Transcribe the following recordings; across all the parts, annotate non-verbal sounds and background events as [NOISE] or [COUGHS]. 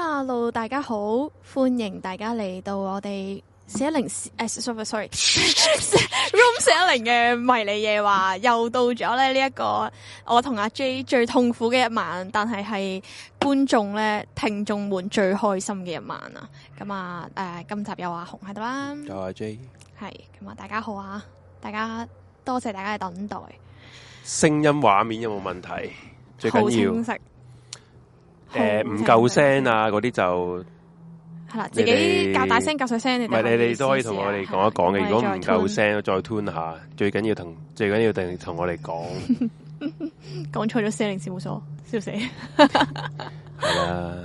Hello 大家好，歡迎大家嚟到我哋四一零 sorry，room 四一零嘅迷離夜話， [LAUGHS] 又到咗咧呢一個我同阿 J 最痛苦嘅一晚，但係係觀眾咧聽眾們最開心嘅一晚啊！咁啊，誒，今集有阿紅喺度啦，有阿 J，係咁啊，大家好啊，大家多謝大家嘅等待，聲音畫面有冇問題？最緊要。誒、嗯，唔夠聲啊！嗰啲就係啦，自己夾大聲夾細聲。唔係你哋都可以同我哋講、啊、一講嘅。如果唔夠聲，再 tune 下。最緊要同最緊要，定同我哋講。講錯咗聲，你先冇所笑死對了。係 [LAUGHS] 啦，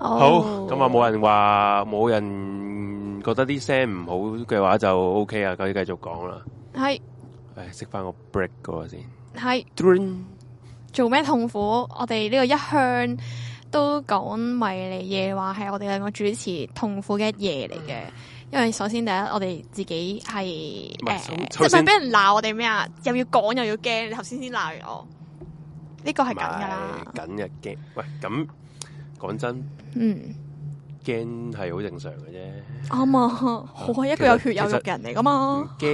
好咁啊！冇人話，冇人覺得啲聲唔好嘅話就 OK 啊！咁繼續講啦。係，誒，食翻個 break 嗰個先。係。叮叮嗯做咩痛苦？我哋呢個一向都講迷離夜話係我哋兩個主持痛苦嘅一夜嚟嘅，因為首先第一我哋自己係即係俾人鬧我哋咩啊？又要講又要驚，你頭先先鬧完我，呢、這個係緊噶啦，緊嘅驚。喂，咁講真，嗯。驚係好正常嘅啫，啱、嗯、啊！我、嗯、係一個有血有肉嘅人嚟噶嘛。驚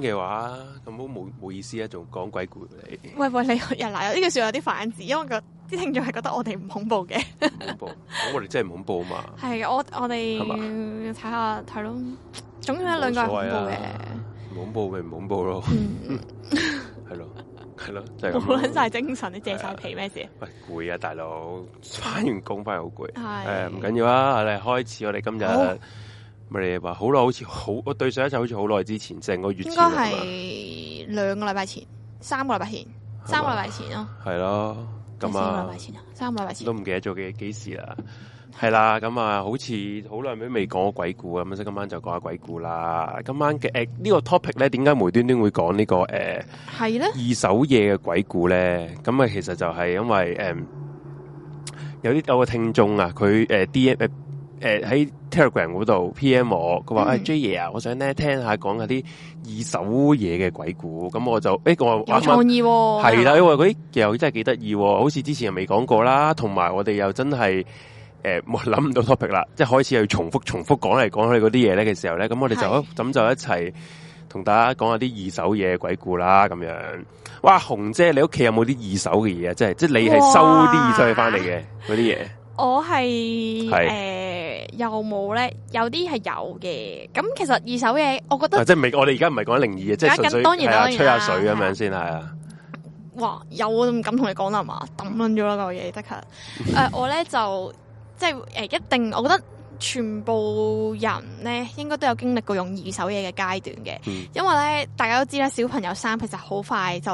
嘅話咁好冇冇意思啊！仲講鬼故，喂喂，你有人嗱，呢句說話有啲反智，因為個啲聽眾係覺得我哋唔恐怖嘅。唔恐怖， [LAUGHS] 咁我哋真係唔恐怖啊嘛！係，我我哋要睇下睇咯，總有一兩個係恐怖嘅。唔、啊、恐怖咪唔恐怖咯？嗯，係 [LAUGHS] [LAUGHS] 咯。係咯，就係冇撚晒精神，你借手皮咩事？唔、哎、攰啊，大佬，翻完工翻嚟好攰。係，唔緊要啊，我哋開始我哋今日咪、哦、你話好耐，好似好，我對上一次好似好耐之前，成個月前應該係兩個禮拜前，三個禮拜，拜，拜前，三個禮拜前咯。係咯，咁啊，三個禮拜前，三個禮拜前都唔記得咗幾幾時啦。係啦，咁啊，好似好耐都未講過鬼故啊。咁，所以今晚就講下鬼故啦。今晚嘅誒、呃這個、呢、這個 topic 咧，點解無端端會講呢個誒？係咧二手嘢嘅鬼故咧，咁啊，其實就係因為誒、呃、有啲有個聽眾啊，佢誒 D 誒誒喺 Telegram 嗰度 PM 我，佢話誒 J 爺啊，我想咧聽下講下啲二手嘢嘅鬼故，咁我就誒我話有創意，係啦，因為嗰啲又真係幾得意，好似之前又未講過啦，同埋我哋又真係。誒、欸，冇諗唔到 topic 啦，即係開始又要重複重複講嚟講去嗰啲嘢咧嘅時候咧，咁我哋就咁就一齊同大家講下啲二手嘢鬼故啦，咁樣嘩有有。哇，紅姐，你屋企有冇啲二手嘅嘢啊？即係即係你係收啲二手嘢翻嚟嘅嗰啲嘢。我係係誒，有冇咧？有啲係有嘅。咁其實二手嘢，我覺得即係我哋而家唔係講靈異嘅，即係純粹係吹下水咁樣先係啊。哇、啊啊，有我都唔敢同你講啦，係嘛，抌捻咗啦，嚿嘢得嘅。誒，我咧就。即係誒，一定，我覺得全部人咧，應該都有經歷過用二手嘢嘅階段嘅、嗯。因為咧，大家都知咧，小朋友衫其實好快就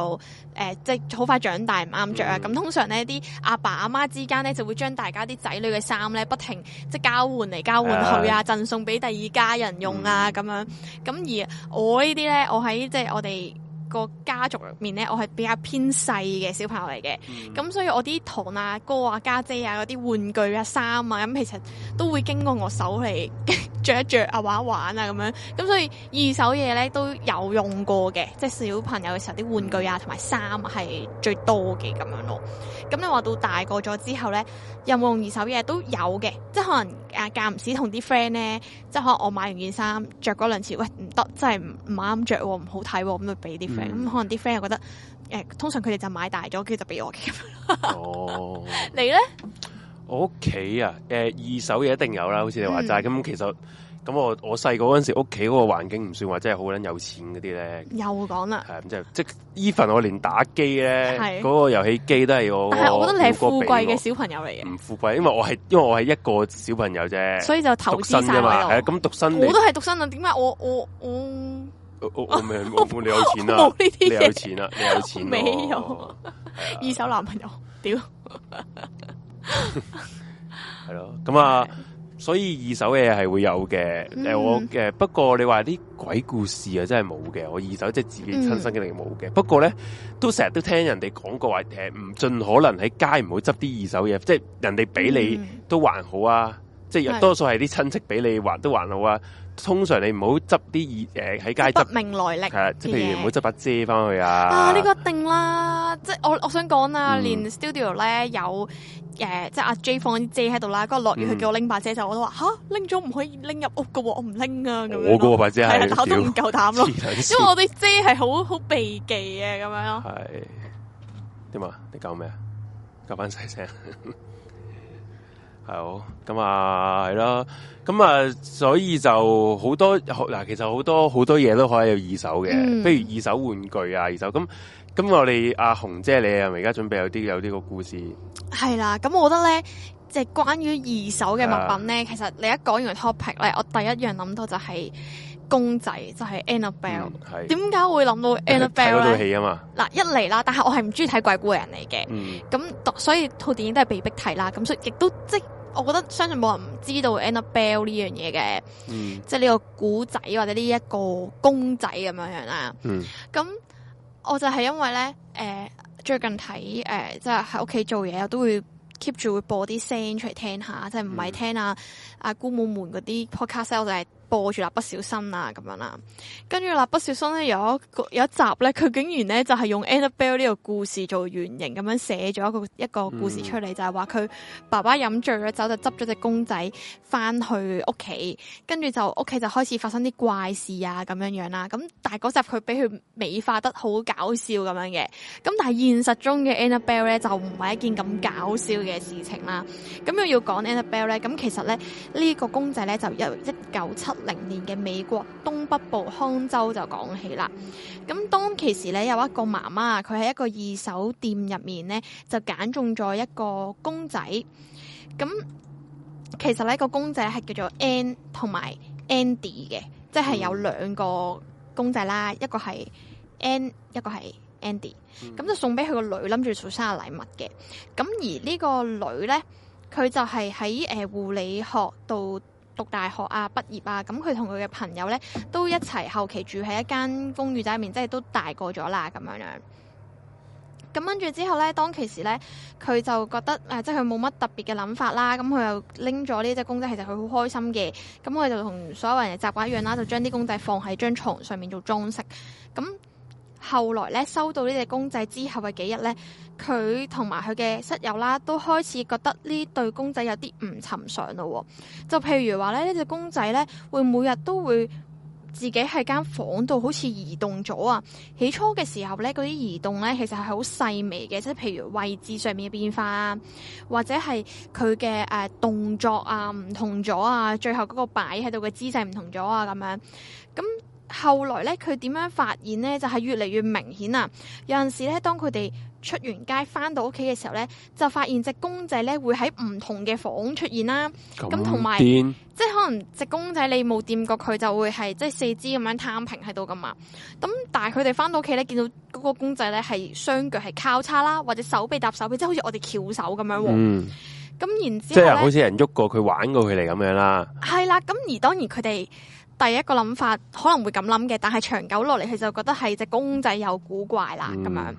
誒，即係好快長大唔啱着啊。咁、嗯、通常呢啲阿爸阿媽之間咧，就會將大家啲仔女嘅衫咧，不停即係、就是、交換嚟交換去啊，贈送俾第二家人用啊，咁、嗯、樣。咁而我呢啲咧，我喺即係我哋，個家族入面咧，我係比較偏細嘅小朋友嚟嘅，咁、嗯、所以我啲堂啊、哥啊、家姐啊嗰啲玩具啊、衫啊，咁其實都會經過我手嚟着 [LAUGHS] 一着啊、玩一玩啊，咁樣，咁所以二手嘢咧都有用過嘅，即係小朋友嘅時候啲玩具啊同埋衫係最多嘅咁樣咯。咁你話到大個咗之後咧，有冇用二手嘢？都有嘅，即係可能。啊，間唔使同啲 friend 咧，即係可能我買完件衫，着嗰兩次，喂唔得，真係唔唔啱著，唔好睇，咁就俾啲 friend。咁、嗯、可能啲 friend 又覺得，誒，通常佢哋就買大咗，跟住就俾我嘅。 [LAUGHS] 哦你呢，你咧？我屋企啊，誒，二手嘢一定有啦，好似你話齋咁，嗯、其實。咁我我細個嗰陣時，屋企嗰個環境唔算話真係好捻有錢嗰啲咧，又講啦，係咁即係即 Even 我連打機咧，嗰、嗰個遊戲機都係我，但係我覺得你係富貴嘅小朋友嚟嘅，唔富貴，因為我係因為我係一個小朋友啫，所以就投身噶嘛，咁獨生，我都係獨生，咁點啊？我我我我我我你有錢啦，你有錢、啊、我有，你有錢、啊、冇、啊、二手男朋友，屌， [LAUGHS] [LAUGHS] 係咯，咁啊。所以二手嘢係會有嘅，誒、嗯、我嘅，不過你話啲鬼故事啊真係冇嘅，我二手即係自己親身經歷冇嘅。不過咧都成日都聽人哋講過話，誒，唔盡可能喺街唔好執啲二手嘢，即係人哋俾你都還好啊，嗯、即係多數係啲親戚俾你還都還好啊。通常你唔好執啲二、誒，喺街執不明來歷，即譬如唔好執把遮翻去啊。啊呢、呢個定啦，即係我我想講啊、嗯，連 studio 咧有誒、呃、即係、啊、阿 J 放啲遮喺度啦，嗰日落雨佢叫我拎把遮、嗯，就我都話吓拎咗唔可以拎入屋噶、哦，我唔拎啊咁樣。我嗰個把遮係都唔夠膽咯， [LAUGHS] 因為我啲遮係好好避忌啊咁樣。係點啊？你搞咩啊？搞翻細係、嗯、哦，咁啊係咯，咁、嗯、啊、嗯嗯、所以就好多嗱，其實好多好多嘢都可以有二手嘅、嗯，譬如二手玩具啊，二手咁咁、嗯嗯、我哋阿、啊、紅姐你咪而家準備有啲有啲個故事。係啦，咁我覺得咧，即係關於二手嘅物品咧，其實你一講完 topic 咧，我第一樣諗到就係公仔，就係、是、Annabelle、嗯。點解會諗到 Annabelle 睇到戲啊嘛。嗱、啊，一嚟啦，但係我係唔中意睇鬼故人嚟嘅，咁、嗯嗯、所以套電影都係被逼睇啦，咁所以亦都即。我覺得相信冇人唔知道 Annabelle 這件事的《a n n a Bell》呢樣嘢嘅，即係呢個古仔或者呢一個公仔咁樣樣啦。咁、嗯、我就係因為咧，誒、呃、最近睇誒即係喺屋企做嘢，我都會 keep 住會播啲聲出嚟聽下，嗯、即係唔係聽啊阿姑母們嗰啲 podcast，sell 就係、是。播住《蠟筆小新》啊，咁樣啦，跟住《蠟筆小新》咧有一有一集咧，佢竟然咧就係用 Annabelle 呢個故事做原型咁樣寫咗一個一個故事出嚟，嗯，就係話佢爸爸飲醉咗酒就執咗隻公仔翻去屋企，跟住就屋企就開始發生啲怪事啊咁樣樣啦。咁但係嗰集佢俾佢美化得好搞笑咁樣嘅，咁但係現實中嘅 Annabelle 咧就唔係一件咁搞笑嘅事情啦。咁又要講 Annabelle 咧，咁其實咧呢個公仔咧就一一九七。零年嘅美國東北部康州就講起啦，咁當其時咧有一個媽媽，佢喺一個二手店入面咧就揀中咗一個公仔，咁其實呢、呢個公仔係叫做 Ann 同埋 Andy 嘅，即、就、係、是、有兩個公仔啦，嗯、一個係 Ann，一個係 Andy，咁、嗯、就送俾佢個女諗住做生日禮物嘅，咁而呢個女咧佢就係喺誒護理學度，讀大學啊，畢業啊，咁佢同佢嘅朋友呢，都一齊後期住喺一間公寓仔入面，即係都大個咗啦，咁樣樣。咁跟住之後呢，當其時呢，佢就覺得誒、呃，即係佢冇乜特別嘅諗法啦。咁佢又拎咗呢隻公仔，其實佢好開心嘅。咁佢就同所有人嘅習慣一樣啦，就將啲公仔放喺張床上面做裝飾。咁後來咧，收到呢隻公仔之後嘅幾日咧，佢同埋佢嘅室友啦，都開始覺得呢對公仔有啲唔尋常咯，哦。就譬如話咧，呢隻公仔咧，會每日都會自己喺間房度好似移動咗啊。起初嘅時候咧，嗰啲移動咧，其實係好細微嘅，即係譬如位置上面嘅變化啊，或者係佢嘅誒動作啊唔同咗啊，最後嗰個擺喺度嘅姿勢唔同咗啊，咁樣咁。嗯後來咧，佢點樣發現咧，就係越嚟越明顯啊！有陣時咧，當佢哋出完街翻到屋企嘅時候咧，就發現隻公仔咧會喺唔同嘅房出現啦。咁同埋，即係可能隻公仔你冇掂過佢，就會係即係四肢咁樣攤平喺度噶嘛。咁但係佢哋翻到屋企咧，見到嗰個公仔咧係雙腳係交叉啦，或者手臂搭手臂，即係好似我哋翹手咁樣，嗯。咁然之後，即係好似人喐過佢玩過佢嚟咁樣啦，嗯。係啦，咁而當然佢哋。第一個諗法可能會咁諗嘅，但係長久落嚟，佢就覺得係隻公仔有古怪啦咁、嗯、樣。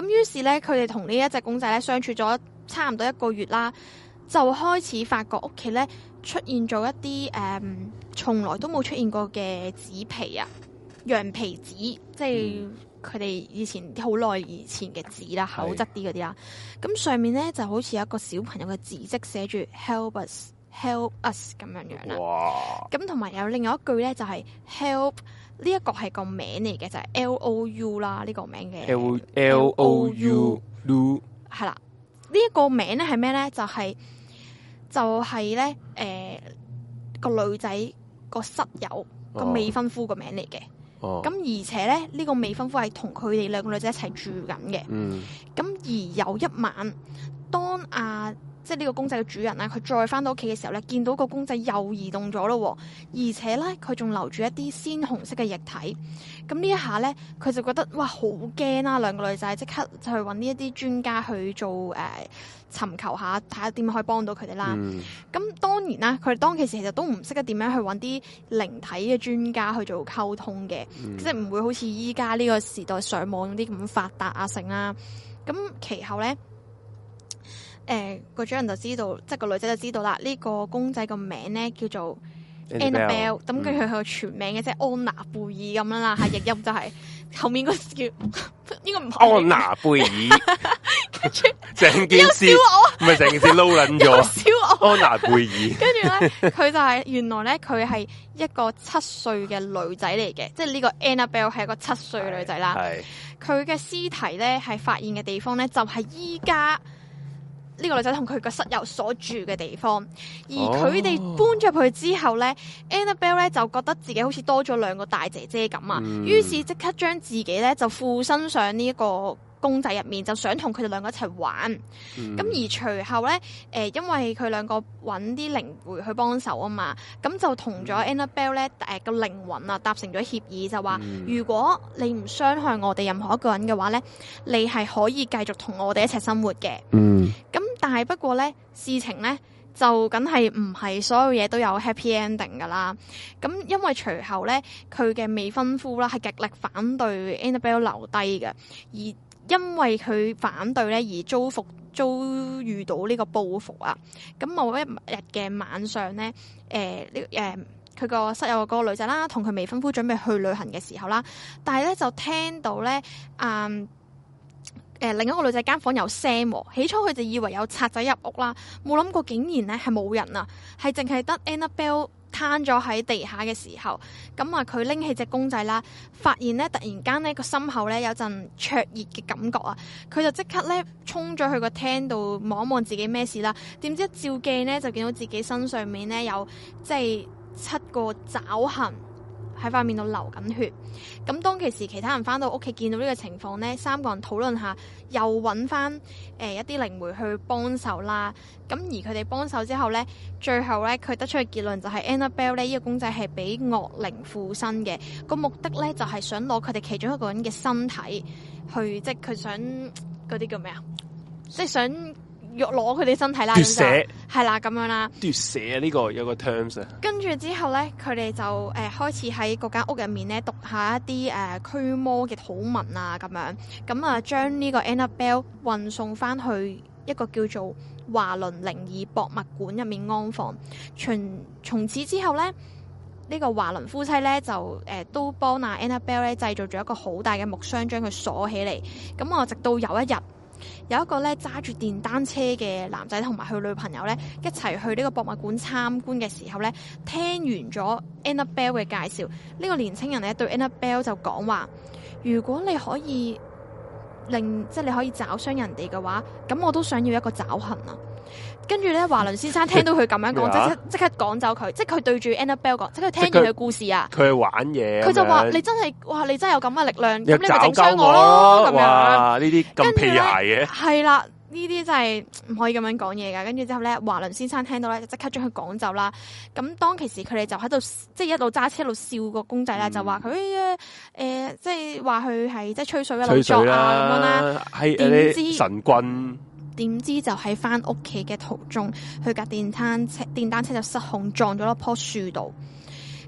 咁於是呢，佢哋同呢一隻公仔咧相處咗差唔多一個月啦，就開始發覺屋企呢出現咗一啲誒、從、嗯、來都冇出現過嘅紙皮啊、羊皮紙、嗯，即係佢哋以前好耐以前嘅紙啦，厚質啲嗰啲啦。咁上面呢，就好似有一個小朋友嘅字跡，寫住 Help us。Help us 咁樣樣啦，哇，咁同埋有另外一句咧，就係 Help 呢一個係個名嚟嘅、這個，就係 Lou 啦呢個名嘅。L L O U Lou 係啦，呢一個名咧係咩咧？就係就係咧，誒、呃、個女仔個室友個未婚夫個名嚟嘅。咁、啊、而且咧呢、這個未婚夫係同佢哋兩個女仔一齊住緊嘅。嗯，咁而有一晚當啊。即係呢個公仔嘅主人咧、啊，佢再翻到屋企嘅時候咧，見到個公仔又移動咗咯、啊，而且咧佢仲留住一啲鮮紅色嘅液體。咁呢一下咧，佢就覺得哇好驚啦！兩個女仔即刻就去搵呢一啲專家去做誒、呃、尋求下，睇下點樣可以幫到佢哋啦。咁、嗯、當然啦、啊，佢當其時其實都唔識得點樣去搵啲靈體嘅專家去做溝通嘅、嗯，即係唔會好似依家呢個時代上網啲咁發達啊成啦、啊。咁其後咧。誒、呃，個主人就知道，即係個女仔就知道啦。呢、這個公仔個名咧叫做 Annabelle，咁跟住佢個全名嘅，即係安娜貝爾咁樣啦，係譯音就係、是、 [LAUGHS] 後面嗰叫應該唔係安娜貝爾，整件事，唔係成件事撈卵咗，安娜貝爾。跟住咧，佢 [LAUGHS] [LAUGHS] 就係、是、原來咧，佢係一個七歲嘅女仔嚟嘅， [LAUGHS] 即係呢個 Annabelle 係一個七歲嘅女仔啦。係佢嘅屍體咧，係發現嘅地方咧，就係依家。呢、這個女仔同佢個室友所住嘅地方，而佢哋搬咗去之後呢、oh. Annabelle 咧就覺得自己好似多咗兩個大姐姐咁啊，於、mm. 是即刻將自己咧就附身上呢、這、一個。公仔入面就想同佢哋兩個一齊玩，咁、嗯、而隨後咧，誒、呃、因為佢兩個揾啲靈回去幫手啊嘛，咁就同咗 Annabelle 咧誒個靈魂啊達成咗協議，就話、嗯、如果你唔傷害我哋任何一個人嘅話咧，你係可以繼續同我哋一齊生活嘅。嗯，咁但係不過咧，事情咧就梗係唔係所有嘢都有 happy ending 噶啦。咁因為隨後咧，佢嘅未婚夫啦係極力反對 Annabelle 留低嘅，而因為佢反對咧而遭復遭遇到呢個報復啊！咁某一日嘅晚上咧，誒、呃，呢、呃，誒，佢個室友的個女仔啦，同佢未婚夫準備去旅行嘅時候啦，但係咧就聽到咧，嗯，誒、呃，另一個女仔間房有聲，起初佢就以為有賊仔入屋啦，冇諗過竟然咧係冇人啊，係淨係得 Annabelle。攤咗喺地下嘅時候，咁啊佢拎起隻公仔啦，發現咧突然間咧個心口咧有陣灼熱嘅感覺啊，佢就即刻咧衝咗去個廳度望望自己咩事啦，點知一照鏡呢，就見到自己身上面咧有即係七個爪痕。喺塊面度流緊血，咁當其時其他人翻到屋企見到呢個情況呢，三個人討論下，又揾翻、呃、一啲靈媒去幫手啦。咁而佢哋幫手之後呢，最後呢，佢得出嘅結論就係 Annabelle 呢、呢個公仔係俾惡靈附身嘅，個目的呢，就係、是、想攞佢哋其中一個人嘅身體去即係佢想嗰啲叫咩啊，即係想。要攞佢哋身體啦，係啦，咁樣啦，奪舍呢個有個 terms 啊。跟住之後咧，佢哋就誒、呃、開始喺嗰間屋入面咧讀下一啲誒、呃、驅魔嘅土文啊，咁樣咁啊，將呢個 Annabelle 運送翻去一個叫做華倫靈異博物館入面安放。從從此之後咧，呢、這個華倫夫妻咧就誒、呃、都幫啊 Annabelle 咧製造咗一個好大嘅木箱，將佢鎖起嚟。咁啊，直到有一日。有一個咧揸住電單車嘅男仔同埋佢女朋友咧一齊去呢個博物館參觀嘅時候咧，聽完咗 Annabelle 嘅介紹，呢個年青人咧對 Annabelle 就講話：如果你可以令即係你可以爪傷人哋嘅話，咁我都想要一個爪痕啊！跟住咧，華倫先生聽到佢咁樣講，即刻即刻趕走佢，即係佢對住 Annabelle 講，即刻，即刻，即刻聽完佢故事啊。佢玩嘢。佢就話：你真係，哇！你真係有咁嘅力量，咁你咪整傷我咯咁樣。呢啲咁屁鞋嘅。係啦，呢啲真係唔可以咁樣講嘢噶。跟住之後咧，華倫先生聽到咧，就即刻將佢趕走啦。咁當其時，佢哋就喺度，即係一路揸車，一路笑個公仔咧、嗯，就話佢誒，即係話佢係即係吹水嘅老作啊咁樣啦。點知神棍？點知就喺翻屋企嘅途中，佢架電單車電單車就失控撞咗落棵樹度。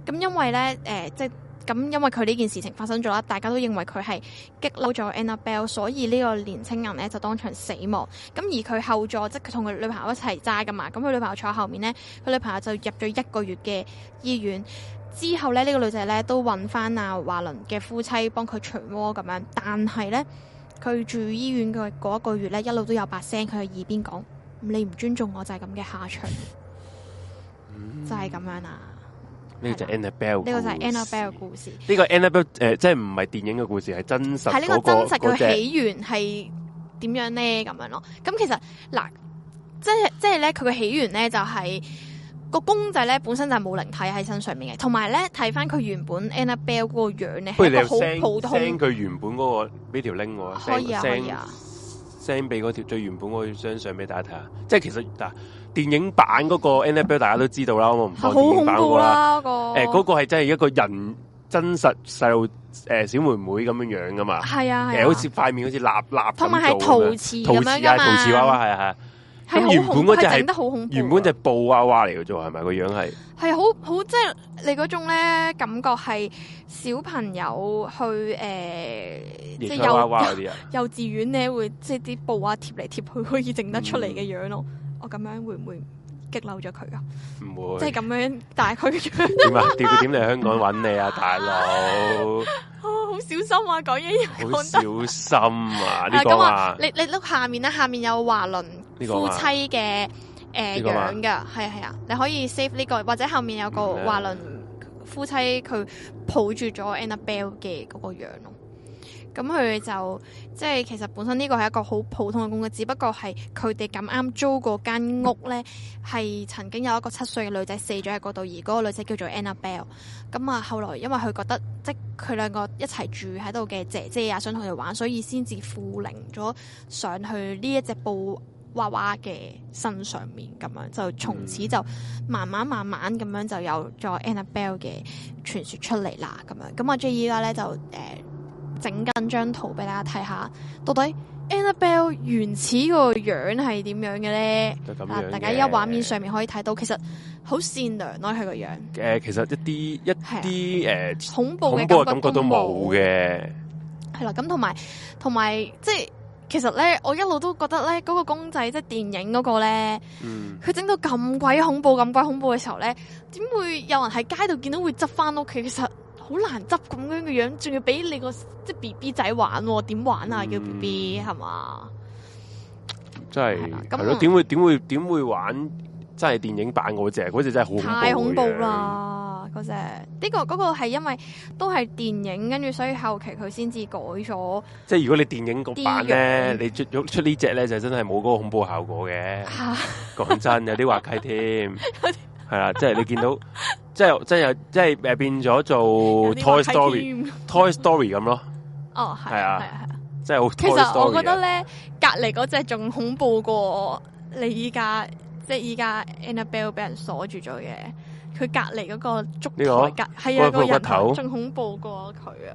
咁因為呢，誒、呃，即係咁，因為佢呢件事情發生咗啦，大家都認為佢係激嬲咗 Annabelle，所以呢個年青人呢就當場死亡。咁而佢後座即係佢同佢女朋友一齊揸噶嘛，咁佢女朋友坐喺後面呢，佢女朋友就入咗一個月嘅醫院。之後呢，呢、呢個女仔呢都揾翻阿華倫嘅夫妻幫佢除窩咁樣，但係呢。佢住醫院嘅嗰一個月咧，一路都有把聲佢喺耳邊講，你唔尊重我就係咁嘅下場，嗯、就係、是、咁樣啦、啊。呢個就 Annabelle，呢個就 Annabelle 嘅故事。呢、這個 Annabelle 誒、呃，即係唔係電影嘅故事，係真實、那個。係呢個真實嘅、那個、起源係點樣咧？咁樣咯。咁、嗯、其實嗱，即係即係咧，佢嘅起源咧就係、是。個公仔咧本身就冇靈體喺身上面嘅，同埋咧睇翻佢原本 Annabelle 嗰個樣咧係好普通。send 佢原本嗰、嗰個俾條 link 我可以啊，可以啊。send 俾嗰條最原本嗰張相俾大家睇下。即係其實嗱、啊，電影版嗰個 Annabelle 大家都知道啦，我唔好恐怖啦。嗰個誒嗰、嗰個係、欸那個、真係一個人真實細路誒小妹妹咁樣樣噶嘛。係啊，啊、欸、啊，好似塊面好似立立同埋咁啊，係陶瓷樣，陶瓷啊，陶瓷娃娃，係啊，係啊。係好，佢係整得好恐怖。原本就係布娃娃嚟嘅啫，係咪個樣係？係好好，即係你嗰種咧感覺係小朋友去誒，即係幼幼稚園咧會即係啲布啊貼嚟貼去可以整得出嚟嘅樣咯。嗯、我咁樣會唔會。激嬲咗佢啊！唔會即係咁樣，大概咁樣點啊？點點嚟香港揾你啊，大佬！哦，好小心啊，講嘢要好小心啊！ [LAUGHS] 這個啊，咁啊，你你碌下面咧，下面有華倫夫妻嘅，誒、這個啊，呃這個啊、樣噶，係啊係啊，你可以 save 呢、這個，或者後面有個華倫夫妻佢抱住咗 Annabelle 嘅個樣咯。咁佢就即係其實本身呢個係一個好普通嘅工具，只不過係佢哋咁啱租嗰間屋呢係曾經有一個七歲嘅女仔死咗喺嗰度，而嗰個女仔叫做 Annabelle。咁啊，後來因為佢覺得即係佢兩個一齊住喺度嘅姐姐啊，想同佢哋玩，所以先至附靈咗上去呢一隻布娃娃嘅身上面，咁樣就從此就慢慢慢慢咁樣就有咗 Annabelle 嘅傳説出嚟啦。咁樣，咁我最依家呢就、嗯整緊張圖俾大家睇下，到底 Annabelle 原始個樣係點樣嘅咧？就大家依家畫面上面可以睇到，其實好善良咯、啊，佢個樣。誒、呃，其實一啲一啲誒、呃，恐怖嘅感，感覺都冇嘅。係啦，咁同埋同埋，即係其實咧，我一路都覺得咧，嗰個公仔即係電影嗰個咧，佢整到咁鬼恐怖、咁鬼恐怖嘅時候咧，點會有人喺街度見到會執翻屋企？其實。好難執咁樣嘅樣，仲要俾你個即係 B B 仔玩、哦，點玩啊？叫 B B 係嘛？真係係咯，點、嗯、會點會點會玩？真係電影版嗰隻，嗰隻真係好太恐怖啦！嗰隻呢個嗰、嗰個係因為都係電影，跟住所以後期佢先至改咗。即係如果你電影嗰版咧，D、你出出隻呢隻咧，就真係冇嗰個恐怖效果嘅。講、啊、真， [LAUGHS] 有啲滑稽添。 [LAUGHS] 係 [LAUGHS] 啦， [LAUGHS] 即、就、係、是、你見到，即係即係即係變咗做 Toy Story， [LAUGHS] Toy Story 咁咯。哦，係，係啊，即係、啊。啊、其實我覺得咧， [LAUGHS] 隔籬嗰隻仲恐怖過你依家，即係依家 Annabelle 俾人鎖住咗嘅，佢隔籬嗰個燭台、這個、隔係啊隔個人頭，仲恐怖過佢啊！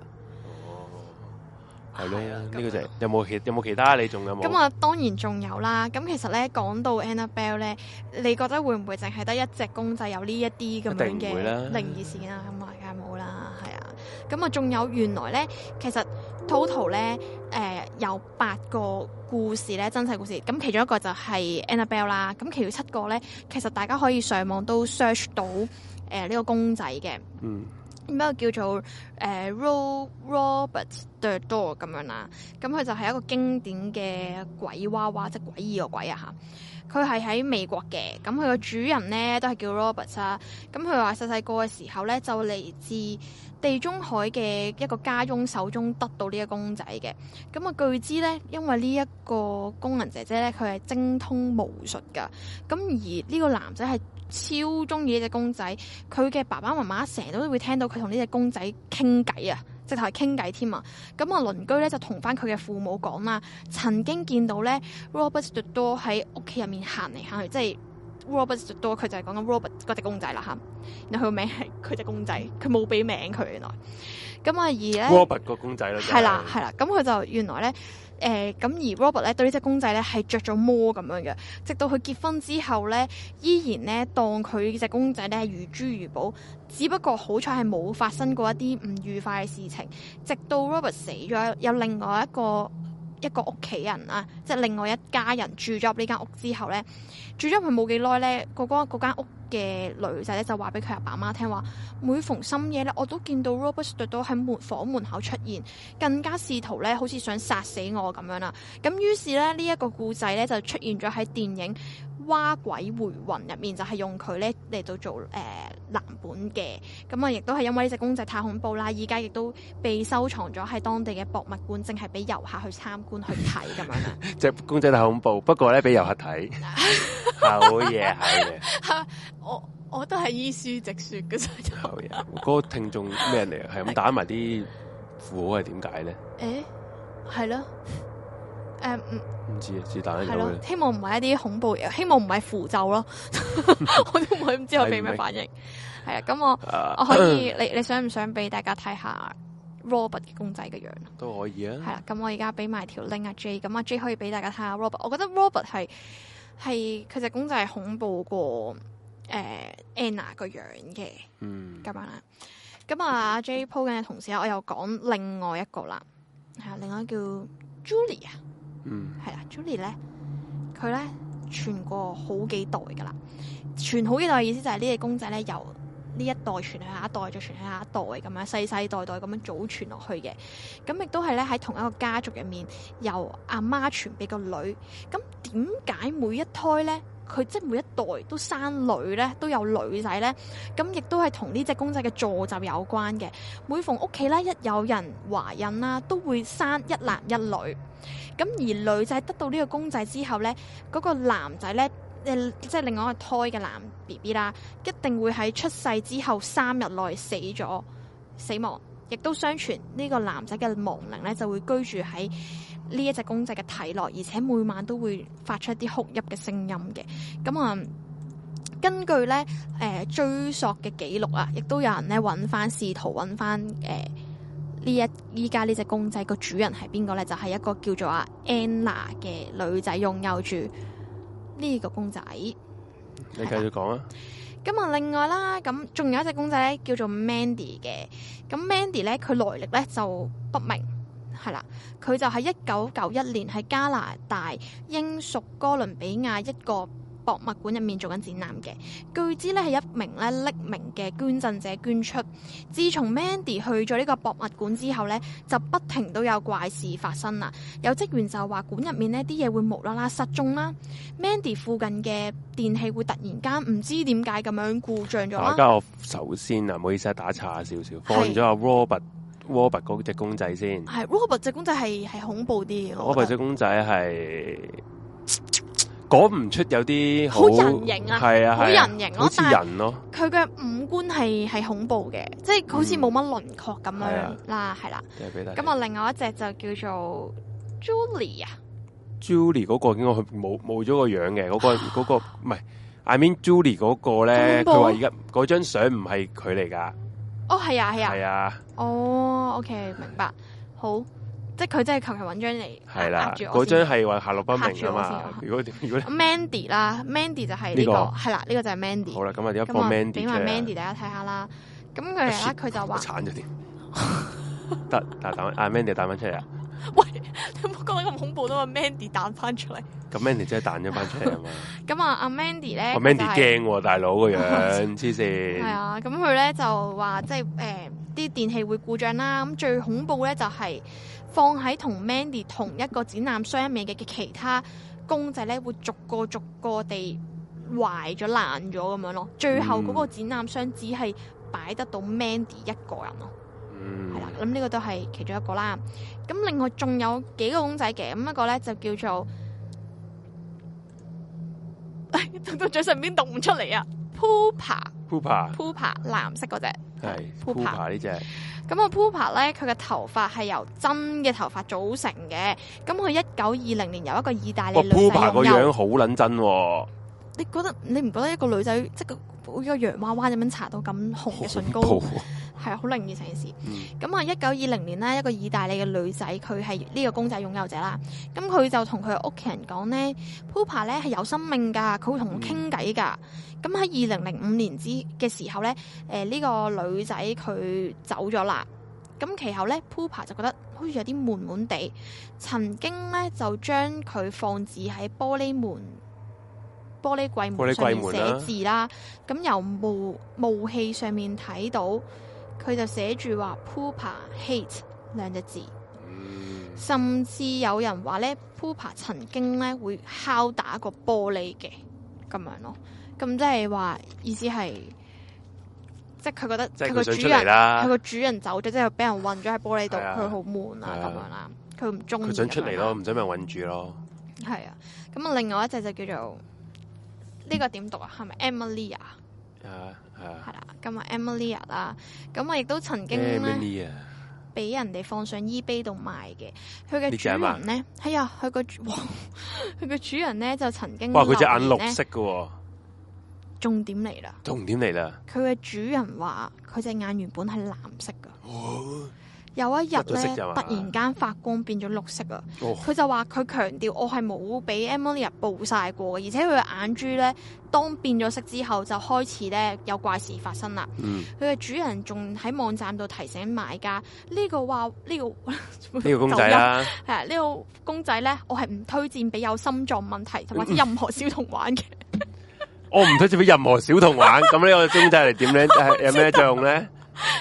係咧，呢、這個就係嗯、有冇其有冇其他？你仲有冇？咁、嗯、我當然仲有啦。咁其實咧，講到 Annabelle 咧，你覺得會唔會淨係得一隻公仔有呢一啲咁樣嘅靈異事件啊？咁、嗯、啊，梗係冇啦，係啊。咁啊，仲有原來咧，其實 Total 咧，誒、呃、有八個故事咧，真實故事。咁其中一個就係 Annabelle 啦。咁其餘七個咧，其實大家可以上網都 search 到誒呢、呃這個公仔嘅。嗯。咩叫做誒 Rob、呃、Roberts the doll 咁樣啦？咁、嗯、佢就係一個經典嘅鬼娃娃，即係詭異個鬼啊！嚇，佢係喺美國嘅，咁佢個主人咧都係叫 Roberts 啊。咁佢話細細個嘅時候咧，就嚟自地中海嘅一個家傭手中得到呢個公仔嘅。咁、嗯、啊據知咧，因為呢一個工人姐姐咧，佢係精通巫術噶。咁、嗯、而呢個男仔係，超中意呢隻公仔，佢嘅爸爸媽媽成日都會聽到佢同呢隻公仔傾偈啊，直頭係傾偈添啊！咁啊，鄰居咧就同翻佢嘅父母講啦，曾經見到咧 Robert 多喺屋企入面行嚟行去，即係 Robert 多，佢就係講緊 Robert 嗰隻公仔啦，吓。然後佢個名係佢隻公仔，佢冇俾名佢原來。咁啊，而咧 Robert 個公仔咧，係啦係啦，咁佢就原來咧。誒、呃、咁而 Robert 咧對呢隻公仔咧係着咗魔咁樣嘅，直到佢結婚之後咧，依然咧當佢呢隻公仔咧係如珠如寶，只不過好彩係冇發生過一啲唔愉快嘅事情，直到 Robert 死咗，有另外一個。一個屋企人啊，即係另外一家人住咗入呢間屋之後呢，住咗入去冇幾耐呢，嗰、那個、間屋嘅女仔咧就話俾佢阿爸阿媽聽話，每逢深夜咧，我都見到 Robert 都喺門房門口出現，更加試圖咧好似想殺死我咁樣啦。咁於是咧呢一、這個故仔咧就出現咗喺電影。蛙鬼回魂入面就係、是、用佢咧嚟到做誒、呃、藍本嘅，咁啊亦都係因為呢隻公仔太恐怖啦，而家亦都被收藏咗喺當地嘅博物館，淨係俾遊客去參觀去睇咁樣。隻 [LAUGHS] 公仔太恐怖，不過咧俾遊客睇， [LAUGHS] 好嘢，係啊！我我都係依書直說嘅啫。好嘢！嗰、那個聽眾咩人嚟啊？係 [LAUGHS] 咁打埋啲符號係點解咧？誒，係、欸、咯。誒、um，唔唔知啊，隻大咧樣嘅，希望唔係一啲恐怖，嘢，希望唔係符咒咯。 [LAUGHS] [LAUGHS] 我都唔會唔知我俾咩反應。係啊，咁 [LAUGHS] 我、uh, 我可以 [COUGHS] 你你想唔想俾大家睇下 Robert 嘅公仔嘅樣？都可以啊。係啦，咁我而家俾埋條 link 阿、啊、J，咁阿 J 可以俾大家睇下 Robert。我覺得 Robert 係係佢隻公仔係恐怖過誒 Anna 個樣嘅。嗯，咁樣啦、啊。咁啊 J 鋪緊嘅同時、啊、我又講另外一個啦，係啊，另外一個叫 Julie。嗯，係 [NOISE] 啦、 [NOISE] 啊、，Julie 咧，佢咧傳過好幾代噶啦，傳好幾代意思就係呢隻公仔咧由呢一代傳去下一代，再傳去下一代咁樣，世世代代咁樣祖傳落去嘅，咁亦都係咧喺同一個家族入面，由阿媽傳俾個女，咁點解每一胎咧？佢即係每一代都生女呢，都有女仔呢，咁亦都係同呢隻公仔嘅詛咒有關嘅。每逢屋企呢，一有人懷孕啦，都會生一男一女。咁而女仔得到呢個公仔之後呢嗰、嗰個男仔呢，即係另外一個胎嘅男 B B 啦，一定會喺出世之後三日內死咗，死亡。亦都相傳呢、呢個男仔嘅亡靈呢，就會居住喺呢一隻公仔嘅體內，而且每晚都會發出一啲哭泣嘅聲音嘅。咁啊、嗯，根據咧誒、呃、追索嘅記錄啊，亦都有人咧搵返試圖搵返誒呢一依家呢隻公仔個主人係邊個咧？就係、是、一個叫做阿 Anna 嘅女仔擁有住呢個公仔。你繼續講啊！咁啊，另外啦，咁仲有一隻公仔咧，叫做 Mandy 嘅。咁 Mandy 咧，佢來歷咧就不明。係啦，佢就係一九九一年喺加拿大英屬哥倫比亞一個博物館入面做緊展覽嘅。據知呢係一名咧匿名嘅捐贈者捐出。自從 Mandy 去咗呢個博物館之後呢，就不停都有怪事發生啦。有職員就話館入面呢啲嘢會無啦啦失蹤啦。Mandy 附近嘅電器會突然間唔知點解咁樣故障咗。大、啊、家我首先啊，唔好意思打岔少少，放咗阿 Robert。Robert 嗰隻公仔先是，係 Robert 隻公仔係係恐怖啲嘅。Robert 隻公仔係講唔出有啲好人形啊，係啊，啊，啊，啊，好人形，啊、好似人咯，但係佢嘅五官係係恐怖嘅，嗯，即係好似冇乜輪廓咁樣啦，係啦。咁啊，啊啊我另外一隻就叫做 Julie 啊，Julie 嗰，那個應該佢冇冇咗個樣嘅？嗰，那個嗰，啊那個唔係，I mean Julie 嗰個咧，佢話而家嗰張相唔係佢嚟㗎。哦，係啊，係啊，哦、啊 oh,，OK，、啊、明白，好，即係佢真係求其揾張嚟，係啦、啊，嗰張係話下落不明的嘛啊嘛，如果如果，果 Mandy 啦，Mandy 就係呢、這個，係、這個啊、啦，呢、這個就係 Mandy，好啦，咁啊，有一放 Mandy 嘅，俾埋、啊、Mandy 大家睇下啦，咁佢咧佢就話，得，嗱，等阿 Mandy 打翻出嚟啊。喂，有冇覺得咁恐怖阿 Mandy 彈翻出嚟，咁 Mandy, Mandy 真係彈咗翻出嚟咁啊，阿、啊、Mandy 咧，阿、啊、Mandy 驚、就、喎、是啊，大佬個樣黐線。係 [LAUGHS] 啊，咁佢咧就話，即係誒，啲、呃、電器會故障啦。咁最恐怖咧就係、是、放喺同 Mandy 同一個展覽箱入面嘅嘅其他公仔咧，會逐個逐個地壞咗爛咗咁樣咯。最後嗰個展覽箱只係擺得到 Mandy 一個人咯。嗯嗯。係、嗯、啦，咁呢個都係其中一個啦。咁另外仲有幾個公仔嘅，咁一個咧就叫做到到嘴上邊讀唔出嚟啊。Pupa，Pupa，Pupa，藍色嗰隻係 Pupa 呢隻。咁個 Pupa 咧，佢嘅頭髮係由真嘅頭髮組成嘅。咁佢一九二零年由一個意大利女仔，Pupa 個樣好撚真、哦。你覺得你唔覺得一個女仔即？好似個洋娃娃咁樣搽到咁紅嘅唇膏，係好靈異成件事。咁、嗯、啊，一九二零年呢，一個意大利嘅女仔，佢係呢個公仔擁有者啦。咁佢就同佢屋企人講呢 Pupa 咧係有生命噶，佢會同我傾偈噶。咁喺二零零五年之嘅時候呢，誒、呃、呢、這個女仔佢走咗啦。咁其後呢，Pupa 就覺得好似有啲悶悶地，曾經呢就將佢放置喺玻璃門。玻璃櫃門上面寫字啦，咁、啊、由霧霧氣上面睇到，佢就寫住話 “poopa hate” 兩隻字，嗯、甚至有人話咧，poopa 曾經咧會敲打個玻璃嘅咁樣咯，咁即係話意思係，即係佢覺得佢個主人佢個主人走咗，之後俾人困咗喺玻璃度，佢好悶啊咁、啊啊、樣啦，佢唔中意，佢想出嚟咯，唔想俾人困住咯，係啊，咁啊，另外一隻就叫做。呢個點讀啊？係咪 Emily 啊？係啊係啊，係啦。咁啊 Emily 啊，咁我亦都曾經咧，俾人哋放上 eBay 度賣嘅。佢嘅主人咧，係、這、啊、個，佢個主，佢個主人咧就曾經話，佢隻眼綠色嘅、哦。重點嚟啦！重點嚟啦！佢嘅主人話，佢隻眼原本係藍色嘅。有一日咧，突然間發光變咗綠色啊。佢、哦、就話佢強調我係冇俾 Emily 報晒過，而且佢眼珠咧當變咗色之後，就開始咧有怪事發生啦。佢、嗯、嘅主人仲喺網站度提醒買家呢、這個話呢、這個呢、這個公仔啦，係呢個公仔咧，我係唔推薦俾有心臟問題同或者任何小童玩嘅、嗯。 [LAUGHS] 我唔推薦俾任何小童玩，咁 [LAUGHS] 呢個公仔嚟點咧？有咩作用咧？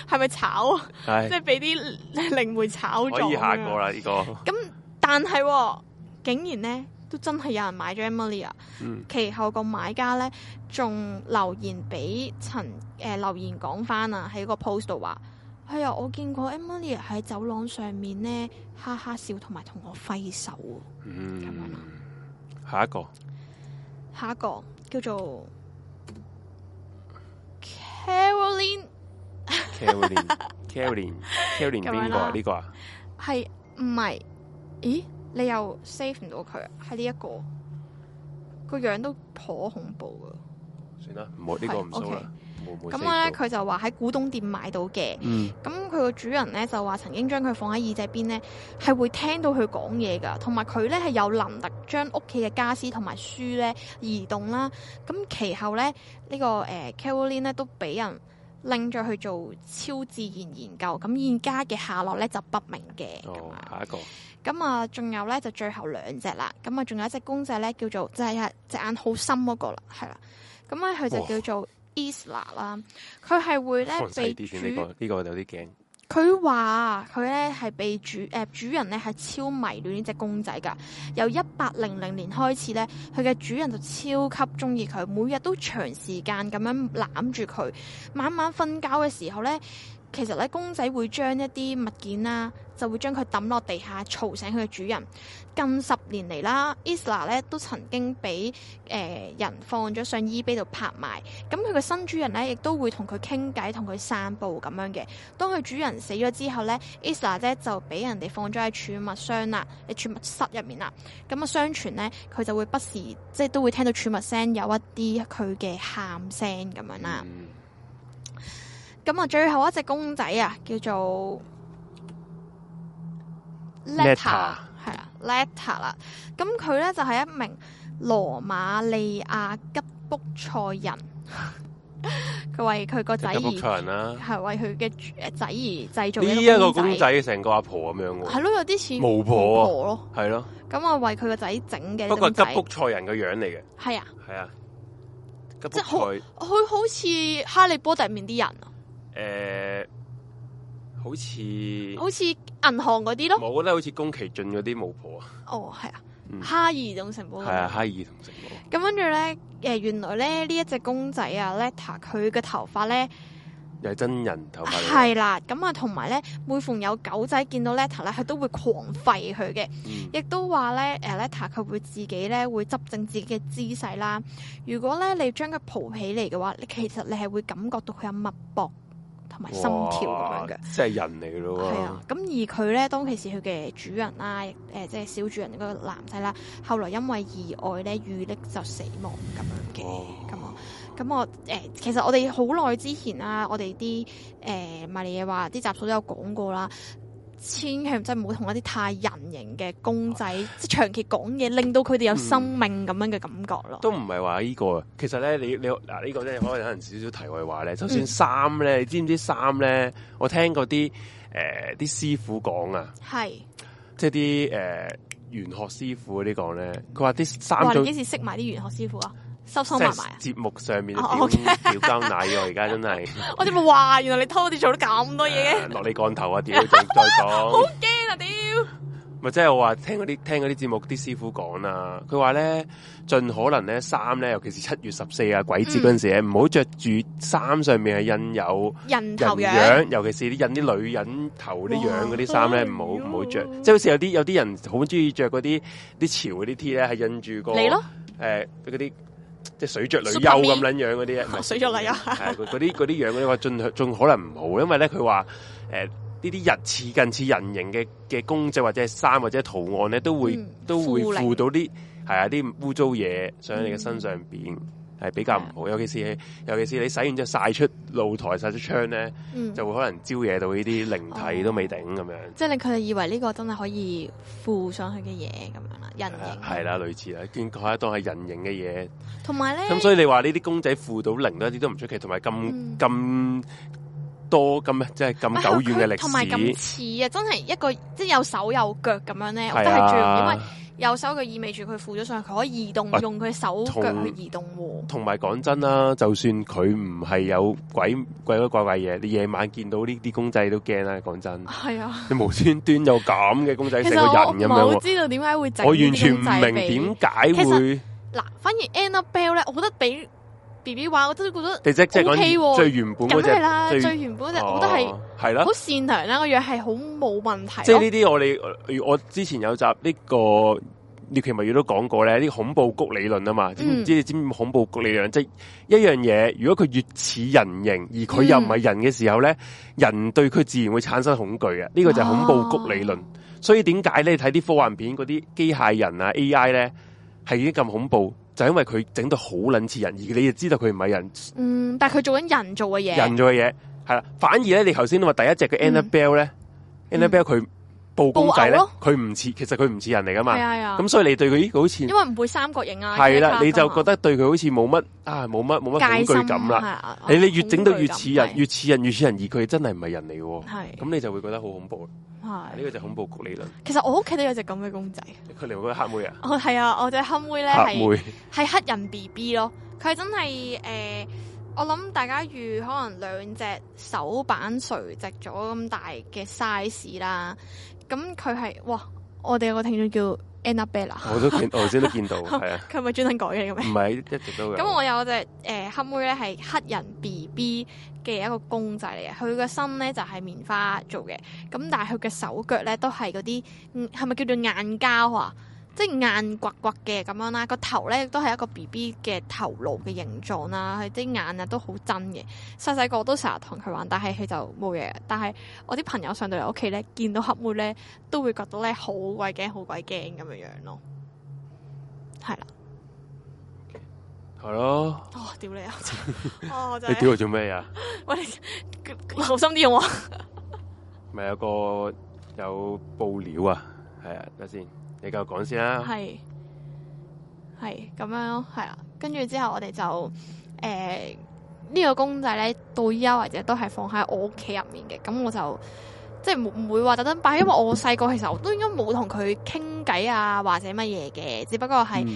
係 [LAUGHS] 咪炒？即係俾啲靈媒炒咗。可以下一個啦，呢、這個。咁但係、哦、竟然咧，都真係有人買咗 Emily 啊、嗯。其後個買家咧，仲留言俾陳誒留言講翻啊，喺個 post 度話：係、哎、啊，我見過 Emily 喺走廊上面咧，哈哈笑同埋同我揮手、啊。嗯，咁樣啦。下一個。下一個叫做 Caroline。Kailin，Kailin，Kailin，邊個啊？呢個啊？係唔係？咦？你又 save 唔到佢啊？係呢一個，個樣都頗恐怖噶。算啦，唔好呢個唔收啦。咁我咧，佢、okay 嗯嗯、就話喺古董店買到嘅。咁佢個主人咧就話曾經將佢放喺耳仔邊咧，係會聽到佢講嘢噶。同埋佢咧係有能力將屋企嘅家私同埋書咧移動啦。咁其後咧呢、這個誒 Kailin 咧都俾人。拎咗去做超自然研究，咁現家嘅下落咧就不明嘅、哦。下一個咁啊，仲有咧就最後兩隻啦。咁啊，仲有一隻公仔咧，叫做就係、是、隻眼好深嗰個啦，係啦。咁啊，佢就叫做 Isla 啦。佢係會咧被呢、呢個呢有啲驚。佢話佢咧係被主誒、呃、主人咧係超迷戀呢隻公仔噶由一八零零年開始咧，佢嘅主人就超級中意佢，每日都長時間咁樣攬住佢，晚晚瞓覺嘅時候咧，其實咧公仔會將一啲物件啦、啊。就會將佢抌落地下，嘈醒佢嘅主人。近十年嚟啦，Isla 咧都曾經俾誒、呃、人放咗上 eBay 喺度拍賣。咁佢嘅新主人咧，亦都會同佢傾偈，同佢散步咁樣嘅。當佢主人死咗之後咧，Isla 咧就俾人哋放咗喺儲物箱啦、儲物室入面啦。咁啊，相傳咧，佢就會不時即係、就是、都會聽到儲物聲有一啲佢嘅喊聲咁樣啦。咁、嗯、啊，最後一隻公仔啊，叫做 Letter 係啊，Letter 啦。咁佢咧就係、是、一名羅馬利亞吉卜賽人 [LAUGHS] [LAUGHS] 他他。佢、啊、為佢個仔而係為佢嘅仔而製造。呢一個公仔，成個，個阿婆咁樣嘅，係咯，有啲似巫婆啊，係咯。咁啊，為佢個仔整嘅，不過吉卜賽人嘅樣嚟嘅。係啊，係啊，吉卜賽。佢好似哈利波特入面啲人誒、啊欸，好似好似。 [LAUGHS] 銀行嗰啲咯，我覺得好似宮崎駿嗰啲巫婆、哦、啊。哦，係啊，哈爾同城堡。係啊，哈爾同城堡。咁跟住咧，誒，原來咧呢這一隻公仔啊，Letter，佢嘅頭髮咧又係真人頭髮。係啦，咁啊，同埋咧，每逢有狗仔見到 Letter 咧，佢都會狂吠佢嘅，亦、嗯、都話咧，誒，Letter 佢會自己咧會執正自己嘅姿勢啦。如果咧你將佢抱起嚟嘅話，你其實你係會感覺到佢有脈搏。同埋心跳咁樣嘅、啊呃，即係人嚟咯喎。係啊，咁而佢咧當其時佢嘅主人啦，誒即係小主人嗰個男仔啦，後來因為意外咧，遇溺就死亡咁樣嘅，咁、哦、啊，咁我誒其實我哋好耐之前啦、啊，我哋啲誒賣嘅話啲集數都有講過啦。千祈真係唔好同一啲太人形嘅公仔，啊、即係長期講嘢，令到佢哋有生命咁樣嘅感覺咯、嗯。都唔係話呢個其實咧，你你嗱呢、這個咧，可能有人有少少題外話咧。就算衫咧、嗯，你知唔知衫咧？我聽嗰啲誒，啲、呃、師傅講啊，係即係啲誒，玄學師傅啲講咧，佢話啲衫。哇！幾時識埋啲玄學師傅啊？收收埋埋節目上面屌膠奶而家真係 [LAUGHS] 我哋咪話原來你偷啲做咗咁多嘢嘅、 [LAUGHS] 啊，落你降頭啊！屌再講？再 [LAUGHS] 好驚啊！屌咪即係我話聽嗰啲聽啲節目，啲師傅講啦。佢話咧，盡可能咧，衫咧，尤其是七月十四啊，鬼節嗰陣時咧，唔好着住衫上面係印有人頭樣，尤其是啲印啲女人頭啲樣嗰啲衫咧，唔好唔、哎、好着。即係好似有啲有啲人好中意着嗰啲啲潮嗰啲 T 咧，係印住個你咯，誒、呃、啲。即水着女優咁樣樣嗰啲，水着女優係嗰啲嗰啲樣，話盡可能唔好，因為咧佢話呢啲、呃、日似近似人形嘅嘅公仔或者衫或者圖案咧，都會、嗯，都會附到啲係啊啲污糟嘢上喺你嘅身上邊。嗯係比較唔好，尤其是尤其是你洗完之後曬出露台，曬出窗咧、嗯，就會可能招惹到呢啲靈體、哦、都未定咁樣。即係令佢哋以為呢個真係可以附上去嘅嘢咁樣啦，人形係啦，類似啦，見佢一當係人形嘅嘢。同埋咧，咁所以你話呢啲公仔附到靈咧，一啲都唔出奇。同埋咁咁多咁即係咁久遠嘅歷史，同埋咁似啊，真係一個即係有手有腳咁樣咧，我都係最因為。右手佢意味住佢扶咗上去，佢可以移動，用佢手腳去移動、啊。同埋講真啦，就算佢唔係有鬼鬼怪怪嘢，你夜晚見到呢啲公仔都驚啦。講真，係啊，你、啊、無，無端端有咁嘅公仔成個人咁樣喎。我知道點解會？我完全唔明點解會。嗱，反而 Annabelle 咧，我覺得比。B 話，我都覺得 O K、啊就是、最原本嗰隻，最原本嗰隻、哦，我覺得係係咯，好善良啦，個樣係好冇問題。即係呢啲我哋，我之前有集呢、這個獵奇物語亦都講過咧，呢恐怖谷理論啊嘛，嗯、知唔知？知恐怖谷理論即係一樣嘢，如果佢越似人形，而佢又唔係人嘅時候咧、嗯，人對佢自然會產生恐懼啊！呢、這個就係恐怖谷理論、啊。所以點解咧？睇啲科幻片嗰啲機械人啊 A I 咧，係已經咁恐怖。就因為佢整到好撚似人，而你就知道佢唔係人。嗯，但係佢做緊人做嘅嘢。人做嘅嘢係啦，反而咧，你頭先話第一隻嘅 Annabelle 咧 Annabelle 佢報公仔咧，佢唔似，其實佢唔似人嚟噶嘛。咁所以你對佢咦，好似因為唔會三角形啊。係啦，你就覺得對佢好似冇乜啊，冇乜冇乜恐懼感啦。你、啊、你越整到越似人、嗯、人，越似人越似人，人，而佢真係唔係人嚟嘅，咁你就會覺得好恐怖。呢個就恐怖谷理論。其實我屋企都有隻咁嘅公仔。佢哋唔嚟黑妹啊？哦，係啊，我隻黑妹咧係係黑人 B B 咯。佢真係誒、呃，我諗大家預可能兩隻手板垂直咗咁大嘅 size 啦。咁佢係哇，我哋有個聽眾叫 Anna Bella，我都見，頭先都見到，係 [LAUGHS] 啊。佢係咪專登改嘅咁樣？唔係， [LAUGHS] 一直都嘅。咁我有隻誒黑妹咧，係黑人 B B 嘅一個公仔嚟嘅，佢個身咧就係棉花做嘅，咁但係佢嘅手腳咧都係嗰啲，係咪叫做硬膠啊？即係硬刮刮嘅咁樣啦，個頭咧都係一個 B B 嘅頭顱嘅形狀啦，佢啲眼啊都好真嘅。細細個都成日同佢玩，但係佢就冇嘢。但係我啲朋友上到嚟屋企咧，見到黑妹咧，都會覺得咧好鬼驚，好鬼驚咁樣樣咯。係啦，係咯。哦，屌你啊！ [LAUGHS] 哦，就是， [LAUGHS] 你屌佢做咩啊？喂，你留心啲我 [LAUGHS] 。咪有個有布料啊？係啊，等先。你繼續講先啦，係係咁樣，係啦，跟住之後我哋就誒、欸這個、呢個公仔咧，到依家或者都係放喺我屋企入面嘅。咁我就即係唔會話特登擺，因為我細個其實我都應該冇同佢傾偈啊，或者乜嘢嘅。只不過係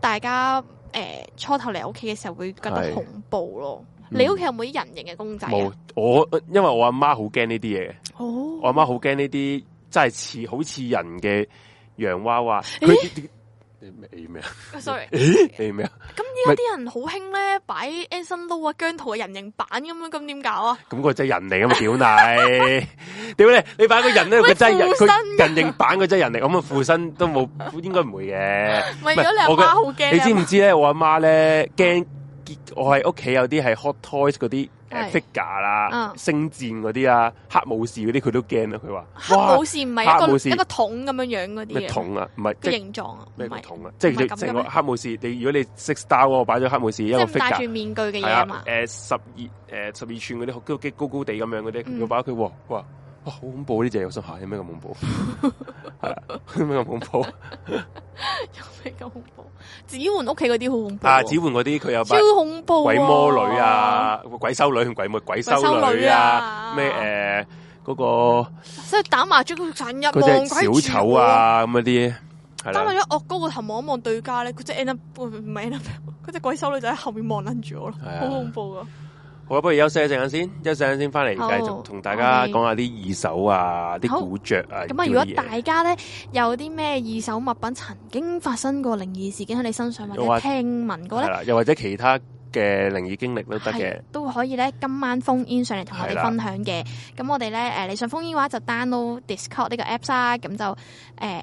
大家誒、嗯呃、初頭嚟屋企嘅時候會覺得恐怖咯。嗯、你屋企有冇啲人形嘅公仔？冇，我因為我阿媽好驚呢啲嘢嘅。哦，我阿媽好驚呢啲，真係似好似人嘅。洋娃娃、欸？你誒咩啊？sorry，誒咩啊？咁依家啲人好興咧，擺 Anson Lo 啊、姜濤嘅人形版咁樣，咁點搞啊？咁個即係人嚟咁屌你，屌你，你擺個人咧，佢真係佢人形版，佢真係人嚟，咁啊附身都冇，應該唔會嘅。唔係，我嘅你知唔知咧？我阿媽咧驚，我喺屋企有啲係 Hot Toys 嗰啲。誒，figure 啦，星戰嗰啲啊，黑武士嗰啲佢都驚啊。佢話黑武士唔係一個一個桶咁樣樣嗰啲，桶啊，唔係佢形狀啊，唔係桶啊，即係即係黑武士，你如果你識 star，我擺咗黑武士因為戴住面具嘅嘢，嗯、啊，誒、呃，十二誒，十二寸嗰啲高高高地咁樣嗰啲，我擺佢哇。哇哇，好恐怖呢隻！有想下有咩咁恐怖？係啊，有咩咁恐怖？ [LAUGHS] 有咩咁恐怖？子煥屋企嗰啲好恐怖。那些恐怖啊，子煥嗰啲佢有超恐怖鬼魔女啊，鬼修女、鬼妹、鬼修女啊，咩誒嗰個即係打麻雀嗰陣入，嗰隻小丑啊咁嗰啲。打麻雀惡高個頭望一望對家咧，佢隻唔係 N，嗰隻鬼修女就喺後面望擸住我咯，好恐怖噶！我不如休息一陣間先，休息一陣間先翻嚟繼續同大家講下啲二手啊，啲古着啊，咁啊。如果大家咧有啲咩二手物品曾經發生過靈異事件喺你身上或者聽聞過咧，又或者其他嘅靈異經歷都得嘅，都可以咧今晚 phone in 上嚟同我哋分享嘅。咁我哋咧，誒，你想 phone in 嘅話就 download Discord 呢個 apps 啦。咁就誒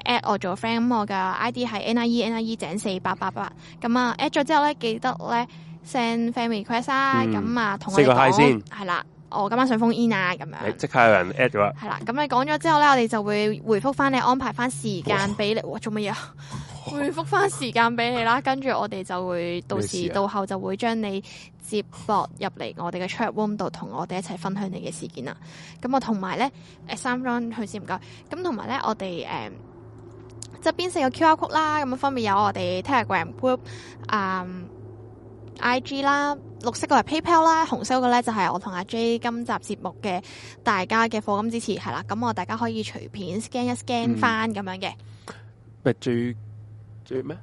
at 我做 friend，咁我嘅 ID 係 nienie 井四八八八。咁啊，at 咗之後咧記得咧。Send family request、嗯、啊，咁啊，同我講係啦，我今晚想 phone in 啊，咁樣，即刻有人 at 咗啦，係啦，咁你講咗之後咧，我哋就會回覆翻你，安排翻時間俾你、呃，哇，做乜嘢、呃？回覆翻時間俾你啦、呃，跟住我哋就會到時、啊、到後就會將你接駁入嚟我哋嘅 chat room 度，同我哋一齊分享你嘅事件時間、嗯、啦。咁我同埋咧，誒，三張，唔該，咁同埋咧，我哋誒，側邊四個 QR code 啦，咁分別有我哋 Telegram group，嗯。IG 啦，綠色嗰個係 PayPal 啦，紅色嗰個咧就係我同阿 J 今集節目嘅大家嘅課金支持，係啦，咁我大家可以隨便 scan 一 scan 翻、嗯、咁樣嘅。咪最最咩？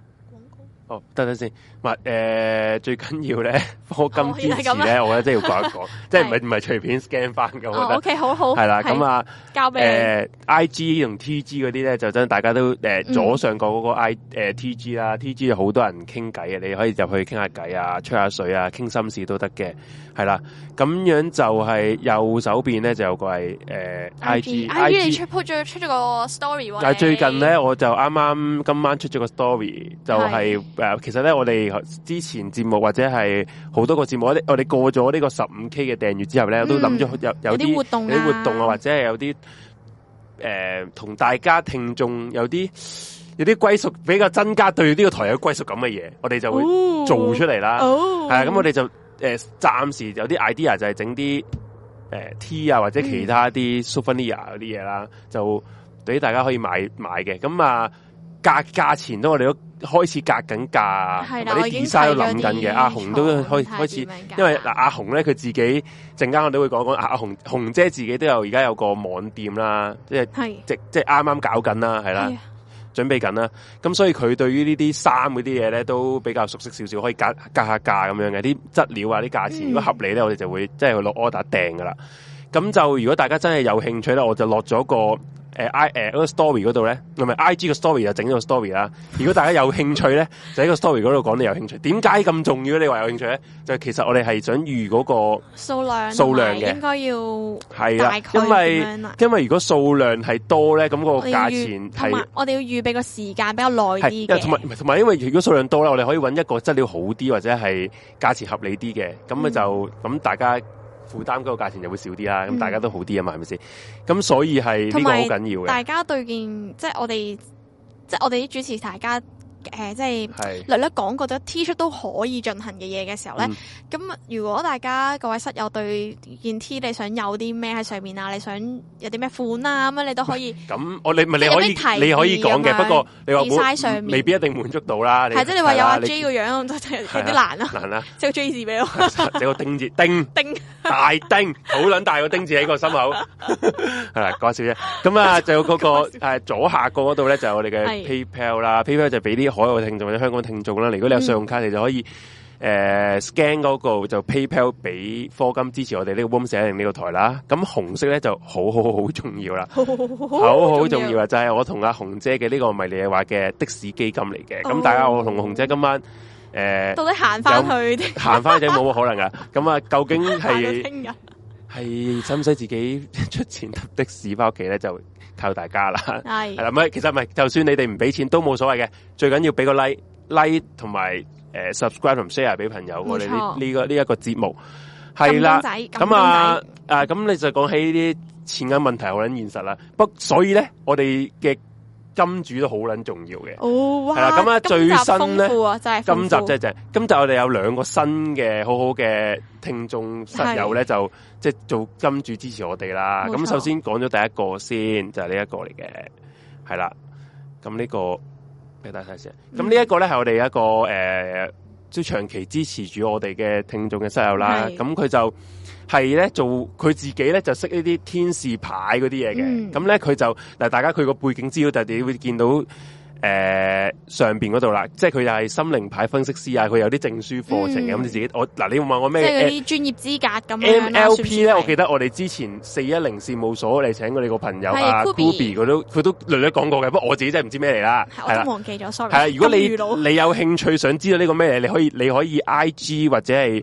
哦，等等先，唔誒，最緊要咧，課金支持咧，我覺得真係要講一講，即係唔係唔係隨便 scan 翻嘅。O、okay, K，好好係啦，咁、嗯、啊，交俾誒 I G 同 T G 嗰啲咧，就真大家都誒、呃、左上角嗰個 I 誒、呃、T G 啦，T G 有好多人傾偈啊，你可以入去傾下偈啊，吹下水啊，傾心事都得嘅，係啦。咁樣就係右手邊咧就有個係誒 I G，I G 你出咗出咗個 story、欸。但係最近咧，我就啱啱今晚出咗個 story，就係。呃、其實咧，我哋之前節目或者係好多個節目，我哋我哋過咗呢個十五 K 嘅訂閱之後咧、嗯，都諗咗有有啲活動啊，或者係有啲誒同大家聽眾有啲、呃、有啲歸屬，比較增加對呢個台有歸屬感嘅嘢，我哋就會做出嚟啦。係、哦、咁、哦啊、我哋就誒暫、呃、時有啲 idea 就係整啲誒 T 啊或者其他啲 Souvenir 嗰啲嘢啦，嗯、就俾大家可以買買嘅。咁啊。呃價價錢都我哋都開始夾緊價，同埋啲 design 都諗緊嘅。阿紅都開開始，因為嗱阿紅咧佢自己陣間我哋都會講講阿阿紅紅姐自己都有而家有個網店啦、即係，即係即即係啱啱搞緊啦，係啦，準備緊啦。咁所以佢對於呢啲衫嗰啲嘢咧都比較熟悉少少，可以夾夾下價咁樣嘅。啲質料啊，啲價錢、嗯、如果合理咧，我哋就會即係落 order 訂噶啦。咁就如果大家真係有興趣咧，我就落咗個。誒，I 誒，個 story 嗰度咧，唔咪 I G 個 story, story 就整呢個 story 啦。如果大家有興趣咧， [LAUGHS] 就喺個 story 嗰度講你有興趣。點解咁重要？你話有興趣咧，就係其實我哋係想預嗰個數量數量嘅，應該要係啊，因為因為如果數量係多咧，咁個價錢係我哋要預備個時間比較耐啲同埋同埋，因為如果數量，那個、量多啦，我哋可以揾一個質料好啲或者係價錢合理啲嘅，咁啊就咁、嗯、大家。負擔嗰個價錢就會少啲啦，咁大家都好啲啊嘛，係咪先？咁所以係呢個好緊要嘅。大家對件，即係我哋，即係我哋啲主持，大家。誒，即係略略講過咗 T 恤都可以進行嘅嘢嘅時候咧，咁如果大家各位室友對件 T 你想有啲咩喺上面啊，你想有啲咩款啊咁樣，你都可以。咁我你咪你可以你可以講嘅，不過你話冇，未必一定滿足到啦。係即係你話有阿 J 個樣，咁就有啲難啊。難啦，即係 J 字俾我，即係個丁字丁丁大丁，好撚大個丁字喺個心口。係啦，講笑啫。咁啊，就嗰個誒左下角嗰度咧，就我哋嘅 PayPal 啦，PayPal 就俾啲。海外聽眾或者香港聽眾啦，如果你有信用卡，嗯、你就可以誒 scan 嗰個就 PayPal 俾課金支持我哋呢個 Room 社定呢、這個台啦。咁紅色咧就好好好重要啦，好、哦、好、哦、重要啊！就係、是、我同阿紅姐嘅呢、這個迷離嘅話嘅的士基金嚟嘅。咁大家我同紅姐今晚誒、呃、到底行翻去啲？行翻去冇乜可能㗎。咁 [LAUGHS] 啊，究竟係係使唔使自己出錢搭的士翻屋企咧？就靠大家啦，係，係啦，唔係，其實唔係，就算你哋唔俾錢都冇所謂嘅，最緊要俾個 like，like 同埋誒 subscribe 同 share 俾朋友我哋呢個呢一個節目，係啦，咁啊，啊，咁你就講起呢啲錢銀問題好捻現實啦，不，所以咧，我哋嘅。金主都好撚重要嘅，係、哦、啦。咁啊，最新咧，今集、就是、集真係正。今集我哋有兩個新嘅好好嘅聽眾室友咧，就即係、就是、做金主支持我哋啦。咁首先講咗第一個先，就係、是這個、呢、嗯、一個嚟嘅，係、呃、啦。咁呢個畀大家睇下先。咁呢一個咧係我哋一個誒，即係長期支持住我哋嘅聽眾嘅室友啦。咁佢就。係咧做佢自己咧就識呢啲天使牌嗰啲嘢嘅，咁咧佢就嗱，大家佢個背景資料，就係你會見到誒、呃、上邊嗰度啦，即係佢又係心靈牌分析師啊，佢有啲證書課程啊，咁、嗯、你自己我嗱，你會問我咩？即係啲專業資格咁 MLP 咧，我記得我哋之前四一零事務所嚟請過你個朋友啊，Kubi 佢都佢都略略講過嘅，不過我自己真係唔知咩嚟啦，係我都忘記咗，sorry。係如果你你有興趣想知道呢個咩嘢，你可以你可以 IG 或者係。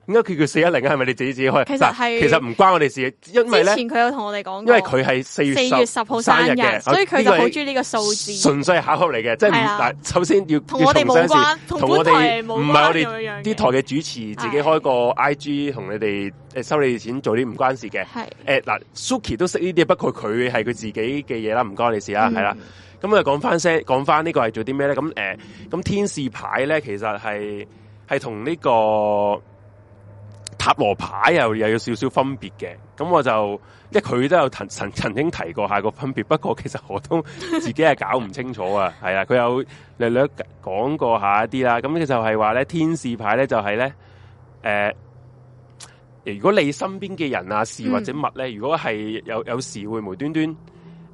點解佢叫四一零啊，係咪你自己自己開？其實係，其實唔關我哋事。因為咧，之前佢有同我哋講，因為佢係四月十號生日，所以佢就好中意呢個數字。純、這個、粹巧合嚟嘅，即係唔。首先要同我哋冇關，同我哋唔係我哋啲台嘅主持、哎、自己開個 I G 同你哋誒收你哋錢做啲唔關事嘅。係誒嗱，Suki 都識呢啲，不過佢係佢自己嘅嘢啦，唔關我哋事啦，係啦。咁啊，講翻聲，講翻呢個係做啲咩咧？咁誒，咁天使牌咧，其實係係同呢個。塔羅牌又又有少少分別嘅，咁我就因為佢都有曾曾，曾經提過下個分別，不過其實我都自己係搞唔清楚啊，係 [LAUGHS] 啊，佢有略略講過一下一啲啦，咁就係話咧天使牌咧就係、是、咧，誒、呃，如果你身邊嘅人啊事或者物咧，如果係有有時會無端端，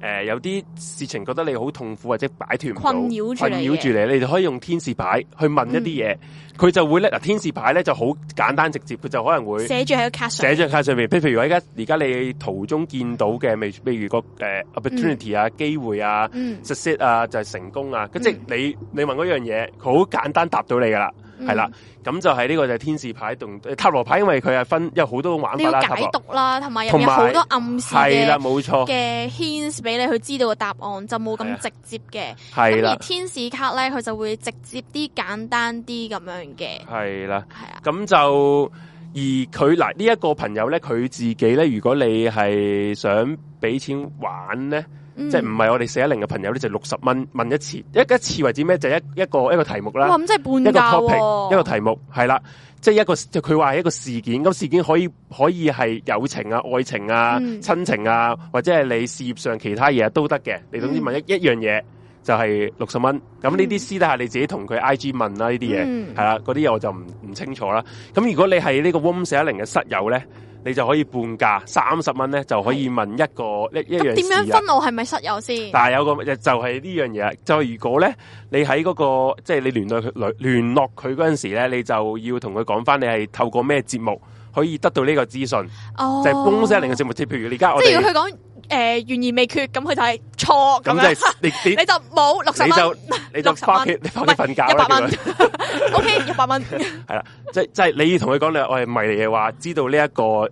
誒、呃，有啲事情覺得你好痛苦或者擺脫唔到，困擾住你困擾住你，你就可以用天使牌去問一啲嘢，佢、嗯、就會呢，嗱，天使牌咧就好簡單直接，佢就可能會寫住喺卡上，寫喺卡上邊。譬如話而家而家你途中見到嘅未，譬如個誒、呃、opportunity 啊、嗯，機會啊，success 啊，就、嗯、係成功啊。即、就、係、是、你你問嗰樣嘢，佢好簡單答到你㗎喇。係、嗯、啦，咁就係呢個就係天使牌同塔羅牌，因為佢係分有好多玩法啦。要解讀啦，同埋有好多暗示嘅。係啦，冇錯嘅。Hints 俾你去知道個答案，就冇咁直接嘅。係啦，而天使卡咧，佢就會直接啲、簡單啲咁樣嘅。係啦，係啊。咁就而佢嗱呢一個朋友咧，佢自己咧，如果你係想俾錢玩咧。嗯、即係唔係我哋四一零嘅朋友咧，就六十蚊問一次，一一次為止咩？就一、是、一個一個題目啦，一個 topic，一個題目係啦、啊，即係一個佢話係一個事件，咁事件可以可以係友情啊、愛情啊、親、嗯、情啊，或者係你事業上其他嘢都得嘅。你總之問一、嗯、一樣嘢就係六十蚊。咁呢啲私底下你自己同佢 I G 問啦呢啲嘢，係啦，嗰啲嘢我就唔唔清楚啦。咁如果你係呢個 Room 四一零嘅室友咧。你就可以半價三十蚊咧，就可以問一個一一樣嘢啊。點樣分我係咪室友先？但係有個就就係呢樣嘢，就如果咧、那個，你喺嗰個即係你聯聯聯絡佢嗰陣時咧，你就要同佢講翻你係透過咩節目可以得到呢個資訊。哦，就係《公仔玲嘅節目即》。譬如你而家我哋即係要佢講。誒、呃，懸而未決，咁佢就係錯咁樣。你 [LAUGHS] 你就冇六十蚊你就你就翻你翻去瞓覺啦。一百蚊，OK，一百蚊。係、就、啦、是，即係即係你同佢講你，我係迷離嘅話，知道呢、這、一個誒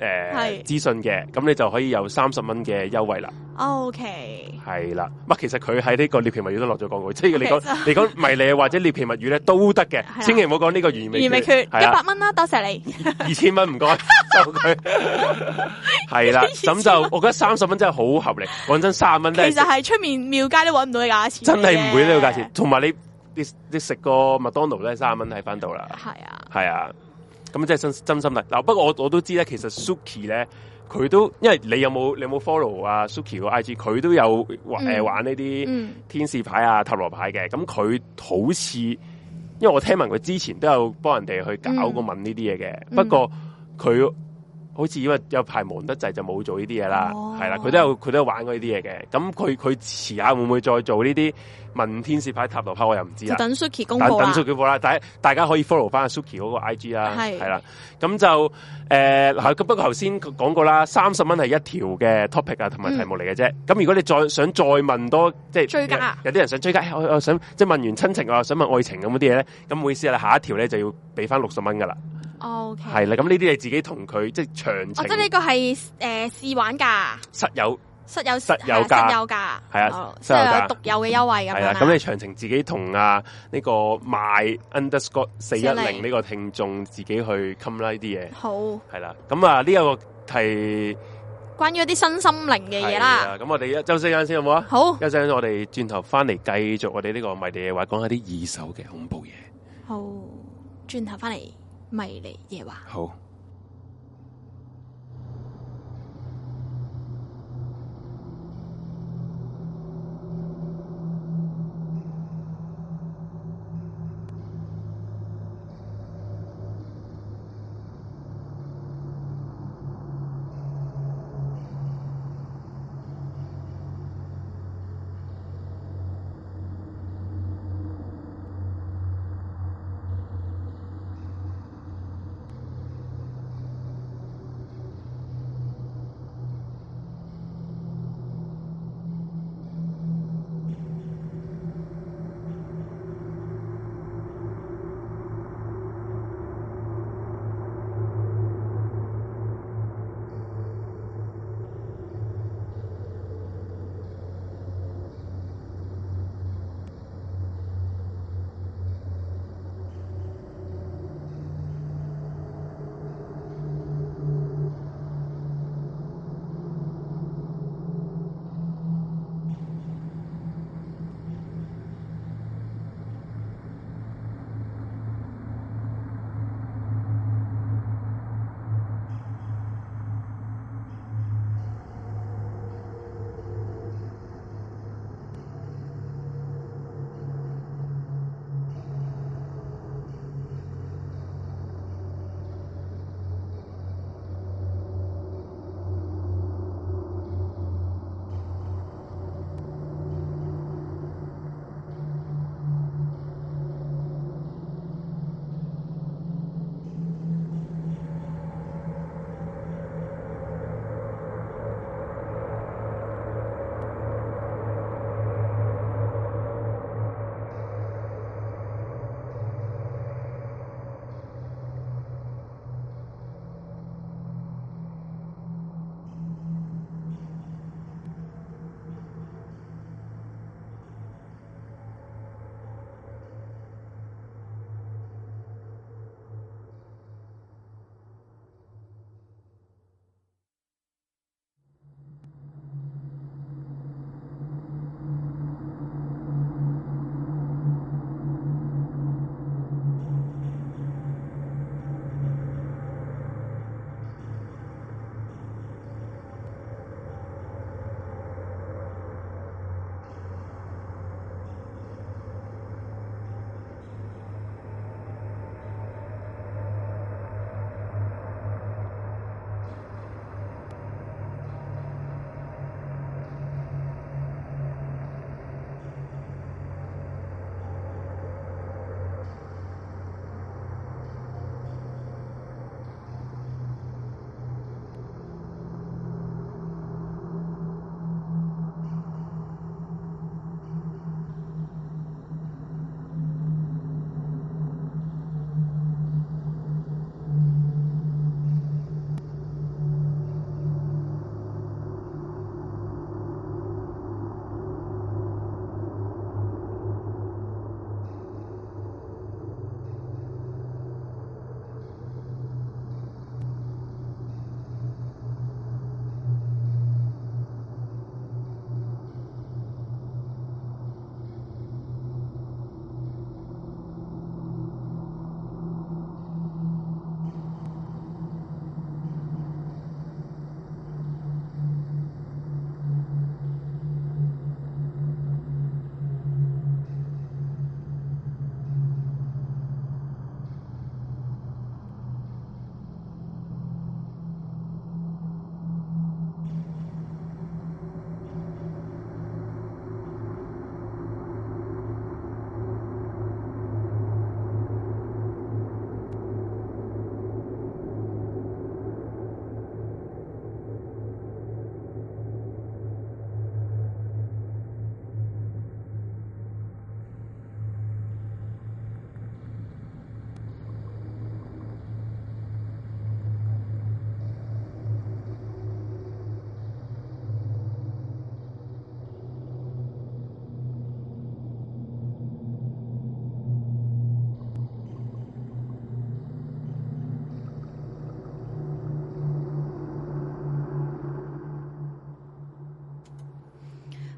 資訊嘅，咁、呃、你就可以有三十蚊嘅優惠啦。OK，係啦，其實佢喺呢個獵奇物語都落咗廣告，即、okay, 係 [LAUGHS] 你講你講迷離或者獵奇物語咧都得嘅，千祈唔好講呢個懸而未決。一百蚊啦，多、啊、謝，謝你。 [LAUGHS] 二,二千蚊唔該，係 [LAUGHS] 啦就他，咁 [LAUGHS] 就我覺得三十蚊真係好。好合理，講真，三十蚊咧，其實係出面廟街都揾唔到呢個價錢，真係唔會呢個價錢。同埋你你你食個麥當勞都係三十蚊喺翻到啦，係啊，啊，係啊，咁即係真真心啦。嗱，不過我我都知咧，其實 Suki 咧，佢都因為你有冇你有冇 follow 啊 Suki 個 IG，佢都有玩誒、嗯呃、玩呢啲天使牌啊塔羅牌嘅。咁佢好似，因為我聽聞佢之前都有幫人哋去搞過問呢啲嘢嘅。嗯、不過佢。好似因為有排忙得滯、哦，就冇做呢啲嘢啦。係啦，佢都有佢都有玩過呢啲嘢嘅。咁佢佢遲下會唔會再做呢啲問天使牌塔羅牌？我又唔知啦。等 Suki 公布等 Suki 公布啦。大家大家可以 follow 翻 Suki 嗰個 IG 啦。係啦。咁就誒嗱，咁、呃、不過頭先講過啦，三十蚊係一條嘅 topic 啊，同埋題目嚟嘅啫。咁、嗯、如果你再想再問多即係追加有啲人想追加，哎、我，我想即係問完親情，我想問愛情咁嗰啲嘢咧。咁意思係啦，下一條咧就要俾翻六十蚊㗎啦。係、oh, 啦、okay.，咁呢啲你自己同佢即係詳情。Oh, 我覺得呢個係誒試玩噶，實有實有實有價，實有價係啊，即有，有，獨有嘅優惠咁咁你詳情自己同啊呢、嗯這個 Room Underscore 四一零、這、呢個聽眾自己去 come by 啲嘢。好係啦，咁啊呢個係關於一啲新心靈嘅嘢啦。咁我哋休息一陣先好唔好啊？好，啊這個、休息一陣我哋轉頭翻嚟繼續我哋呢個迷離夜話講下啲二手嘅恐怖嘢。好，轉頭翻嚟。迷離夜話好。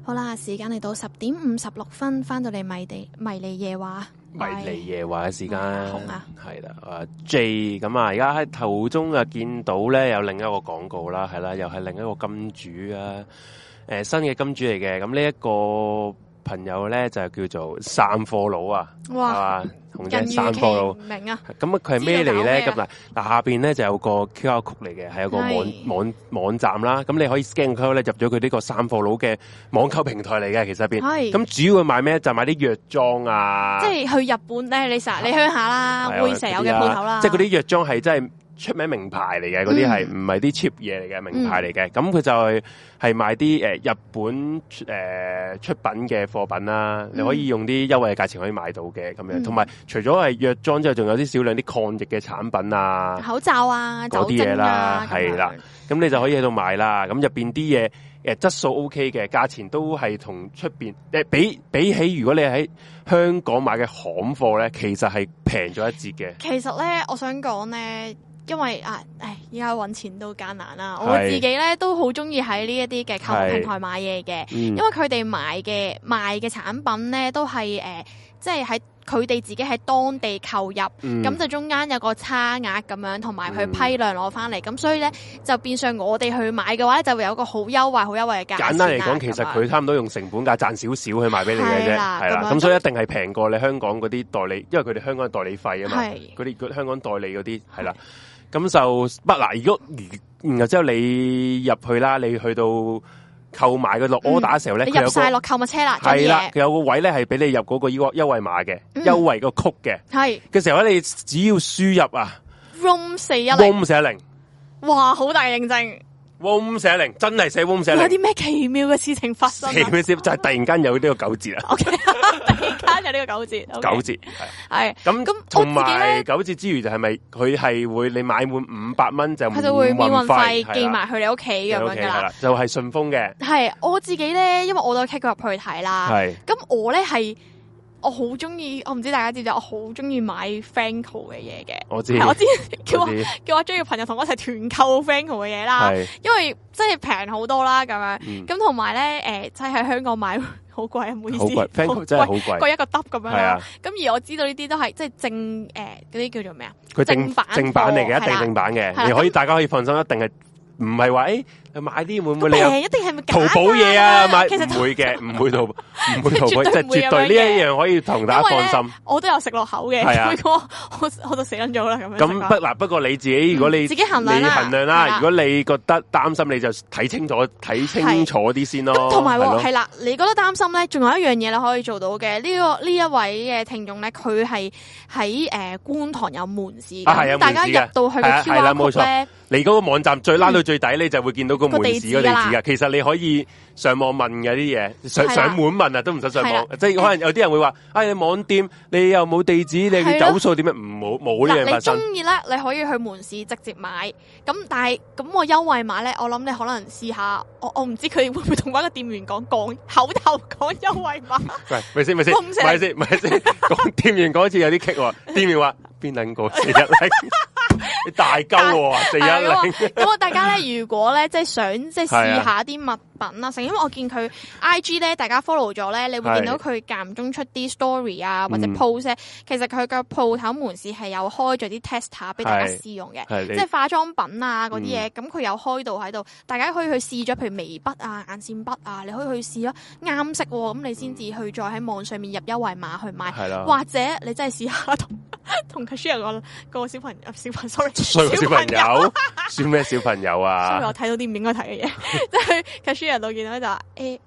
好啦，時間嚟到十點五十六分，翻到嚟迷地迷離夜話，迷離夜話嘅時間，係、嗯、啦，啊 J，咁啊，而家喺頭中啊見到咧有另一個廣告啦，係啦，又係另一個金主啊，誒，新嘅金主嚟嘅，咁呢一個。朋友咧就叫做散貨佬啊，哇，嘛同啲散貨佬明啊？咁、嗯、啊佢係咩嚟咧？咁啊嗱下邊咧就有個 QR Code 嚟嘅，係一個網網網站啦。咁你可以 scan 佢咧入咗佢呢個散貨佬嘅網購平台嚟嘅，其實下邊咁主要買咩？就買、是、啲藥妝啊，即係去日本咧，你成日你鄉下啦，嗯、會成日有嘅鋪頭啦，啊、即係嗰啲藥妝係真係。出名名牌嚟嘅，嗰啲係唔係啲 cheap 嘢嚟嘅？名牌嚟嘅。咁、嗯、佢就係係買啲誒、呃、日本誒、呃、出品嘅貨品啦、嗯，你可以用啲優惠嘅價錢可以買到嘅咁樣，同、嗯、埋除咗係藥妝之後，仲有啲少量啲抗疫嘅產品啊，口罩啊嗰啲嘢啦，係、啊、啦，咁你就可以喺度買啦。咁入邊啲嘢誒質素 OK 嘅，價錢都係同出邊誒比比起如果你喺香港買嘅行貨咧，其實係平咗一截嘅。其實咧，我想講咧。因為啊，唉，而家搵錢都艱難啦。我自己咧都好中意喺呢一啲嘅購物平台買嘢嘅、嗯，因為佢哋買嘅賣嘅產品咧都係誒、呃，即係喺佢哋自己喺當地購入，咁、嗯、就中間有個差額咁樣，同埋佢批量攞翻嚟，咁、嗯、所以咧就變相我哋去買嘅話，就會有一個好優惠、好優惠嘅價。簡單嚟講，其實佢差唔多用成本價賺少少去賣俾你嘅啫，係啦，咁所以一定係平過你香港嗰啲代理，因為佢哋香港嘅代理費啊嘛，佢哋香港代理嗰啲係啦。咁就不嗱，如果然然後之後你入去啦，你去到購買嘅落 order 嘅時候咧、嗯，你入晒落購物車啦，係啦，佢有個位咧係俾你入嗰個呢個優惠碼嘅、嗯，優惠個曲嘅，係嘅時候咧，你只要輸入啊 room 四一零，room 四一零，哇，好大嘅認證。w a 真係寫 w 有啲咩奇妙嘅事情發生？奇妙就係、是、突然間有呢個九折啊！突然間有呢個九折，九折係咁咁。同埋九折之餘，就係咪佢係會你買滿五百蚊就佢就會免運費寄埋去你屋企咁樣噶？就係順豐嘅。係我自己咧、就是，因為我都 check 過入去睇啦。係咁我咧係。我好中意，我唔知大家知唔知，我好中意買 Fancl 嘅嘢嘅。我知，我知，叫我，我叫我中意朋友同我一齊團購 Fancl 嘅嘢啦。因為真係平好多啦咁樣，咁同埋咧，誒，即係喺香港買好貴啊，唔好意思，好貴，Fancl 真係好貴，貴一個 d o p 咁樣啦。咁、啊、而我知道呢啲都係即係正誒，嗰、呃、啲叫做咩啊？佢正，正版正版嚟嘅、啊，一定正版嘅、啊，你可以、嗯、大家可以放心，一定係唔係話買啲會唔會？一定係咪淘寶嘢啊，買唔會嘅，唔 [LAUGHS] 會淘，唔會淘寶，絕對呢、即係、一樣可以同大家放心。我都有食落口嘅，係啊我，我我就食卵咗啦咁樣。咁不嗱，不過你自己如果你自己衡量，你衡量啦。量啦啊、如果你覺得擔心，你就睇清楚，睇清楚啲先咯、啊。同埋係啦，是啊是啊你覺得擔心咧？仲有一樣嘢你可以做到嘅。呢、這個呢一位嘅聽眾咧，佢係喺誒觀塘有門市。啊啊、大家入到去冇錯、啊啊、呢，你嗰個網站最拉到最底、嗯、你就會見到。個、啊、門市個地址噶、啊，其實你可以上網問噶啲嘢，上上門問啊，都唔使上網。即係可能有啲人會話、哎：，你網店你又冇地址，你要走數點樣唔好，冇呢樣發生，你中意咧，你可以去門市直接買。咁但係咁我優惠碼咧，我諗你可能試下。我我唔知佢會唔會同一個店員講，講口頭講優惠碼。喂，咪先咪先，咪先咪先，店員講一次有啲棘喎。店員話邊撚過？ [LAUGHS] 你大鳩喎、哦，四一零。咁啊， [LAUGHS] 大家咧，如果咧，即係想即係試下啲物品啊，成，因為我見佢 I G 咧，大家 follow 咗咧，你會見到佢間中出啲 story 啊，或者 post，、啊嗯、其實佢個鋪頭門市係有開咗啲 tester 俾大家試用嘅，啊、即係化妝品啊嗰啲嘢，咁佢、啊嗯、有開到喺度，大家可以去試咗，譬如眉筆啊、眼線筆啊，你可以去試咯，啱色喎、哦，咁你先至去再喺網上面入優惠碼去買，啊、或者你真係試下同同佢 share 個小、那個小朋友、小朋友。Sorry。衰小朋友，算咩小朋友啊？所以我睇到啲唔應該睇嘅嘢，即係佢 cashier 度見到呢，就話誒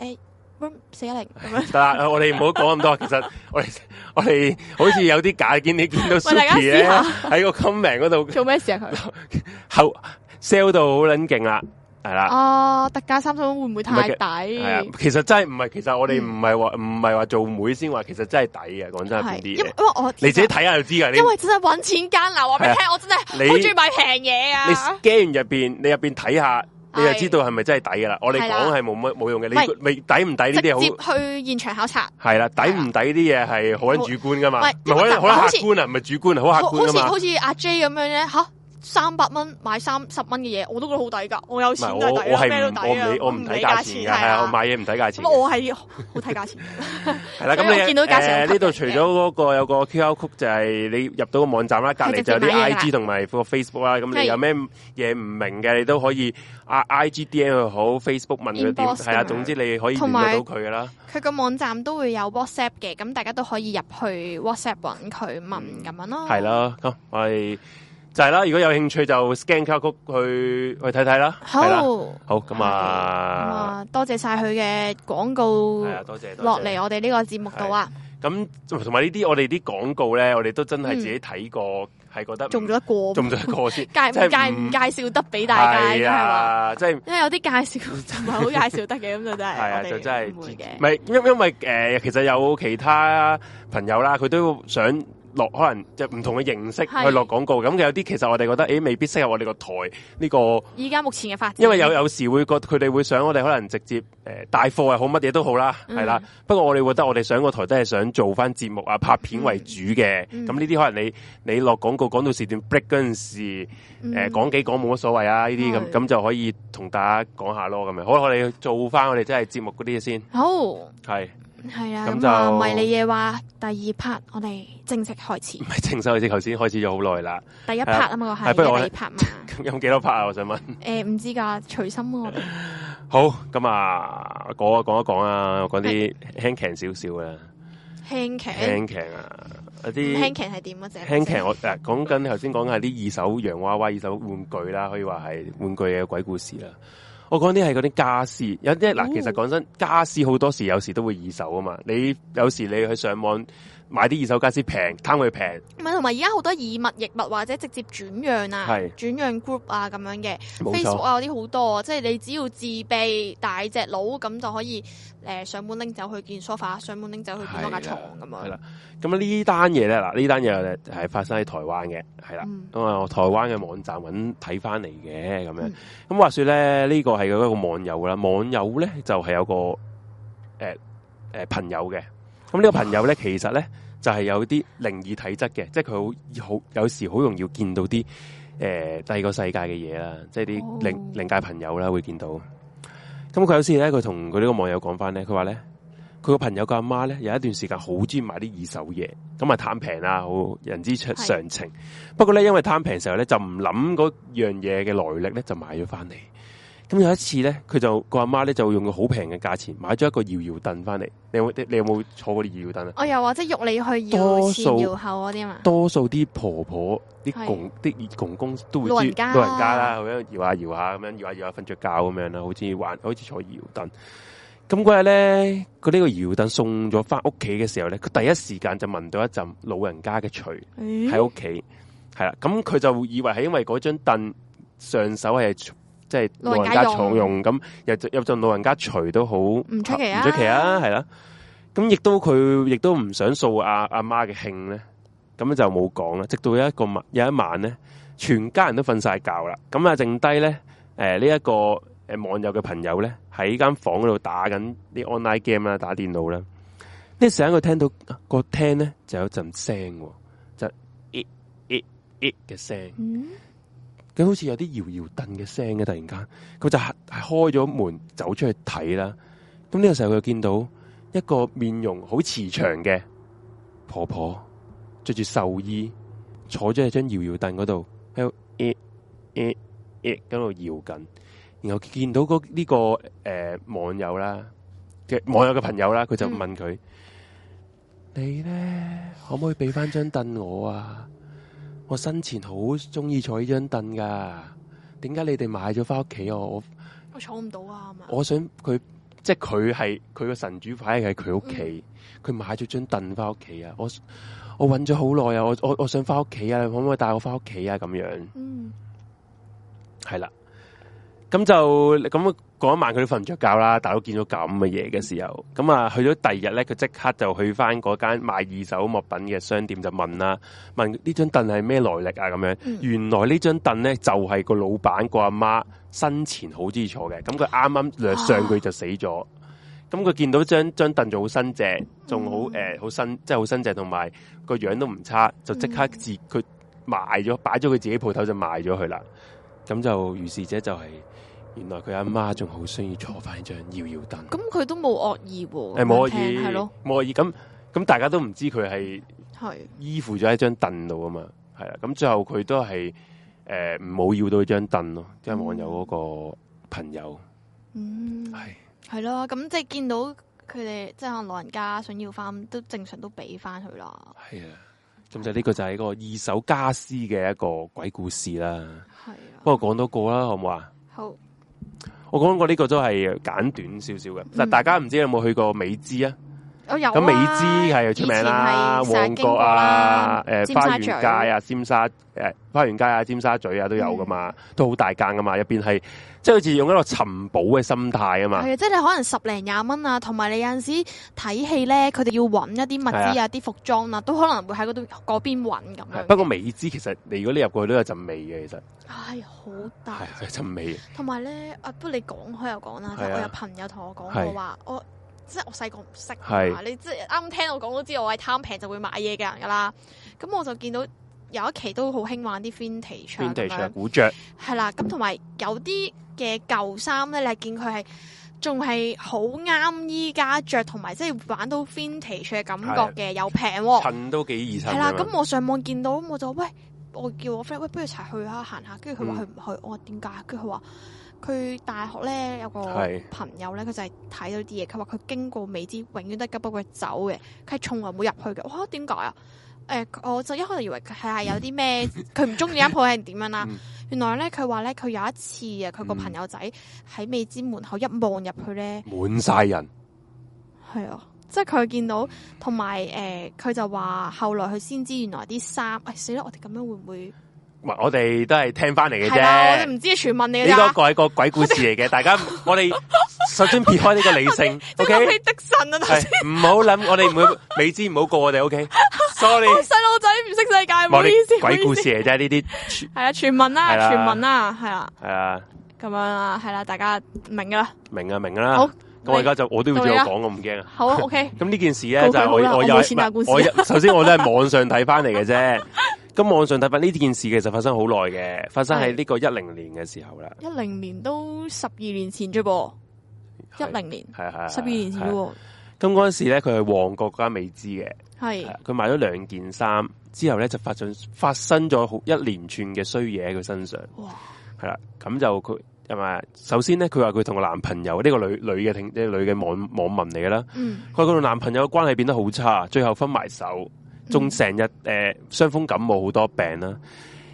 誒四一零咁樣。得啦，我哋唔好講咁多。 [LAUGHS] 其實我哋我哋好似有啲假，見你見到 Suki 喺個 comment 嗰度做咩事啊？佢後 sell 到好撚勁啦！係啦，哦，特價三十蚊會唔會太抵？其實真係唔係，其實我哋唔係話唔係話做妹先話，其實真係抵嘅。講真係啲因因為我你自己睇下就知噶。因為真係揾錢艱難，話俾你聽，我真係好中意買平嘢啊你。你驚入邊，你入邊睇下，你就知道係咪真係抵噶啦。我哋講係冇乜冇用嘅。你未抵唔抵呢啲好？直接去現場考察。係啦，抵唔抵啲嘢係好咁主觀噶嘛？唔好，唔係唔係就係、好客觀啊，唔係主觀啊，好客觀啊好似好似阿 J 咁樣咧，吓。三百蚊買三十蚊嘅嘢，我都覺得好抵噶。我有錢都抵，咩都抵，我唔理價錢，係啊，買嘢唔睇價錢。我係好睇價錢。 [LAUGHS] [LAUGHS] 咁你見到誒、呃？呢度除咗嗰、那個有個 QQ 曲就係你入到個網站啦，隔籬就有啲 IG 同埋 Facebook 啦。咁你有咩嘢唔明嘅，你都可以啊 IGDM 又好 Facebook 問佢點係啊。總之你可以聯到佢噶啦。佢個網站都會有 WhatsApp 嘅，咁大家都可以入去 WhatsApp 搵佢問咁樣咯、嗯。係啦，我哋。就係啦，如果有興趣就 scan 卡曲去去睇睇啦。好，好咁啊，多謝晒佢嘅廣告。係啊，多謝多謝落嚟我哋呢個節目度啊。咁同埋呢啲我哋啲廣告咧，我哋都真係自己睇過，係覺得做唔做得過？做唔做得過先？介介唔介紹得俾大家，係嘛？即係因為有啲介紹就唔係好介紹得嘅，咁就真係。係啊，就真係唔會嘅。唔係因因為誒，其實有其他朋友啦，佢都想。落可能就唔同嘅形式去落廣告，咁有啲其實我哋覺得，誒、欸、未必適合我哋個台呢、這個。依家目前嘅發展，因為有有時會覺佢哋會想我哋可能直接誒、呃、帶貨又好乜嘢都好啦，係、嗯、啦。不過我哋覺得我哋上個台都係想做翻節目啊拍片為主嘅。咁呢啲可能你你落廣告講到時段 break 嗰陣時，誒、呃、講幾講冇乜所謂啊！呢啲咁咁就可以同大家講下咯，咁樣好，我哋做翻我哋真係節目嗰啲嘢先。好，係。係啦，咁就唔迷離夜話第二 part，我哋正式開始。唔係正式開始，頭先開始咗好耐啦。第一 part 啊嘛，係，係第二 part 嘛。咁幾多 part 啊？我想問。誒，唔知噶，隨心喎。好，咁啊，講一講一講、yes. 啊，講啲輕強少少嘅。輕強。輕強啊！啲。輕強係點啊？即輕我誒，講緊頭先講嘅係啲二手洋娃娃、二手玩具啦，可以話係玩具嘅鬼故事啦。我講啲係嗰啲家私，有啲嗱，其實講真，家私好多時有時都會二手啊嘛，你有時你去上網。買啲二手家私平，貪佢平。咪同埋而家好多以物易物或者直接轉讓啊，轉讓 group 啊咁樣嘅，Facebook 啊有啲好多啊，即係你只要自備大隻佬咁就可以，誒、呃，上門拎走去件 sofa，上門拎走去件多架床咁啊。係啦，咁呢單嘢咧嗱，呢單嘢係發生喺台灣嘅，係啦，咁、嗯、啊台灣嘅網站搵睇翻嚟嘅，咁樣。咁、嗯、話說咧，呢、這個係嗰個網友啦，網友咧就係、是、有個誒誒、呃呃、朋友嘅。咁、嗯、呢、這個朋友咧，其實咧就係、是、有啲靈異體質嘅，即係佢好好有時好容易見到啲誒、呃、第二個世界嘅嘢啦，即係啲靈靈界朋友啦會見到。咁、嗯、佢、嗯嗯、有時咧，佢同佢呢個網友講翻咧，佢話咧佢個朋友個阿媽咧有一段時間好中意買啲二手嘢，咁啊貪平啦，好人之常情。不過咧因為貪平時候咧就唔諗嗰樣嘢嘅來歷咧就買咗翻嚟。.咁有一次咧，佢就個阿媽咧就用個好平嘅價錢買咗一個搖搖凳翻嚟。你有你有冇坐過啲搖搖凳啊？我又或者喐你去搖前搖後嗰啲嘛？多數啲婆婆啲公啲公公都會老人家、啊、老人家啦，咁樣搖下搖下咁樣搖下搖下瞓着覺咁樣啦，好似玩，好似坐搖搖凳。咁嗰日咧，佢呢個搖搖凳送咗翻屋企嘅時候咧，佢第一時間就聞到一陣老人家嘅除喺屋企。係、欸、啦，咁佢就以為係因為嗰張凳上手係。即係老人家重用咁，有有陣老人家除都好唔出奇啊，係啦。咁亦、啊啊、都佢亦都唔想掃阿阿媽嘅興咧，咁、啊、就冇講啦。直到有一個晚有一晚咧，全家人都瞓晒覺啦，咁啊剩低咧，誒呢一個誒、呃、網友嘅朋友咧喺間房度打緊啲 online game 啦，打電腦啦。呢時佢聽到、個廳咧就有陣聲、啊，就「咦、咦、咦、咦」嘅聲。佢好似有啲搖搖凳嘅聲嘅，突然間佢就係開咗門走出去睇啦。咁呢個時候佢就見到一個面容好慈祥嘅婆婆，着住壽衣坐咗喺張搖搖凳嗰度喺度搖緊。然後見到呢個、網友啦，網友嘅朋友啦，佢就問佢：你呢，可唔可以俾返張櫈我啊？我生前好中意坐呢張凳噶點解你哋買咗翻屋企我？我坐唔到啊嘛！我想佢即係佢係佢個神主牌係佢屋企，佢、嗯、買咗張凳翻屋企啊！我我揾咗好耐啊！我找了很久我我想翻屋企啊！你可唔可以帶我翻屋企啊？咁樣，嗯，係啦，咁就咁。那嗰晚佢都瞓唔着覺啦，大佬見到咁嘅嘢嘅時候，咁啊去咗第二日咧，佢即刻就去返嗰間賣二手物品嘅商店就問啦，問呢張凳係咩來歷啊？咁樣原來張呢張凳咧就係、是、個老闆個阿媽生前好中意坐嘅，咁佢啱啱略上佢就死咗，咁、啊、佢見到張張凳仲好新淨，仲好好新，即係好新淨，同埋個樣都唔差，就即刻自佢賣咗，擺咗佢自己鋪頭就賣咗佢啦，咁就如是者就係、是。原來佢阿媽仲好需要坐翻一張搖搖凳、嗯，咁佢都冇惡意喎、啊，冇、哎、惡意，冇惡意。咁咁大家都唔知佢係係依附咗喺張凳度啊嘛，係啦。咁最後佢都係誒唔好要到一張凳咯，即、就、係、是、網友嗰個朋友，嗯係係咯。咁即係見到佢哋即係可能老人家想要翻，都正常都俾翻佢啦。係啊，咁、嗯、就呢個就係一個二手家私嘅一個鬼故事啦。係，不過講多個啦，好唔好啊？好。我講過呢個都係簡短少少嘅。嗱，大家唔知有冇去過美芝啊？有、嗯。咁美芝係出名啦，旺角啊，花園街啊，尖沙花園街啊，尖沙咀啊都有噶嘛，嗯、都好大間噶嘛，入邊係。即係好似用一個尋寶嘅心態啊嘛，係啊！即係你可能十零廿蚊啊，同埋你有陣時睇戲咧，佢哋要揾一啲物資啊、啲服裝啊，都可能會喺嗰度邊揾咁。不過未知，其實你如果你入過去都有陣味嘅，其實係、哎、好大，係陣味。同埋咧，阿不，你講開又講啦，即我有朋友同我講過話，我，說我即係我細個唔識，係你即係啱啱聽到我講都知，我係貪平就會買嘢嘅人噶啦。咁我就見到。有一期都好興玩啲 vintage 咁樣古着，係啦，咁同埋有啲嘅舊衫咧，你係見佢係仲係好啱依家着，同埋即係玩到 vintage 嘅感覺嘅，又平、哦、襯都幾易三。係啦，咁我上網見到，我就，喂，我叫我 friend 喂，不如一齊去下行下。跟住佢話佢唔去，嗯、我話點解？跟住佢話佢大學咧有個朋友咧，佢就係睇到啲嘢。佢話佢經過未知，永遠都急，不過走嘅，佢係從來冇入去嘅。哇，點解啊？誒、呃，我就一開始以為佢係有啲咩，佢唔中意一舖係點樣啦。 [LAUGHS] 原來咧，佢話咧，佢有一次啊，佢個朋友仔喺未知門口一望入去咧，滿晒人。係、嗯、啊，即係佢見到，同埋誒，佢、呃、就話後來佢先知，原來啲衫，死、哎、啦！我哋咁樣會唔會？我哋都係聽翻嚟嘅啫，我哋唔、啊、知傳聞嚟嘅，呢個係一個鬼故事嚟嘅。大家我哋首先撇開呢個理性，O K 的神啊，唔好諗，我哋唔會， [LAUGHS] 未知唔好過我哋，O K，sorry，細路仔唔識世界，唔好意思，鬼故事嚟啫，呢啲係啊，傳聞啦，傳聞啦，係啦，係啊，咁、啊啊、樣啦、啊，係啦、啊，大家明噶啦，明啊，明啦、啊，好，咁我而家就我都要再講、啊，我唔驚啊，好，O K，咁呢件事咧就係、是、我有、啊、我有，我啊、故事我我 [LAUGHS] 首先我喺網上睇翻嚟嘅啫。咁網上睇法呢件事其實發生好耐嘅，發生喺呢個一零年嘅時候啦。一零年都十二年前啫噃，一零年係啊係十二年前喎。咁嗰陣時咧，佢係旺角嗰家未知嘅，係佢買咗兩件衫之後咧，就發生發生咗好一連串嘅衰嘢喺佢身上。哇！係啦，咁就佢同咪首先咧，佢話佢同個男朋友呢、呢個女女嘅聽即係女嘅網網民嚟嘅啦。佢佢佢同男朋友關係變得好差，最後分埋手。仲成日誒，傷、呃、風感冒好多病啦，啊，呃就是嗯。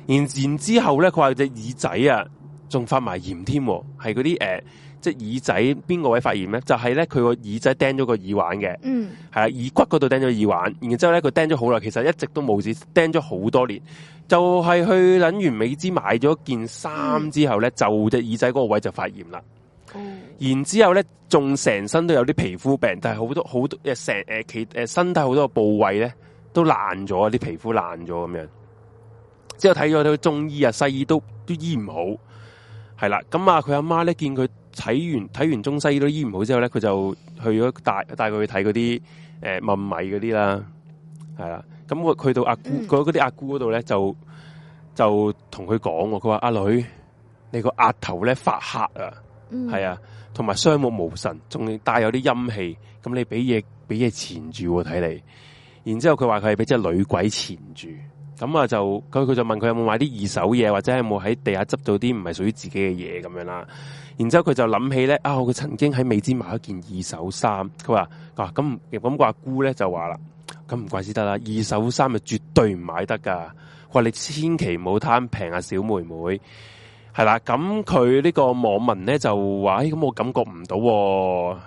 然然之後咧，佢話隻耳仔啊，仲發埋炎添，係嗰啲誒，即係耳仔邊個位發炎咧？就係咧，佢個耳仔釘咗個耳環嘅，嗯，係啊，耳骨嗰度釘咗耳環。然之後咧，佢釘咗好耐，其實一直都冇事釘咗好多年，就係、是、去諗完美姿買咗件衫之後咧，嗯、就隻耳仔嗰個位就發炎啦。然之後咧，仲成身都有啲皮膚病，但係好多好多誒，成誒其誒身體好多個部位咧。都爛咗，啲皮膚爛咗咁樣，之後睇咗啲中醫啊、西醫都都醫唔好，係啦。咁啊，佢阿媽咧見佢睇完睇完中西醫都醫唔好之後咧，佢就去咗帶帶佢去睇嗰啲誒問米嗰啲啦，係啦。咁我去到阿姑嗰嗰啲阿姑嗰度咧，就就同佢講，佢話阿女你個額頭咧發黑啊，係、嗯、啊，同埋雙目無神，仲帶有啲陰氣，咁你俾嘢俾嘢纏住，睇嚟，啊。然之後佢話佢係俾隻女鬼纏住，咁啊就佢佢就問佢有冇買啲二手嘢，或者是有冇喺地下執到啲唔係屬於自己嘅嘢咁樣啦。然之後佢就諗起咧，啊佢曾經喺美姿買咗一件二手衫，佢話啊，咁咁個阿姑咧就話啦，咁、啊、唔怪之得啦，二手衫咪絕對唔買得噶。佢話你千祈唔好貪平啊，小妹妹係啦。咁佢呢個網民咧就話，咁、哎、我感覺唔到、哦。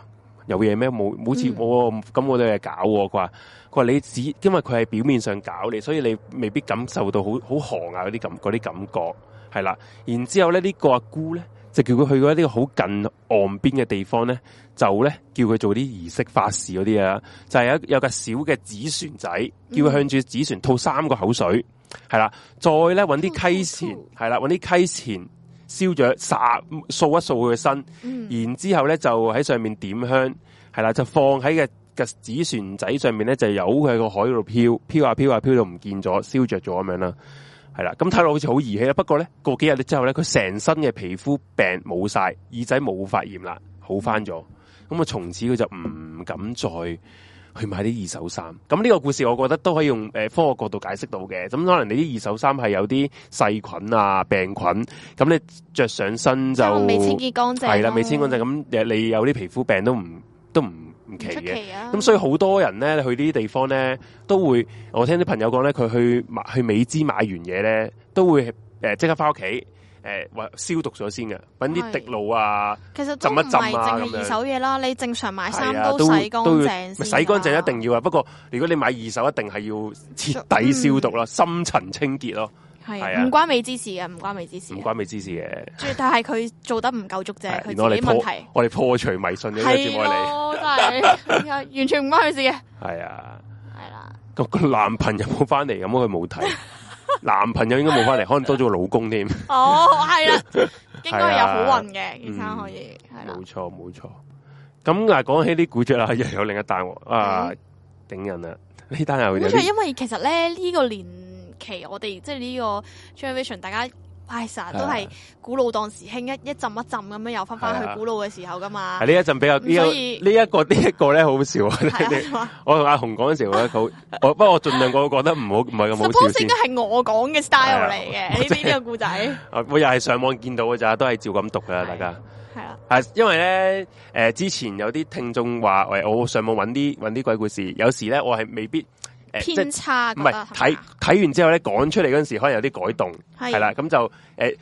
有嘢咩？冇冇似我咁？我哋係搞喎。佢話佢話你只，因為佢係表面上搞你，所以你未必感受到好好寒啊嗰啲感覺。啲感覺係啦。然之後咧呢、呢個阿姑咧，就叫佢去咗呢個好近岸邊嘅地方咧，就咧叫佢做啲儀式法事嗰啲啊，就係、係、有有個小嘅紙船仔，叫佢向住紙船吐三個口水，係啦，再咧搵啲溪錢，係啦，搵啲溪錢。燒著，掃掃一掃佢嘅身，嗯、然之後咧就喺上面點香，係啦，就放喺個嘅紙船仔上面咧，就由佢喺個海度飄，飄啊飄啊飄啊，飄到唔見咗，燒著咗咁樣啦，係啦，咁睇落好似好兒戲啦，不過咧過幾日之後咧，佢成身嘅皮膚病冇晒，耳仔冇發炎啦，好翻咗，咁、嗯、啊從此佢就唔敢再去買啲二手衫，咁呢個故事我覺得都可以用誒科學角度解釋到嘅。咁可能你啲二手衫係有啲細菌啊病菌，咁你着上身就未清乾淨、嗯、未清潔乾淨，係啦，未清潔乾淨，咁你有啲皮膚病都唔都唔唔奇嘅。咁、啊、所以好多人咧去呢啲地方咧都會，我聽啲朋友講咧，佢去去美姿買完嘢咧都會誒即、呃、刻返屋企。誒、欸，或消毒咗先嘅，搵啲滴露啊，其實浸一浸啊，咁樣。淨係二手嘢啦，你正常買衫都洗乾淨、啊，洗乾淨一定要啊。不過如果你買二手，一定係要徹底消毒啦，嗯、深層清潔咯。係唔、啊啊、關美芝事嘅，唔關美芝事，唔關美芝事嘅。但要係佢做得唔夠足啫，佢、啊、自己問題。我哋破除迷信，係、啊、真係 [LAUGHS] 完全唔關佢事嘅。係啊，係啦、啊，個、嗰個男朋友冇翻嚟，咁佢冇睇。 [LAUGHS] [LAUGHS] 男朋友應該冇翻嚟，可能多咗個老公添。 [LAUGHS] 哦，係啦，應該有好運嘅，醫 [LAUGHS] 生、嗯、可以係啦。冇錯冇錯，咁啊，講起啲古着啊，又有另一單啊頂、嗯、人啦，呢單又古着，因為其實咧呢、呢個年期我哋，我哋即係呢個 generation 大家。係、哎、都係古老當時興一一陣一陣咁樣又翻翻去古老嘅時候噶嘛、啊？係呢一陣比較，所以呢一、這個這個呢一個咧，好好笑。啊、 [LAUGHS] 我同阿紅講嘅時候我覺得好，不 [LAUGHS] 過我盡量我覺得唔 [LAUGHS] 好，唔係咁好。應該都係我講嘅 style 嚟嘅，呢啲呢個故仔。 [LAUGHS] 我又係上網見到噶咋，都係照咁讀噶啦、啊，大家係啊，啊。啊，因為咧，誒、呃、之前有啲聽眾話，喂，我上網搵啲搵啲鬼故事，有時咧我係未必。偏差唔係睇睇完之後咧，講出嚟嗰陣時可能有啲改動，係啦咁就誒、欸，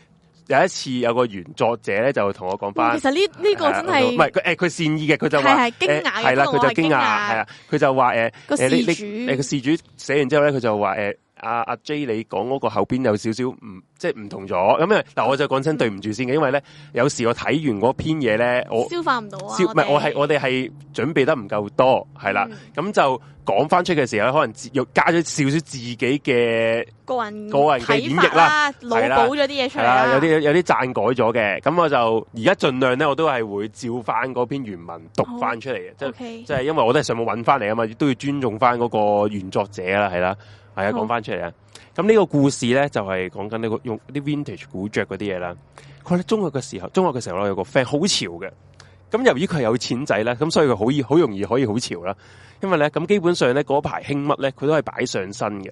有一次有個原作者咧就同我講翻、嗯，其實呢呢個真係唔係佢誒佢善意嘅，佢就係係驚訝，係啦佢就驚訝，係啊佢就話誒、欸嗰個事主、欸，誒個事主寫完之後咧，佢就話誒。欸阿阿 J，你講嗰個後邊有少少唔即係唔同咗咁啊！嗱，我就講真對唔住先嘅，因為咧有時我睇完嗰篇嘢咧，我消化唔到、啊，消唔係我係我哋係準備得唔夠多係啦，咁、嗯、就講翻出嘅時候可能又加咗少少自己嘅個人個人嘅演繹啦，係啦，腦補咗啲嘢出嚟有啲有啲贊改咗嘅，咁我就而家盡量咧，我都係會照翻嗰篇原文讀翻出嚟嘅，即係即係，就是 okay 就是、因為我都係上網搵翻嚟啊嘛，都要尊重翻嗰個原作者啦，係啦。係啊，講翻出嚟啊！咁呢個故事咧，就係講緊呢個用啲 Vintage 古着嗰啲嘢啦。佢喺中學嘅時候，中學嘅時候咧有個 friend 好潮嘅。咁由於佢係有錢仔啦，咁所以佢好好容易可以好潮啦。因為咧，咁基本上咧嗰排興乜咧，佢都係擺上身嘅。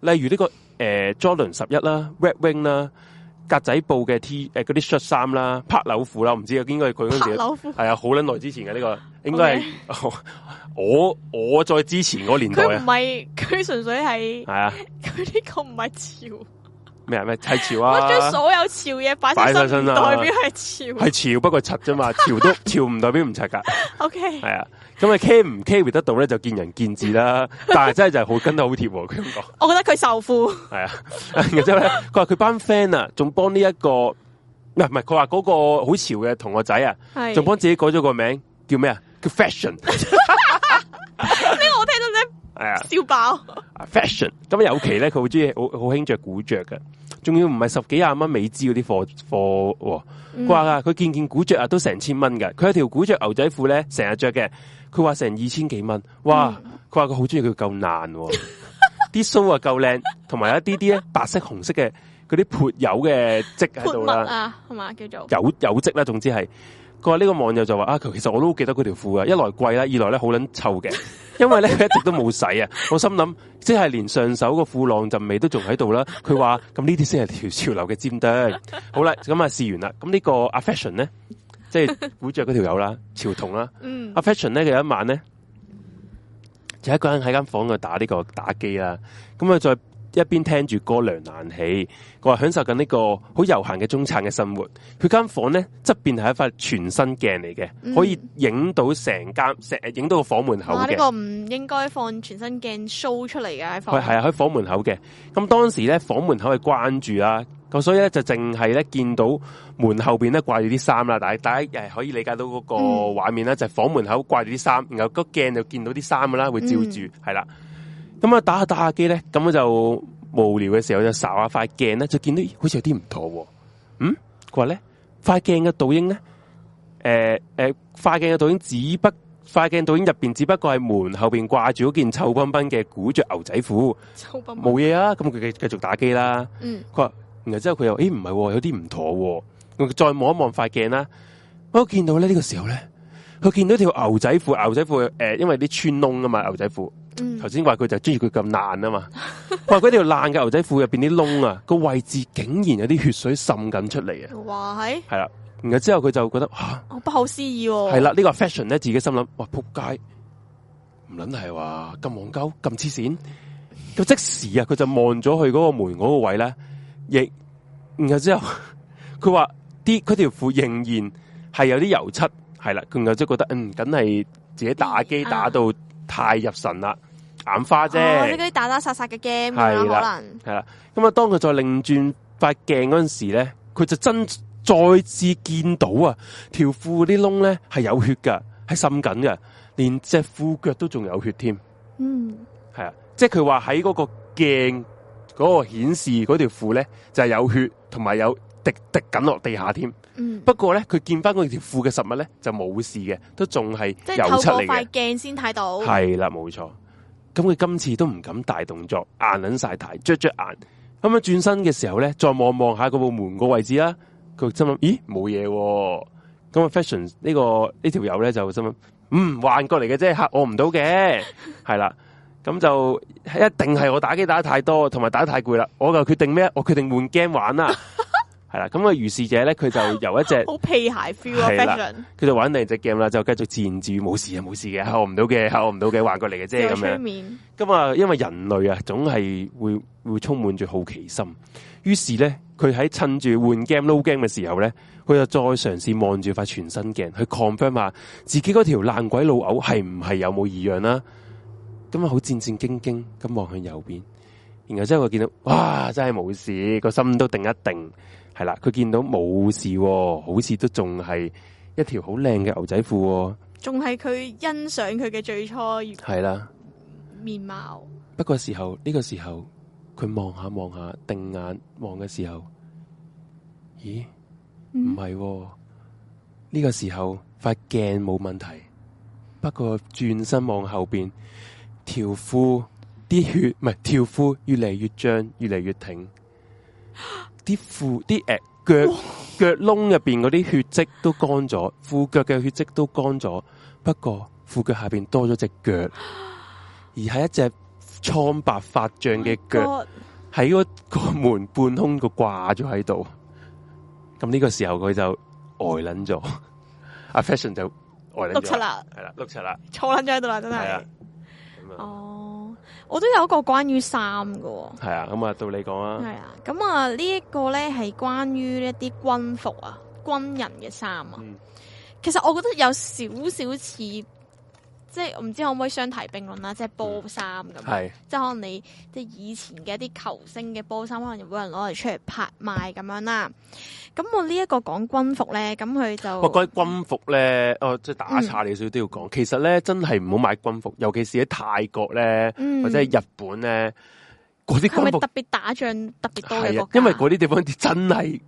例如呢、這個誒、呃、Jordan 十一啦，Red Wing 啦。格仔布嘅 T 誒，嗰啲恤衫啦，拍柳褲啦，我唔知啊，應該係佢時係啊，好捻耐之前嘅呢個，應該係、okay、 [LAUGHS] 我我再之前嗰年代唔係，佢唔係佢純粹係係啊，佢呢個唔係潮。咩啊咩砌潮啊！我將所有潮嘢擺晒身，擺上啊、代表係潮。係潮，不過柒啫嘛。潮都 [LAUGHS] 潮，唔代表唔柒噶。OK，係啊。咁你 carry 唔 carry 得到咧，就見仁見智啦。 [LAUGHS] 但係真係就係好跟得好貼、啊。佢咁講。我覺得佢仇富。係啊。然之後咧，佢話佢班 friend 啊，仲、就、幫、是、呢一、啊這個唔係唔係，佢話嗰個好潮嘅同學仔啊，仲幫自己改咗個名叫咩啊？叫 fashion。Confession [LAUGHS] [LAUGHS] 係、哎、啊，燒包。 [LAUGHS] fashion 咁尤其咧佢好中意，好好興着古着嘅，仲要唔係十幾廿蚊美資嗰啲貨貨喎。佢話噶，佢件件古着啊都成千蚊噶，佢有條古着牛仔褲咧成日着嘅，佢話成二千幾蚊。哇，佢話佢好中意佢夠爛，啲鬚啊夠靚，同 [LAUGHS] 埋一啲啲咧白色紅色嘅嗰啲潑油嘅漬喺度啦，係嘛、啊、叫做有有漬啦，總之係。佢話呢個網友就話啊，其實我都好記得佢條褲啊。一來貴啦，二來咧好撚臭嘅，因為咧佢一直都冇洗啊。 [LAUGHS] 我心諗，即係連上手個褲浪陣味都仲喺度啦。佢話咁呢啲先係條潮流嘅尖端。好啦，咁啊試完啦。咁呢個阿 Fashion 咧，即係古着嗰條友啦，潮童啦。嗯， [LAUGHS] 阿 Fashion 咧，佢有一晚咧，就一個人喺間房度打呢個打機啦。咁啊再。一邊聽住歌涼難起，佢話享受緊呢個好悠閒嘅中產嘅生活。佢間房咧側邊係一塊全身鏡嚟嘅，可以影到成間，影到個房門口嘅。呢、這個唔應該放全身鏡 show 出嚟嘅喺房間。係係喺房門口嘅。咁當時咧房門口係關住啦、啊，咁所以咧就淨係咧見到門後邊咧掛住啲衫啦。大家大家又係可以理解到嗰個畫面咧、嗯，就係、房門口掛住啲衫，然後個鏡就見到啲衫噶啦，會照住係啦。嗯咁啊，打下打下機咧，咁我就無聊嘅時候就睄下塊鏡咧，就見到好似有啲唔妥、啊。嗯，佢話咧塊鏡嘅倒影咧，誒誒，塊鏡嘅倒影只不塊鏡倒影入邊只不過係門後邊掛住嗰件臭崩崩嘅古着牛仔褲，冇嘢啊。咁佢繼繼續打機啦。嗯，佢話，然後之後佢又，誒、欸，唔係、啊，有啲唔妥、啊。再看看啊、我再望一望塊鏡啦，我見到咧呢個時候咧，佢見到條牛仔褲，牛仔褲誒，因為啲穿窿啊嘛，牛仔褲。頭先話佢就中意佢咁爛啊嘛，話佢條爛嘅牛仔褲入邊啲窿啊個 [LAUGHS] 位置竟然有啲血水滲緊出嚟啊！哇係，係啦，然後之後佢就覺得吓，啊、我不可思議係、哦、啦，呢、這個 fashion 咧自己心諗哇撲街，唔捻係話咁憨鳩咁黐線，咁 [LAUGHS] 即時啊佢就望咗佢嗰個門嗰個位咧，亦然後之後佢話啲佢條褲仍然係有啲油漆，係啦，佢又即覺得嗯，梗係自己打機打到太入神啦。嗯啊眼花啫，哦，或者嗰啲打打殺殺嘅 game 可能係啦。咁啊，當佢再擰轉塊鏡嗰陣時咧，佢就真再次見到啊條褲啲窿，咧係有血噶係滲緊噶連隻褲腳都仲有血添。嗯，係、就、啊、是，即係佢話喺嗰個鏡嗰個顯示嗰條褲咧就係、是、有血，同埋有，有滴滴緊落地下添。嗯，不過咧佢見翻嗰條褲嘅實物咧就冇事嘅，都仲係即係透過塊鏡先睇到。係啦，冇錯。咁佢今次都唔敢大動作，眼揼曬太，啄啄眼。咁樣轉身嘅時候咧，再望望下嗰部門個位置啦。佢心諗：咦，冇嘢、啊。咁啊，fashion、這個這個、呢個呢條友咧就心諗：嗯，幻覺嚟嘅啫，嚇我唔到嘅。係 [LAUGHS] 啦，咁就一定係我打機打得太多，同埋打得太攰啦。我就決定咩？我決定換 game 玩啦。 [LAUGHS] 係啦，咁啊，如是者咧，佢就由一隻好 [LAUGHS] 屁鞋 feel 啊，係啦，佢就玩第二隻 game 啦，就繼續自言自語冇事啊，冇事嘅，學唔到嘅，學唔到嘅，玩過嚟嘅啫咁樣。咁啊，因為人類啊，總係會會充滿住好奇心，於是咧，佢喺趁住換 game 撈 game 嘅時候咧，佢就再嘗試望住塊全身鏡，去 confirm 下自己嗰條爛鬼老藕係唔係有冇異樣啦。咁啊，好戰戰兢兢咁望向右邊，然後之後佢見到，哇，真係冇事，個心都定一定。係啦，佢見到冇事，好似都仲係一條好靚嘅牛仔褲，仲係佢欣賞佢嘅最初係啦面貌。不過時候呢個時候，佢望下望下，定眼望嘅時候，咦，唔係呢個時候，塊鏡冇問題。不過轉身望後邊條褲啲血唔係條褲越嚟越脹，越嚟越挺。 [COUGHS] 啲褲啲誒腳腳窿入邊嗰啲血跡都乾咗，褲腳嘅血跡都乾咗。不過褲腳下邊多咗隻腳，而係一隻蒼白發脹嘅腳，喺個門半空個掛咗喺度。咁呢個時候佢就呆撚咗，阿、嗯啊、Fashion 就呆撚。六七啦，係啦，六七啦，坐撚咗喺度啦，真係。係啊，咁樣。哦。我都有一個關於衫喎，係啊，咁啊到你講啦。係啊，咁啊、這個、呢一個咧係關於一啲軍服啊、軍人嘅衫啊、嗯。其實我覺得有少少似。即係唔知可唔可以相提並論啦，即係波衫咁。即係可能你即係以前嘅一啲球星嘅波衫，可能有冇人攞嚟出嚟拍賣咁樣啦。咁我呢一個講軍服咧，咁佢就得軍服咧，哦、嗯，即係打岔，你少少都要講。其實咧，真係唔好買軍服，尤其是喺泰國咧、嗯，或者係日本咧，嗰啲軍服係咪特別打仗特別多嘅國家？啊、因為嗰啲地方真係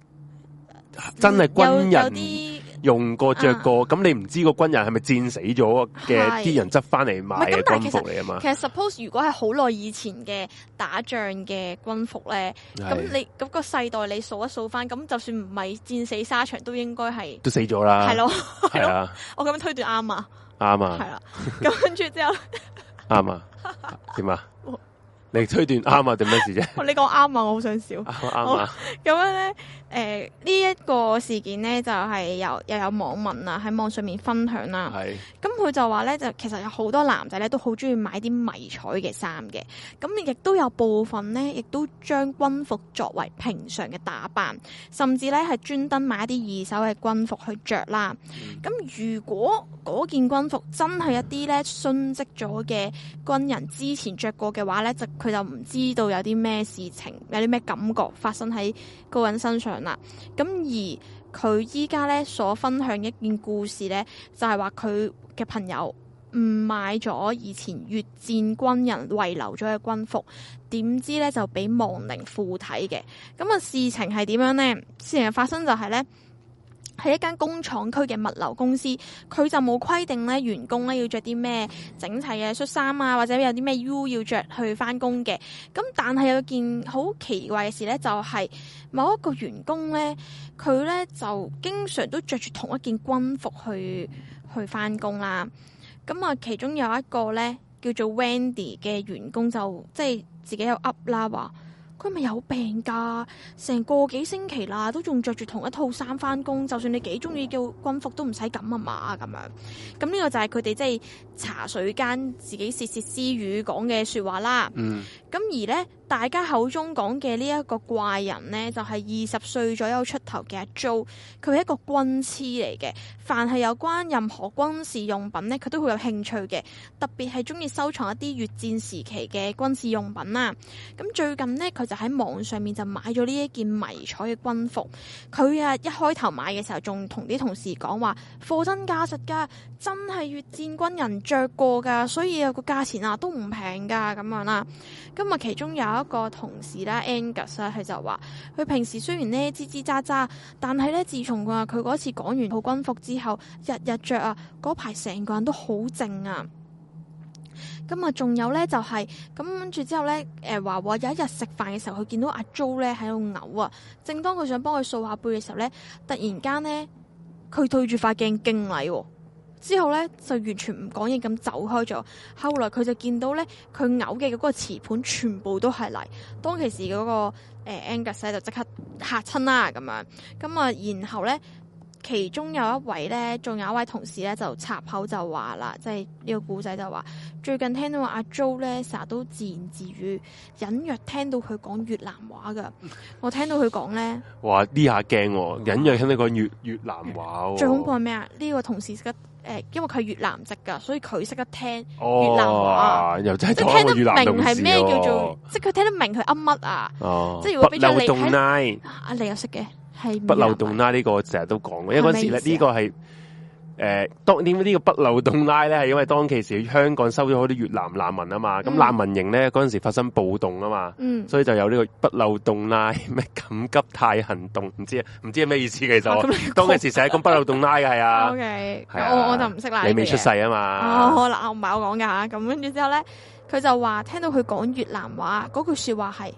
真係軍人。嗯用過著過，咁、啊、你唔知個軍人係咪戰死咗嘅啲人執翻嚟買嘅軍服嚟啊嘛？其實 suppose 如果係好耐以前嘅打仗嘅軍服咧，咁、哎、你咁、嗰個世代你數一數翻，咁就算唔係戰死沙場，都應該係都死咗啦。係咯，係啊 [LAUGHS] 我咁樣推斷啱啊，啱啊，係啦，咁跟住之後啱 [LAUGHS] 啊，點啊？你推斷啱啊，點咩事啫？ [LAUGHS] 你講啱啊，我好想笑啱啊，咁、啊、樣咧。誒呢一個事件呢，就係又又有網民啊喺網上面分享啦。係。咁佢就話呢，就其實有好多男仔呢都好鍾意買啲迷彩嘅衫嘅。咁亦都有部分呢亦都將軍服作為平常嘅打扮，甚至呢係專登買啲二手嘅軍服去着啦。咁、嗯、如果嗰件軍服真係一啲呢殉職咗嘅軍人之前着過嘅話呢，佢就佢就唔知道有啲咩事情，有啲咩感覺發生喺個人身上。咁而佢依家咧所分享嘅一件故事咧，就係話佢嘅朋友唔買咗以前越戰軍人遺留咗嘅軍服，點知咧就俾亡靈附體嘅，咁啊事情係點樣呢？事情發生就係呢。係一間工廠區嘅物流公司，佢就冇規定咧員工咧要着啲咩整齊嘅恤衫啊，或者有啲咩 U 要着去返工嘅。咁但係有一件好奇怪嘅事咧，就係某一個員工咧，佢咧就經常都着住同一件軍服去去返工啦。咁啊，其中有一個咧叫做 Wendy 嘅員工就即係自己有 up 啦喎。今日有病噶？成個幾星期啦，都仲着住同一套衫翻工。就算你幾中意叫軍服，都唔使咁啊嘛，咁樣。咁呢個就係佢哋即係茶水間自己竊竊私語講嘅說話啦。咁而咧。嗯大家口中講嘅呢一個怪人咧，就係二十歲左右出頭嘅阿 Joe，佢係一個軍痴嚟嘅。凡係有關任何軍事用品咧，佢都好有興趣嘅。特別係中意收藏一啲越戰時期嘅軍事用品啦。咁最近咧，佢就喺網上面就買咗呢一件迷彩嘅軍服。佢啊一開頭買嘅時候，仲同啲同事講話：貨真價實㗎，真係越戰軍人著過㗎，所以個價錢啊都唔平㗎咁樣啦。今日其中有。有一個同事啦，Angus 佢就話，佢平時雖然咧吱吱喳喳，但係咧自從佢話佢嗰次講完套軍服之後，日日着啊，嗰排成個人都好靜啊。咁啊，仲有咧就係咁跟住之後咧，誒，話話，有一日食飯嘅時候，佢見到阿 Jo 咧喺度嘔啊。正當佢想幫佢掃下背嘅時候咧，突然間咧佢對住塊鏡敬禮，哦。之後咧就完全唔講嘢咁走開咗。後來佢就見到咧佢嘔嘅嗰個瓷盤全部都係泥。當其時嗰個誒 Angus 仔就即刻嚇親啦咁樣。咁啊然後咧其中有一位咧仲有一位同事咧就插口就話啦，即係呢個故仔就話最近聽到話阿 Jo 咧成日都自言自語，隱約聽到佢講越南話噶。我聽到佢講咧，哇呢下驚，隱、哦、約聽到講越越南話、哦。最恐怖係咩啊？呢、這個同事誒，因為佢係越南籍㗎，所以佢識得聽越南話，哦、又真係聽越南話，即係聽得明係咩叫做，哦、即係佢聽得明佢噏乜啊？哦，即如果流動、啊、你阿黎又識嘅，係不漏洞拉呢個成日都講，因為嗰時咧呢、啊呢個係。誒、呃，當點解呢個不漏洞拉咧？係因為當其時香港收咗好多越南難民啊嘛，咁難民營呢嗰陣時發生暴動啊嘛，嗯、所以就有呢個不漏洞拉咩緊急態行動，唔知唔知係咩，意思其實我。啊、當其時寫講不漏洞拉嘅係啊。 [LAUGHS] OK，係啊。我我就唔識喇，你未出世啊嘛。哦，我唔係我講㗎，咁跟住之後呢，佢就話聽到佢講越南話，嗰句説話係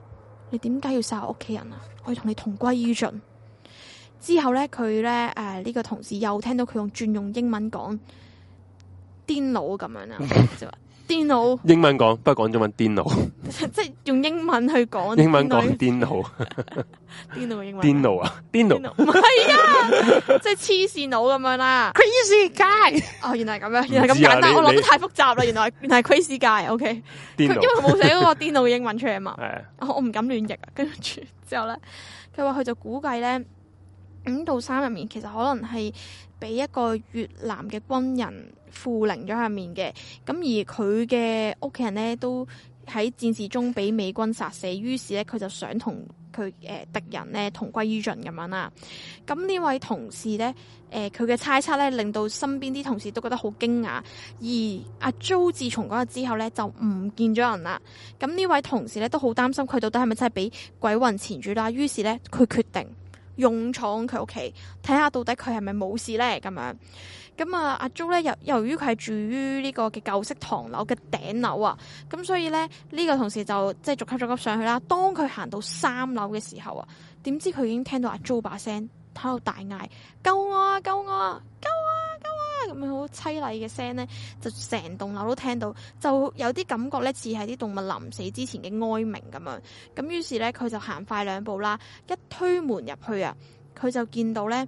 你點解要殺我屋企人啊？我要同你同歸於盡。之後咧，佢咧誒呢、呃這個同事又聽到佢用專用英文講癲佬咁樣啦， [LAUGHS] 就話癲佬英文講，不過講中文癲佬，即係用英文去講，英文講癲佬，癲佬英文癲、啊、佬啊，癲佬唔係啊，即係痴線佬咁樣啦，crazy guy。哦，原來係咁樣，原來咁樣啊，樣簡單，我諗得太複雜啦， [LAUGHS] 原來原來 crazy guy，ok，、okay、因為佢冇寫嗰個癲佬英文出嚟嘛，啊， [LAUGHS] 我我唔敢亂譯啊，跟住之後咧，佢話佢就估計咧。五到三入面，其實可能係俾一個越南嘅軍人負零咗入面嘅。咁而佢嘅屋企人呢，都喺戰事中俾美軍殺死。於是呢，佢就想同佢誒敵人呢同歸於盡咁樣啦。咁呢位同事呢，誒佢嘅猜測呢令到身邊啲同事都覺得好驚訝。而阿、啊、周自從嗰日之後呢，就唔見咗人啦。咁呢位同事呢，都好擔心佢到底係咪真係俾鬼魂纏住啦。於是呢，佢決定。用闖佢屋企，睇下到底佢係咪冇事咧？咁樣咁啊！阿 Jo 咧由由於佢係住於呢個嘅舊式唐樓嘅頂樓啊，咁所以咧呢、呢個同事就即係逐級逐級上去啦。當佢行到三樓嘅時候啊，點知佢已經聽到阿 Jo 把聲喺度大嗌：救我啊！救我啊！救我啊！咁樣好凄厲嘅聲呢，就成棟樓都聽到，就有啲感覺呢，似係啲動物臨死之前嘅哀鳴咁樣。咁於是呢，佢就行快兩步啦，一推門入去啊，佢就見到呢。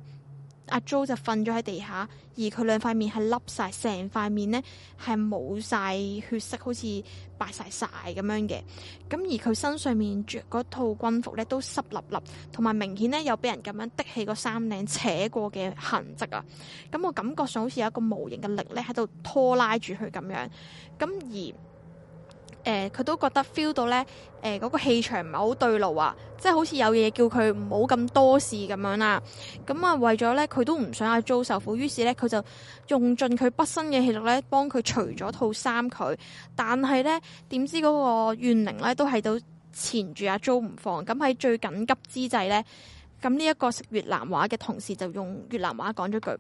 阿 Jo 就瞓咗喺地下，而佢兩塊面係凹晒，成塊面呢係冇晒血色，好似白晒晒咁樣嘅。咁而佢身上面着嗰套軍服呢都濕立立，同埋明顯呢有俾人咁樣的起個衫領扯過嘅痕跡啊。咁我感覺上好似有一個無形嘅力呢喺度拖拉住佢咁樣，咁、啊、而。誒、呃、佢都覺得 feel 到呢誒嗰、呃那個氣場唔係好對路啊，即係好似有嘢叫佢唔好咁多事咁樣啦、啊。咁啊，為咗呢，佢都唔想阿租受苦，於是呢，佢就用盡佢畢生嘅氣力呢，幫佢除咗套衫佢。但係呢，點知嗰個怨靈呢，都係到纏住阿租唔放。咁喺最緊急之際呢。咁呢一個識越南話嘅同事就用越南話講咗句，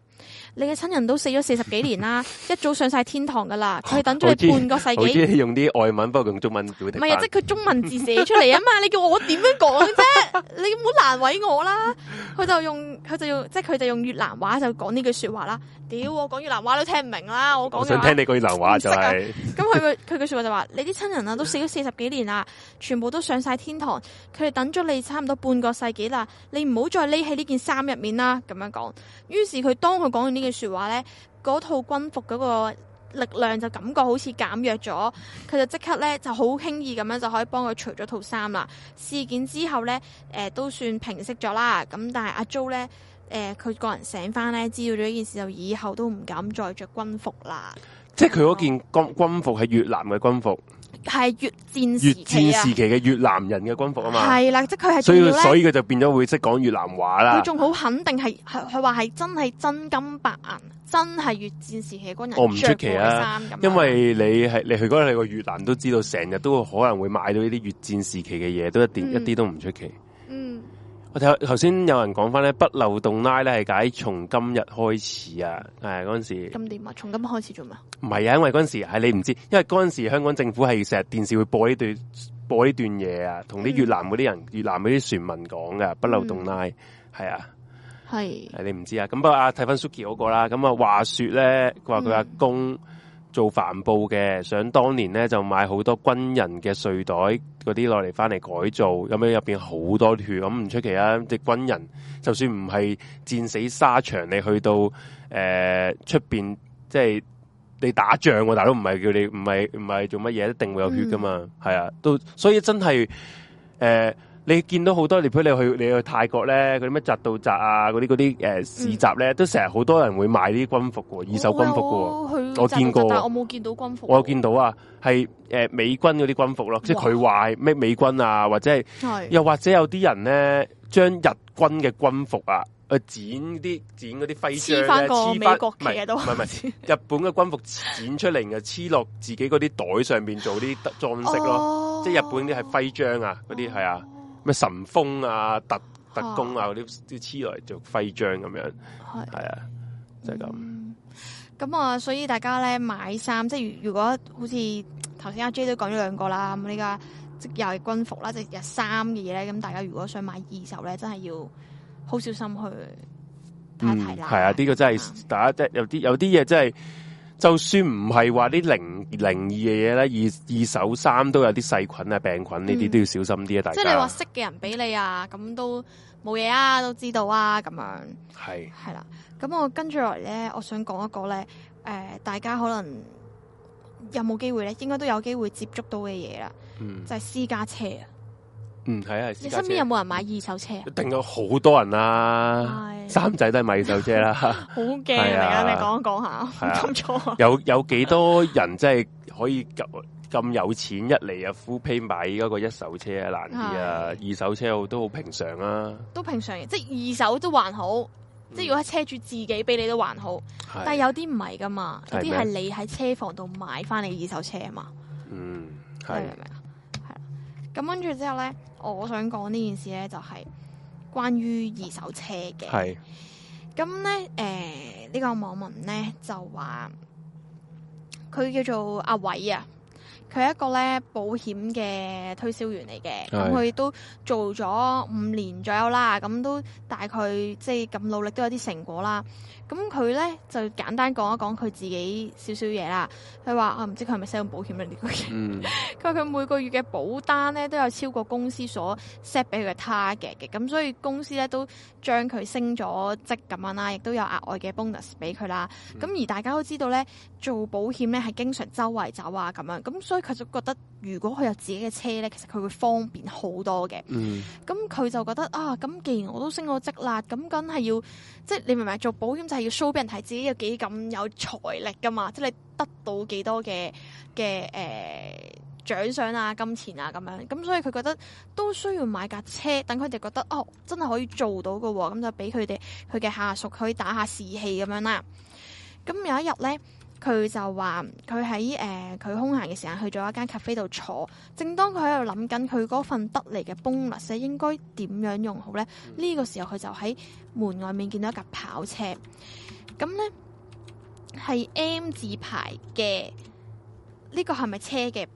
你嘅親人都死咗四十幾年啦， [LAUGHS] 一早上晒天堂㗎啦，佢等咗你半個世紀。好、啊、知，我知用啲外文，不過用中文唔係啊，即係佢中文字寫出嚟，啊嘛， [LAUGHS] 你叫我點樣講啫？ [LAUGHS] 你唔好難為我啦。佢就用佢就用即係佢就用越南話就講呢句話 [LAUGHS] 說話啦。屌，我講越南話都聽唔明啦，我講想聽你句越南話就係 [LAUGHS] 懂、啊。咁佢佢句說話就話，你啲親人啊，都死咗四十幾年啦，全部都上晒天堂，佢哋等咗你差唔多半個世紀啦，唔好再匿喺呢件衫入面啦，咁樣講。於是佢當佢講完呢句說話呢，嗰套軍服嗰個力量就感覺好似減弱咗，佢就即刻呢，就好輕易咁樣就可以幫佢除咗套衫啦。事件之後呢，誒、呃、都算平息咗啦。咁但係阿 Joe 呢，誒、呃、佢個人醒返呢，知道咗呢件事就以後都唔敢再着軍服啦。即係佢嗰件軍軍服係越南嘅軍服。係越戰時期，啊，越戰時期嘅越南人嘅軍服啊嘛，係啦，即係佢係所以佢就變咗會識講越南話啦。佢仲好肯定係佢話係真係真金白銀，真係越戰時期軍人着嘅衫。我唔出奇啊，因為你係你去嗰陣，你去過越南都知道，成日都可能會買到呢啲越戰時期嘅嘢，都一定，嗯、一啲都唔出奇。我睇頭先有人講翻咧，不漏洞拉咧，係解從今日開始啊！係嗰陣時，幾點啊？從、啊、今日開始做咩？唔係啊，因為嗰陣時係你唔知，因為嗰陣時香港政府係成日電視會播呢段播呢段嘢、嗯嗯、啊，同啲越南嗰啲人、越南嗰啲船民講噶不漏洞拉，係啊，係，係你唔知啊。咁不、啊、不過啊，睇翻 Suki 嗰個啦，咁啊，話說咧，佢話佢阿公、嗯。做帆布嘅，想當年咧就買好多軍人嘅睡袋嗰啲落嚟翻嚟改造，咁樣入邊好多血，咁唔出奇啊！啲軍人就算唔係戰死沙場，你去到誒出邊即係你打仗，啊，大佬唔係叫你唔係唔係做乜嘢，一定會有血噶嘛，係、嗯、啊，都所以真係誒。呃你見到好多，例如你去你去泰國咧，嗰啲咩扎道扎啊，嗰啲嗰啲市集咧，都成日好多人會買啲軍服喎、哦，二手軍服喎、哦哦，我見過，陣陣陣但我冇見到軍服。我見到啊，係、呃、美軍嗰啲軍服咯，即係佢壞咩美軍啊，或者係又或者有啲人咧將日軍嘅軍服啊剪啲剪嗰啲徽章呢，黐翻個美國唔係唔係日本嘅軍服，剪出嚟嘅黐落自己嗰啲袋上面做啲裝飾咯，哦、即係日本啲係徽章啊嗰啲係啊。咩神風啊、特特工啊嗰啲啲黐嚟做徽章咁樣，係啊，就係、是、咁。咁、嗯、啊，所以大家咧買衫，即係如果好似頭先阿 J 都講咗兩個啦，咁呢家即又係軍服啦，即係日衫嘅嘢咧，咁大家如果想買二手咧，真係要好小心去睇睇啦。係、嗯，這個、啊，呢個真係大家即係有啲有啲嘢真係。就算唔係話啲靈靈異嘅嘢咧，二二手衫都有啲細菌啊、病菌呢啲都要小心啲啊、嗯！大家即係你話識嘅人俾你啊，咁都冇嘢啊，都知道啊，咁樣係係啦。咁我跟住落嚟咧，我想講一個咧，誒、呃，大家可能有冇機會咧，應該都有機會接觸到嘅嘢啦，就係、是、私家車啊。唔、嗯、係啊，你身邊有冇人買二手車有啊？定咗好多人啦，三仔都係買二手車啦，好 [LAUGHS] 驚啊！你講一講下，唔通、啊啊、有有幾多人真係可以咁咁 [LAUGHS] 有錢一嚟，啊 full pay 買嗰個一手車啊難啲啊，啊，二手車都好平常啊，都平常，即係二手都還好，嗯、即係如果係車主自己俾你都還好，啊、但係有啲唔係噶嘛，啊、有啲係你喺車房度買翻嚟二手車啊嘛，嗯，明咁跟住之後咧，我想講呢件事咧，就係、是、關於二手車嘅。係咁咧，誒呢、呃這個網民咧就話，佢叫做阿偉啊，佢係一個咧保險嘅推銷員嚟嘅，咁佢都做咗五年左右啦，咁都大概即係咁努力都有啲成果啦。咁佢咧就簡單講一講佢自己少少嘢啦。佢話啊，唔知佢係咪 sell 保險呢？呢、這個嘢，佢話佢每個月嘅保單咧都有超過公司所 set 俾佢嘅 target 嘅，咁所以公司咧都將佢升咗職咁樣啦，亦都有額外嘅 bonus 俾佢啦。咁、嗯、而大家都知道咧，做保險咧係經常周圍走啊咁樣，咁所以佢就覺得如果佢有自己嘅車咧，其實佢會方便好多嘅。咁、嗯、佢就覺得啊，咁既然我都升咗職啦，咁梗係要即係你明唔明？做保險。就是。係要 show 俾人睇自己有幾咁有財力噶嘛，即係你得到幾多嘅嘅誒獎賞啊、金錢啊咁樣，咁所以佢覺得都需要買架車，等佢哋覺得哦真係可以做到噶喎，咁就俾佢哋佢嘅下屬可以打下士氣咁樣啦。咁有一日咧。佢就話：佢喺誒佢空閒嘅時間去咗一間 cafe 度坐，正當佢喺度諗緊佢嗰份得嚟嘅 bonus 應該點樣用好呢，呢、呢個時候佢就喺門外面見到一架跑車。咁呢係 M 字牌嘅，呢、呢個係咪車嘅？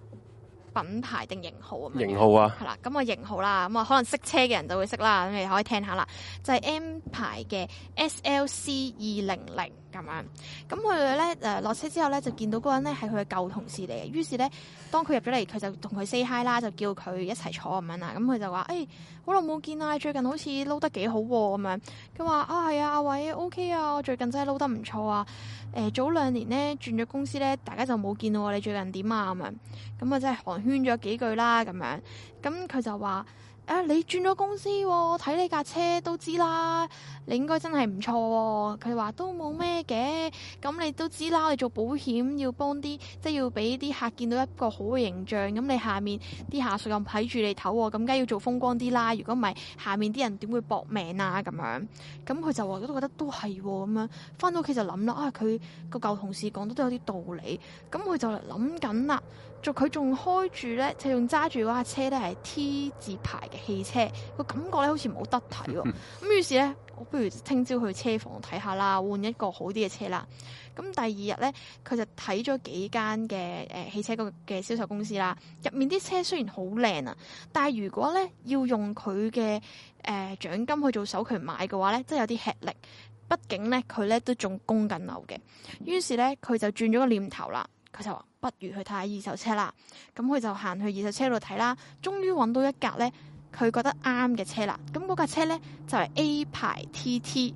品牌定型號啊？型號啊、嗯？係啦，咁啊，型號啦，咁啊可能識車嘅人就會識啦，咁你可以聽一下啦，就係、是、M 牌嘅 SLC 二零零咁樣，咁佢咧誒落車之後咧就見到嗰人咧係佢嘅舊同事嚟，嘅。於是咧當佢入咗嚟，佢就同佢 say hi 啦，就叫佢一齊坐咁樣啦，咁佢就話誒好耐冇見啊，最近好似撈得幾好咁樣，佢話啊，係啊，阿偉 OK 啊，我最近真係撈得唔錯啊。呃、早兩年呢，轉咗公司呢，大家就冇見到我。你最近點啊？咁樣咁啊，真係寒暄咗幾句啦，咁樣咁佢就話。啊！你轉咗公司喎，睇你架車都知啦。你應該真係唔錯喎。佢話，都冇咩嘅。咁你都知啦。你做保險要幫啲，即係要俾啲客見到一個好嘅形象。咁你下面啲下屬又睇住你頭喎，咁梗係要做風光啲啦。如果唔係，下面啲人點會搏命啊？咁樣。咁佢就話都覺得都係咁樣。翻到屋企就諗啦。啊，佢個舊同事講得都有啲道理。咁佢就嚟諗緊啦。佢仲開住咧，就仲揸住嗰架車咧，係 T 字牌嘅汽車，個感覺咧好似冇得睇喎、哦。咁 [LAUGHS] 於是咧，我不如聽朝去車房睇下啦，換一個好啲嘅車啦。咁第二日咧，佢就睇咗幾間嘅、呃、汽車嘅嘅銷售公司啦。入面啲車雖然好靚啊，但係如果咧要用佢嘅誒獎金去做首期買嘅話咧，真係有啲吃力。畢竟咧，佢咧都仲供緊樓嘅。於是咧，佢就轉咗個念頭啦。佢就話。不如去睇下二手車啦，咁佢就行去二手車度睇啦，終於揾到一架咧，佢覺得啱嘅車啦，咁嗰架車咧就係、是、A 排 TT，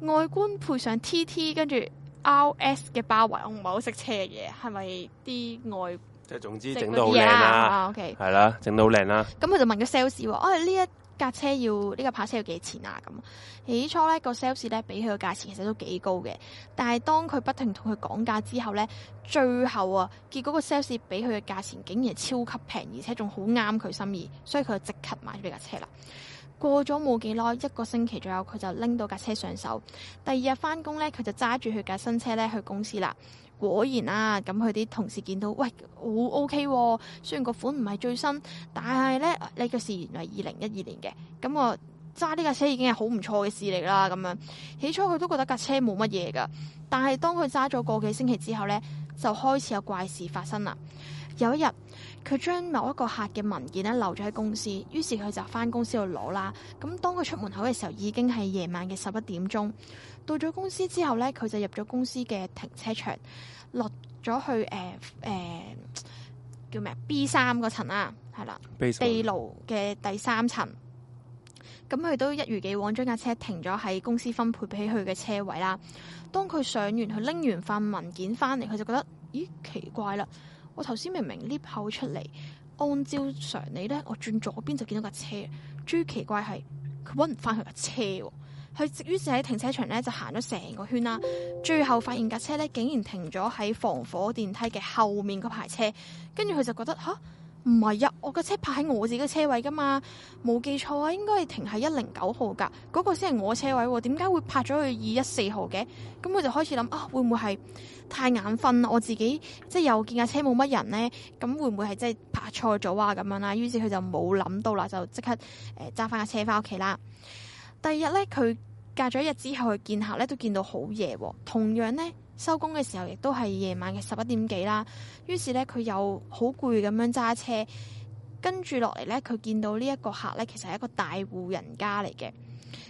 外觀配上 TT 跟住 RS 嘅包圍，我唔係好識車嘅嘢，係咪啲外？即、就是、總之整到靚啦，OK，係啦，整到好靚啦。咁佢、啊嗯、就問咗 sales 喎。哦，呢一，架車要呢個跑車要幾錢啊？咁起初呢個 sales 咧，俾佢嘅價錢其實都幾高嘅，但係當佢不停同佢講價之後呢，最後啊，結果個 sales 俾佢嘅價錢竟然係超級平，而且仲好啱佢心意，所以佢就即刻買咗呢架車啦。過咗冇幾耐，一個星期左右，佢就拎到架車上手。第二日返工呢，佢就揸住佢架新車咧去公司啦。果然啦、啊，咁佢啲同事見到，喂好、哦、OK、啊、雖然個款唔係最新，但係呢呢、這個事原來二零一二年嘅，咁我揸呢架車已經係好唔錯嘅事嚟啦。咁樣起初佢都覺得架車冇乜嘢㗎，但係當佢揸咗個幾星期之後呢，就開始有怪事發生啦。有一日，佢將某一個客嘅文件呢留咗喺公司，於是佢就返公司去攞啦。咁當佢出門口嘅時候，已經係夜晚嘅十一點鐘。到咗公司之後呢，佢就入咗公司嘅停車場，落咗去誒誒、呃呃、叫咩 B 三嗰層啊，係啦地牢嘅第三層。咁、嗯、佢都一如既往將架車停咗喺公司分配俾佢嘅車位啦。當佢上完，佢拎完份文件翻嚟，佢就覺得咦，奇怪啦！我頭先明明 lift 口出嚟，按照常理呢，我轉左邊就見到架車。最奇怪係佢搵唔翻佢架車，哦。佢於是喺停車場咧，就行咗成個圈啦。最後發現架車咧，竟然停咗喺防火電梯嘅後面個排車。跟住佢就覺得吓，唔係啊！我架車泊喺我自己嘅車位㗎嘛，冇記錯啊，應該係停喺一零九號㗎。嗰個先係我車位喎，點解會泊咗去二一四號嘅？咁佢就開始諗啊，會唔會係太眼瞓啦？我自己即係又見架車冇乜人呢，咁會唔會係即係泊錯咗啊？咁樣啦，於是佢就冇諗到啦，就即刻誒揸翻架車翻屋企啦。第二日咧，佢隔咗一日之後去見客咧，都見到好夜，哦。同樣呢，收工嘅時候亦都係夜晚嘅十一點幾啦。於是咧，佢又好攰咁樣揸車，跟住落嚟咧，佢見到呢一個客咧，其實係一個大戶人家嚟嘅。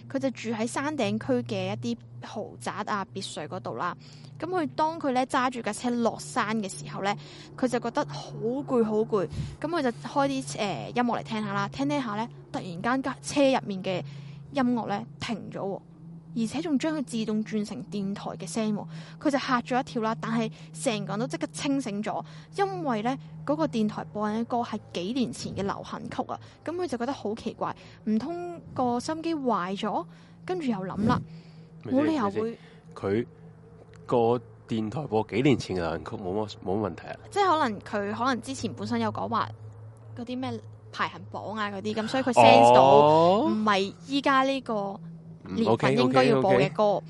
佢就住喺山頂區嘅一啲豪宅啊、別墅嗰度啦。咁佢當佢咧揸住架車落山嘅時候咧，佢就覺得好攰，好攰。咁佢就開啲誒、呃、音樂嚟聽下啦，聽聽下咧，突然間架車入面嘅音樂咧停咗，而且仲將佢自動轉成電台嘅聲，佢就吓咗一跳啦。但係成個人都即刻清醒咗，因為咧嗰、嗰個電台播緊一個係幾年前嘅流行曲啊，咁佢就覺得好奇怪，唔通個收音機壞咗？跟住又諗啦，冇、嗯、理由會佢個電台播幾年前嘅流行曲冇乜冇問題啊？即係可能佢可能之前本身有講話嗰啲咩？排行榜啊嗰啲，咁所以佢 sense 到唔係依家呢個年份應該要播嘅歌，咁、oh, okay,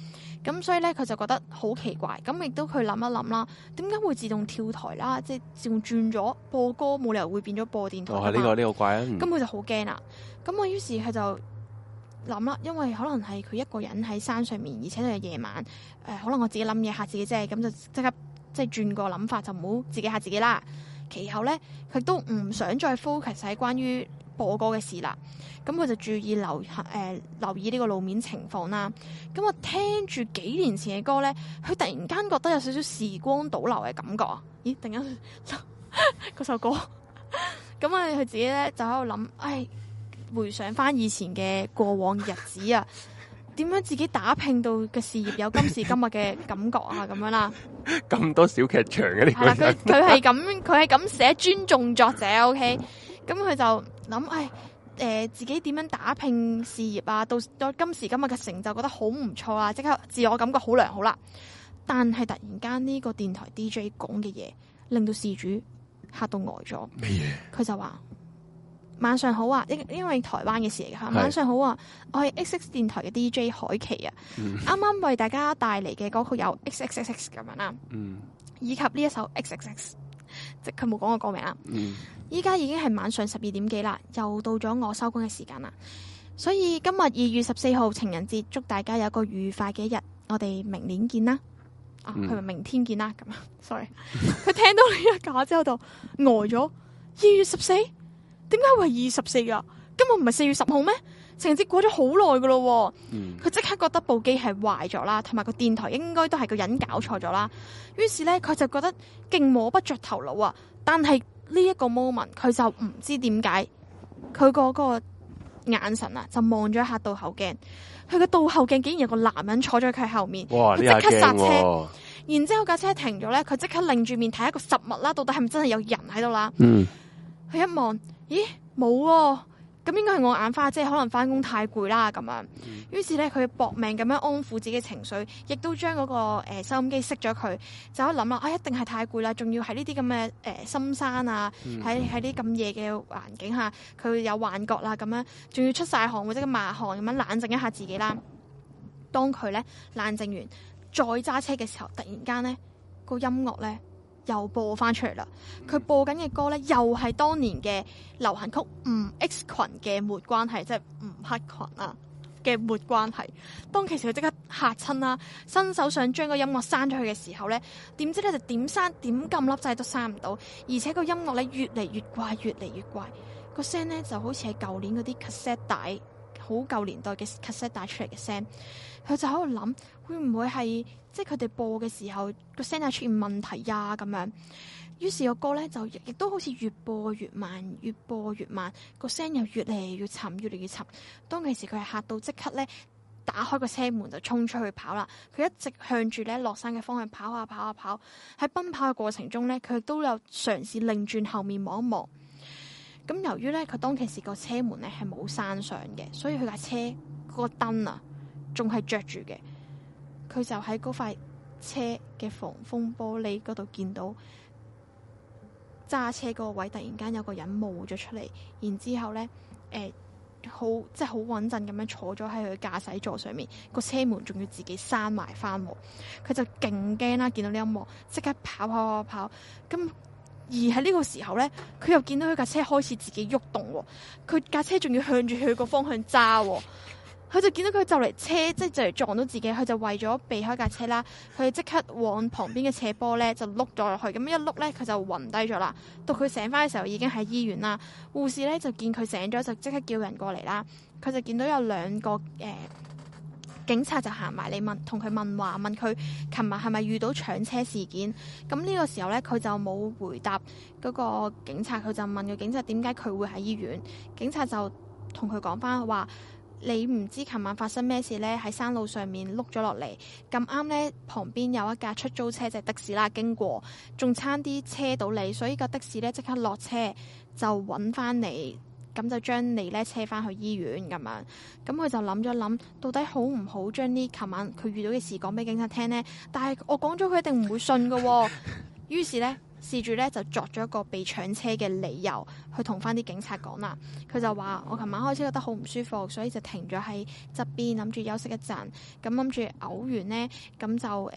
okay, okay. 所以咧佢就覺得好奇怪，咁亦都佢諗一諗啦，點解會自動跳台啦，即係自動轉咗播歌，冇理由會變咗播電台呢、oh, 呢個呢、呢個怪啊！咁佢就好驚啦，咁我於是佢就諗啦，因為可能係佢一個人喺山上面，而且都係夜晚，誒、呃，可能我自己諗嘢吓自己啫，咁就刻即刻即係轉個諗法，就唔好自己吓自己啦。其後咧，佢都唔想再 focus 喺關於播歌嘅事啦，咁佢就注意留誒、呃，留意呢個路面情況啦。咁我聽住幾年前嘅歌咧，佢突然間覺得有少少時光倒流嘅感覺。咦，突然間嗰 [LAUGHS] 那首歌，咁啊，佢自己咧就喺度諗，唉，回想翻以前嘅過往日子啊.。 [LAUGHS] 點樣自己打拼到嘅事業有今時今日嘅感覺啊，咁樣啦、啊，咁 [LAUGHS] 多小劇場嘅、啊、呢？佢佢係咁，佢係咁寫尊重作者，OK，咁 [LAUGHS] 佢就諗，唉、哎，誒、呃，自己點樣打拼事業啊，到到今時今日嘅成就，覺得好唔錯啊，即刻自我感覺好良好啦、啊。但係突然間呢個電台 DJ 講嘅嘢，令到事主嚇到呆咗。咩嘢？佢就話。晚上好啊，因因為台灣嘅事嚟嘅吓。晚上好啊，是我係 X X 電台嘅 D J 海琪啊，啱、嗯、啱為大家帶嚟嘅歌曲有 X X X 咁樣啦、嗯，以及呢一首 X X X，即佢冇講過歌名啦。依、嗯、家已經係晚上十二點幾啦，又到咗我收工嘅時間啦。所以今日二月十四號情人節，祝大家有一個愉快嘅一日。我哋明年見啦，啊，佢話明天見啦，咁、嗯、樣。sorry， [LAUGHS] 佢 [LAUGHS] 聽到呢一架之後就呆咗。二月十四。點解會係二十四啊？今日唔係四月十號咩？情人節過咗好耐噶咯。佢、嗯、即刻覺得部機係壞咗啦，同埋個電台應該都係個人搞錯咗啦。於是咧，佢就覺得勁摸不着頭腦啊。但係呢一個 moment，佢就唔知點解佢嗰個眼神啊，就望咗一下倒後鏡。佢個倒後鏡竟然有個男人坐咗喺佢後面，佢即刻剎車，哦、然之後架車停咗咧。佢即刻擰住面睇一個實物啦，到底係咪真係有人喺度啦？佢、嗯、一望。咦，冇喎，啊，咁應該係我眼花，即係可能返工太攰啦，咁樣，嗯。於是咧，佢搏命咁樣安撫自己情緒，亦都將嗰，那個誒、呃，收音機熄咗佢。就一諗啦，啊、哎，一定係太攰啦，仲要喺呢啲咁嘅誒深山啊，喺喺啲咁夜嘅環境下，佢有幻覺啦，咁樣，仲要出晒汗或者咁抹汗，咁樣冷靜一下自己啦。當佢咧冷靜完，再揸車嘅時候，突然間呢，個音樂咧。又播翻出嚟啦！佢播緊嘅歌呢，又係當年嘅流行曲吳 X 群嘅沒關係，即係吳黑群啊嘅沒關係。當其時佢即刻嚇親啦，伸手想將個音樂刪咗佢嘅時候呢，點知咧就點刪點咁粒掣都刪唔到，而且個音樂咧越嚟越怪，越嚟越怪，個聲呢，就好似係舊年嗰啲 c a s s e t t 好舊年代嘅 c a s s e t t 出嚟嘅聲。佢就喺度諗。會唔會係即係佢哋播嘅時候個聲啊出現問題呀、啊？咁樣，於是個歌呢，就亦都好似越播越慢，越播越慢個聲又越嚟越沉，越嚟越沉。當其時佢係嚇到即刻呢，打開個車門就衝出去跑啦。佢一直向住呢落山嘅方向跑啊，跑啊，啊、跑。喺奔跑嘅過程中呢，佢都有嘗試擰轉，轉後面望一望。咁由於呢，佢當其時個車門呢係冇閂上嘅，所以佢架車嗰、那個燈啊仲係着住嘅。佢就喺嗰塊車嘅防風玻璃嗰度見到揸車嗰個位，突然間有個人冒咗出嚟，然之後咧，誒、呃，好即係好穩陣咁樣坐咗喺佢駕駛座上面，個車門仲要自己閂埋翻，佢就勁驚啦！見到呢一幕，即刻跑跑跑跑，咁而喺呢個時候呢，佢又見到佢架車開始自己喐動，佢架車仲要向住佢個方向揸。佢就見到佢就嚟車，即係就嚟、是、撞到自己。佢就為咗避開架車啦，佢即刻往旁邊嘅斜坡咧就碌咗落去。咁一碌咧，佢就暈低咗啦。到佢醒翻嘅時候，已經喺醫院啦。護士咧就見佢醒咗，就即刻叫人過嚟啦。佢就見到有兩個、呃、警察就行埋嚟問，同佢問話問佢，琴日係咪遇到搶車事件？咁呢個時候咧，佢就冇回答嗰個警察。佢就問個警察點解佢會喺醫院。警察就同佢講翻話。你唔知琴晚發生咩事呢？喺山路上面碌咗落嚟，咁啱呢，旁邊有一架出租車，就係、的士啦經過，仲差啲車到你，所以個的士呢，即刻落車就揾翻你，咁就將你呢車翻去醫院咁樣。咁佢就諗咗諗，到底好唔好將呢琴晚佢遇到嘅事講俾警察聽呢？但係我講咗，佢一定唔會信喎、哦。 [LAUGHS] 於是呢。試住咧就作咗一個被搶車嘅理由去同翻啲警察講啦。佢就話：我琴晚開車覺得好唔舒服，所以就停咗喺側邊，諗住休息一陣。咁諗住嘔完呢，咁就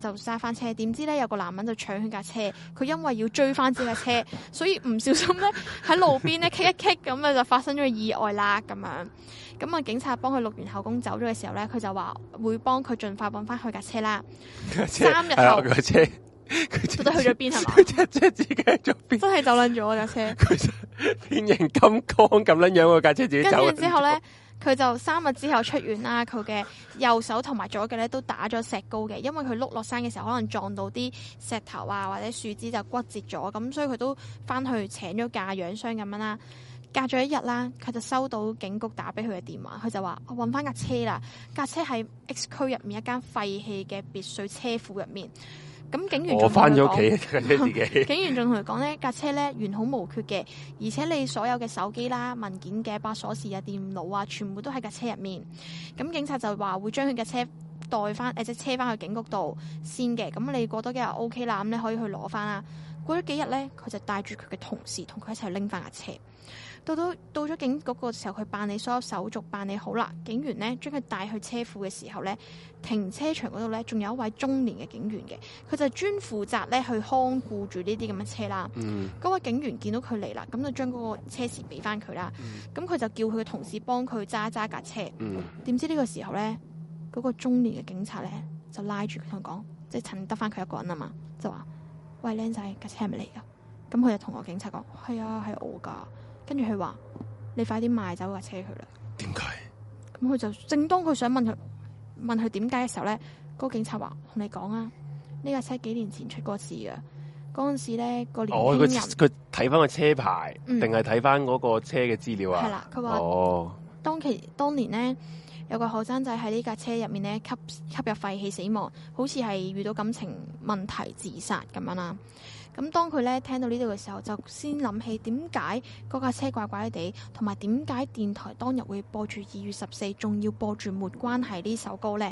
就揸翻車。點知呢，有個男人就搶佢架車。佢因為要追翻自己架車， [LAUGHS] 所以唔小心呢，喺路邊呢，棘一棘，咁 [LAUGHS] 啊就發生咗意外啦。咁樣咁啊、嗯，警察幫佢錄完口供走咗嘅時候呢，佢就話會幫佢盡快揾翻佢架車啦車。三日後 [LAUGHS] 佢到底去咗邊？係嘛？佢即自己喺咗邊，真係走甩咗架車。佢 [LAUGHS] 就變形金剛咁樣樣個架車自己了跟走。之後咧，佢就三日之後出院啦。佢嘅右手同埋左腳咧都打咗石膏嘅，因為佢碌落山嘅時候可能撞到啲石頭啊，或者樹枝就骨折咗咁，所以佢都翻去請咗假養傷咁樣啦。隔咗一日啦，佢就收到警局打俾佢嘅電話，佢就話我搵翻架車啦。架車喺 X 區入面一間廢棄嘅別墅車庫入面。咁警員仲同佢講， [LAUGHS] 警員仲同佢講呢架車呢完好無缺嘅，而且你所有嘅手機啦、文件嘅、把鎖匙啊、電腦啊，全部都喺架車入面。咁警察就話會將佢架車帶翻誒即係車翻去警局度先嘅。咁你過多幾日 O K 啦，咁你可以去攞翻啦。過咗幾日呢，佢就帶住佢嘅同事同佢一齊拎翻架車。到到到咗警局個時候，佢辦理所有手續辦理好啦。警員呢，將佢帶去車庫嘅時候呢。停車場嗰度咧，仲有一位中年嘅警員嘅，佢就專負責咧，去看顧住呢啲咁嘅車啦。嗯，嗰位警員見到佢嚟啦，咁就將嗰個車匙俾翻佢啦。咁、mm-hmm. 佢就叫佢嘅同事幫佢揸揸架車。嗯，點知呢個時候咧，嗰、嗰個中年嘅警察咧就拉住佢同講，即係趁得翻佢一個人啊嘛，就話：喂，靚仔，架車係咪嚟㗎？」咁佢就同個警察講：係啊，係我噶。跟住佢話：你快啲賣走架車佢啦。點解？咁佢就正當佢想問佢。問佢點解嘅時候咧，嗰、那個、警察話：同你講啊，呢架車幾年前出過事噶。嗰陣時咧，個年輕人，佢睇翻個車牌，定係睇翻嗰個車嘅資料啊？係、嗯、啦，佢話哦，當其當年咧，有個學生仔喺呢架車入面咧吸吸入廢氣死亡，好似係遇到感情問題自殺咁樣啦。咁當佢咧聽到呢度嘅時候，就先諗起點解嗰架車怪怪地，同埋點解電台當日會播住二月十四，仲要播住沒關係呢首歌呢。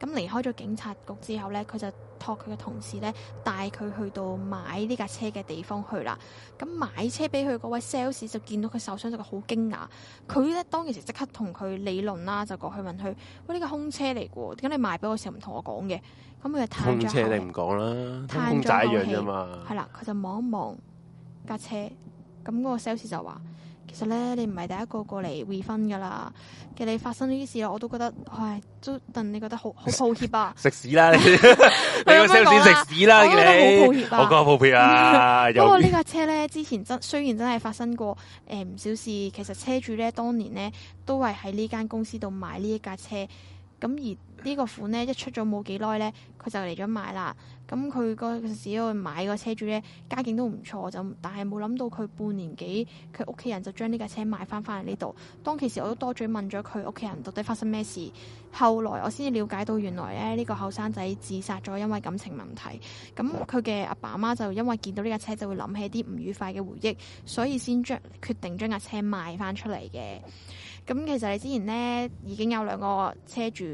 咁、嗯、離開咗警察局之後呢，佢就託佢嘅同事呢帶佢去到買呢架車嘅地方去啦。咁買車俾佢嗰位 sales 就見到佢受傷，就好驚訝。佢呢當其時即刻同佢理論啦，就過去問佢：喂，呢架空車嚟喎，點解你賣俾我時候唔同我講嘅？咁佢就太，車你唔講啦，公仔樣啫嘛。係啦，佢就望一望架車，咁嗰個 sales 就話，其實咧，你唔係第一個過嚟 refund 噶啦。其實你發生呢啲事我都覺得，唉，都鄧你覺得好好抱歉啊！食屎啦，你 [LAUGHS] 你個 sales 食屎啦， [LAUGHS] 你好抱歉啊！我講我抱歉啊。不過呢架車咧，之前真雖然真係發生過誒唔少事，其實車主咧當年咧都係喺呢間公司度買呢一架車，咁而。呢個款呢，一出咗冇幾耐呢，佢就嚟咗買啦。咁佢嗰時買個車主呢，家境都唔錯，就但係冇諗到佢半年幾，佢屋企人就將呢架車賣翻翻嚟呢度。當其時我都多嘴問咗佢屋企人到底發生咩事，後來我先至了解到原來咧呢個後生仔自殺咗，因為感情問題。咁佢嘅阿爸阿媽就因為見到呢架車就會諗起啲唔愉快嘅回憶，所以先將決定將架車賣翻出嚟嘅。咁其實你之前呢，已經有兩個車主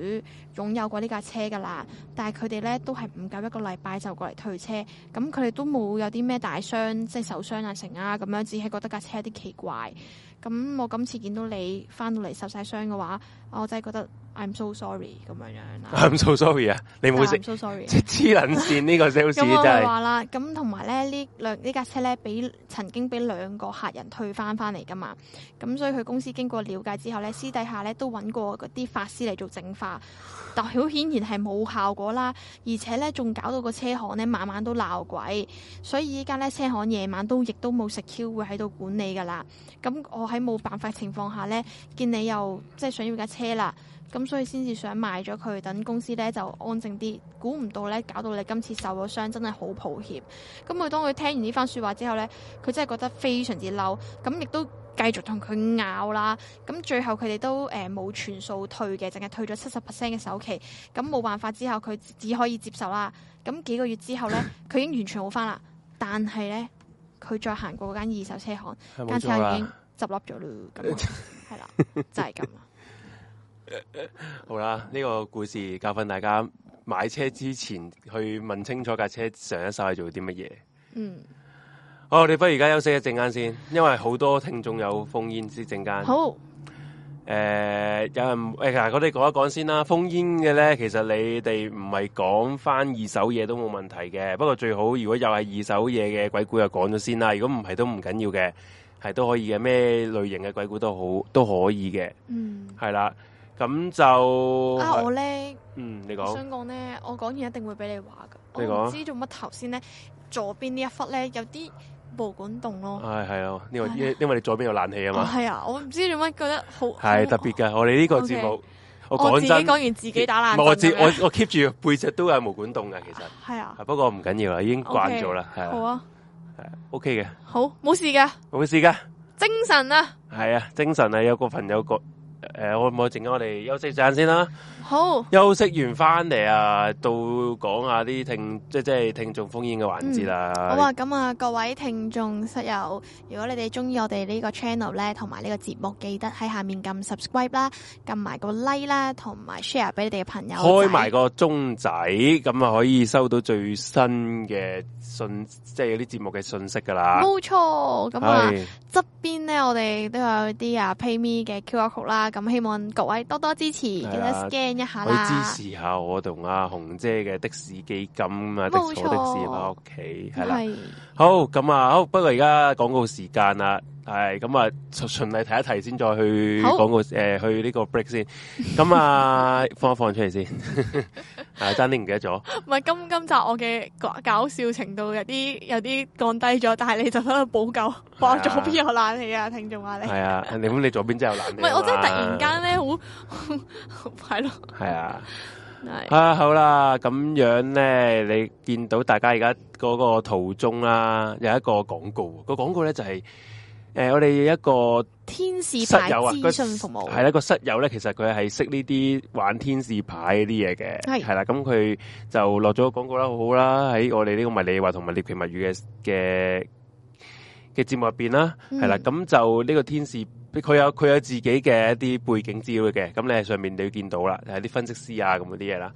擁有過呢架車㗎啦，但係佢哋呢，都係唔夠一個禮拜就過嚟退車，咁佢哋都冇有啲咩大傷，即係受傷啊成啊咁樣，只係覺得架車有啲奇怪。咁我今次見到你返到嚟受晒傷嘅話，我真係覺得 I'm so sorry 咁樣樣啦。I'm so sorry 啊，你冇事、啊。I'm so sorry [LAUGHS] 病。黐撚線呢個 sales 就係話啦。咁同埋咧，呢兩呢架車咧，俾曾經俾兩個客人退翻翻嚟噶嘛。咁所以佢公司經過了解之後咧，私底下咧都揾過嗰啲法師嚟做整化，但好顯然係冇效果啦。而且咧仲搞到個車行咧晚晚都鬧鬼，所以依家咧車行夜晚都亦都冇 security 喺度管理噶啦。咁我喺冇辦法情況下咧，見你又即係想要架車，啦，咁所以先至想賣咗佢，等公司咧就安靜啲。估唔到咧，搞到你今次受咗傷，真係好抱歉。咁佢當佢聽完呢番說話之後咧，佢真係覺得非常之嬲，咁亦都繼續同佢拗啦。咁最後佢哋都誒冇，呃、全數退嘅，淨係退咗七十 percent 嘅首期。咁冇辦法之後，佢只可以接受啦。咁幾個月之後咧，佢已經完全好返啦。但係咧，佢再行過嗰間二手車行，間車行已經執笠咗啦。咁係啦，就係、是、咁。 [LAUGHS] 好啦，呢、這個故事教訓大家買車之前去問清楚架車上一手係做啲乜嘢。嗯，好，我哋不如而家休息一陣間先，因為好多聽眾有 phone in 之陣間。好，誒、欸，有人誒，嗱、欸，我哋講一講先啦。phone in 嘅咧，其實你哋唔係講翻二手嘢都冇問題嘅。不過最好，如果又係二手嘢嘅鬼故，就講咗先啦。如果唔係都唔緊要嘅，係都可以嘅。咩類型嘅鬼故都好都可以嘅。嗯，係啦。咁就啊，我咧，嗯，你講，想講咧，我講完一定會俾你話噶。你講，唔知做乜頭先咧，左邊呢一忽咧有啲毛管凍咯。係係啊，呢、這個因為你左邊有冷氣啊嘛。係啊，我唔知點解覺得好係特別㗎。我哋呢個節目，okay，我講真，講完自己打爛唔我自己 [LAUGHS] 我我 keep 住背脊都有毛管凍噶，其實係啊。不過唔緊要啦，已經慣咗啦。係、okay，好啊，係 OK 嘅，好冇事噶，冇事噶，精神啊，係啊，精神啊，有個朋友個誒、嗯，會我唔好靜啊！我哋休息陣先啦。好，休息完翻嚟啊，到講下啲聽即係即係聽眾烽煙嘅環節啦。好啊，咁啊，各位聽眾室友，如果你哋中意我哋呢個 channel 咧，同埋呢個節目，記得喺下面撳 subscribe 啦，撳埋個 like 啦，同埋 share 俾你哋嘅朋友。開埋個鐘仔，咁啊可以收到最新嘅信，即係有啲節目嘅信息噶、啊啊、啦。冇錯，咁啊側邊咧我哋都有啲啊 pay me 嘅 QR code 啦，咁希望各位多多支持。s 去支持下我同阿紅姐嘅的，的士基金啊，的坐的士翻屋企係啦，好咁啊，好，不過而家廣告時間啦。係咁啊，循例提一提先，再去廣告誒，去呢個 break 先。咁啊， [LAUGHS] 放一放出嚟先，差啲唔記得咗。唔係今今集我嘅搞笑程度有啲有啲降低咗，但係你就喺度補救。哇，啊、左邊有冷氣啊，聽眾話你。係啊，你 [LAUGHS] 咁你左邊真係有冷氣，啊。唔係我真係突然間咧，好係咯。係啊， [LAUGHS] 啊，好啦，咁樣咧，你見到大家而家嗰個途中啦，啊，有一個廣告，個廣告咧就係，是。誒、呃，我哋一個天使牌資訊服務係一個室友咧，其實佢係識呢啲玩天使牌啲嘢嘅，係啦，咁佢就落咗廣告啦，好好啦，喺我哋呢個迷離夜話同埋獵奇物語嘅嘅嘅節目入邊啦，係、嗯、啦，咁就呢個天使。佢有佢有自己嘅一啲背景資料嘅，咁你喺上面你見到啦，係、就、啲、是、分析師啊，咁嗰啲嘢啦。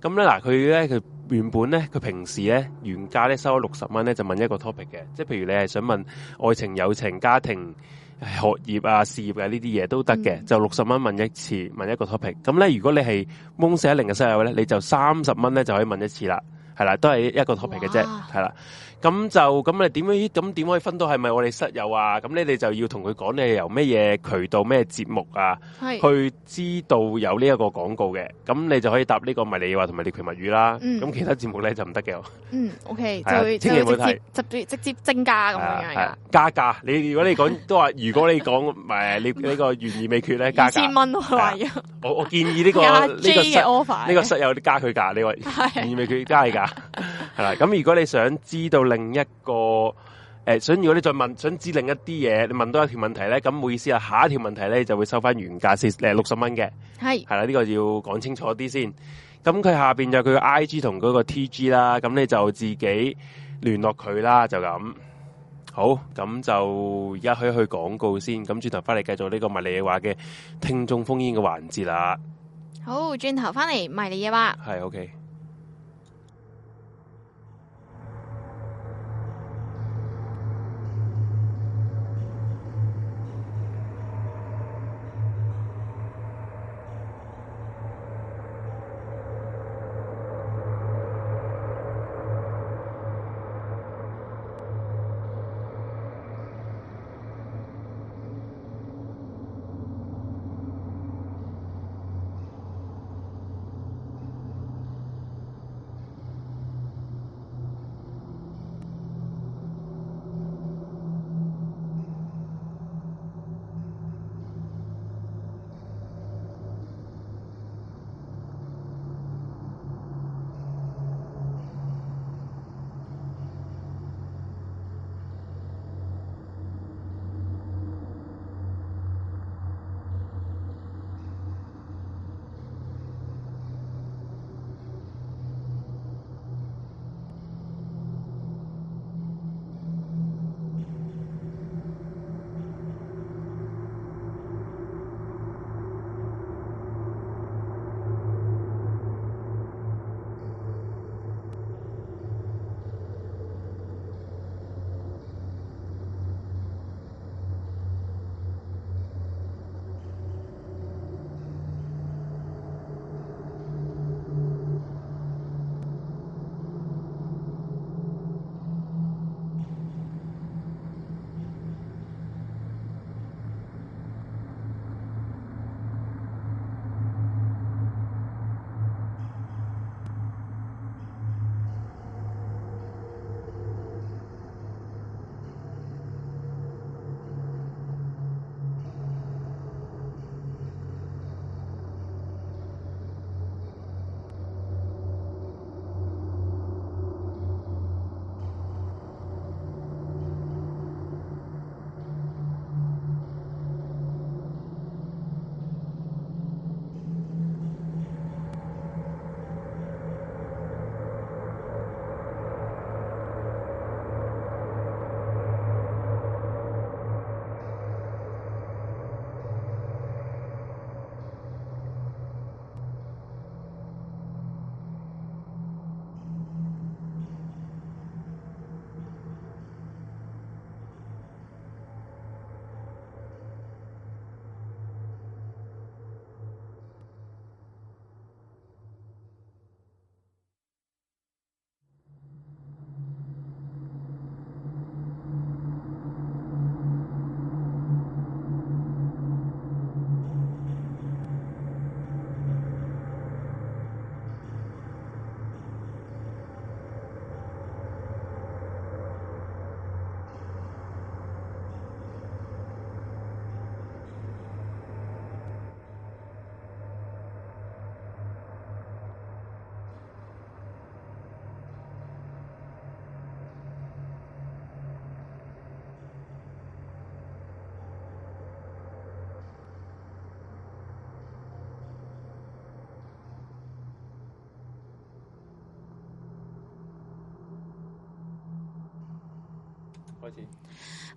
咁咧嗱，佢咧佢原本咧佢平時咧原價咧收咗六十蚊咧就問一個 topic 嘅，即係譬如你係想問愛情、友情、家庭、哎、學業啊、事業啊呢啲嘢都得嘅、嗯，就六十蚊問一次問一個 topic。咁咧如果你係 Room 410嘅室友咧，你就三十蚊咧就可以問一次啦，係啦，都係一個 topic 嘅啫，係啦。咁就咁啊？點樣？咁點可以分到？係咪我哋室友啊？咁咧，你就要同佢講，你由咩嘢渠道、咩節目啊，去知道有呢一個廣告嘅？咁你就可以答呢、這個迷離夜話同埋獵奇物語啦。咁、嗯、其他節目咧就唔得嘅。嗯，OK，、啊、就千祈唔好提，直接直接增加咁樣嘅。加價？你如果你講都話，如果你講誒， [LAUGHS] 你呢個懸疑未決咧，加價千蚊、啊。我我建議呢、這個呢、 [LAUGHS] 這個這個、個室友呢加佢價，你話懸、啊、疑未決加係噶。係 [LAUGHS] 啦、啊，咁如果你想知道。另一個誒、欸，想如果你再問，想知另一啲嘢，你問多一條問題咧，咁冇意思啦。下一條問題咧，就會收翻原價先誒六十蚊嘅。係係、這個、啦，呢個要講清楚啲先。咁佢下邊就佢 I G 同嗰個 T G 啦，咁你就自己聯絡佢啦，就咁。好，咁就而家去一去廣告先。咁轉頭翻嚟繼續呢個迷離夜話嘅聽眾烽煙嘅環節啦。好，轉頭翻嚟迷離夜話係 OK。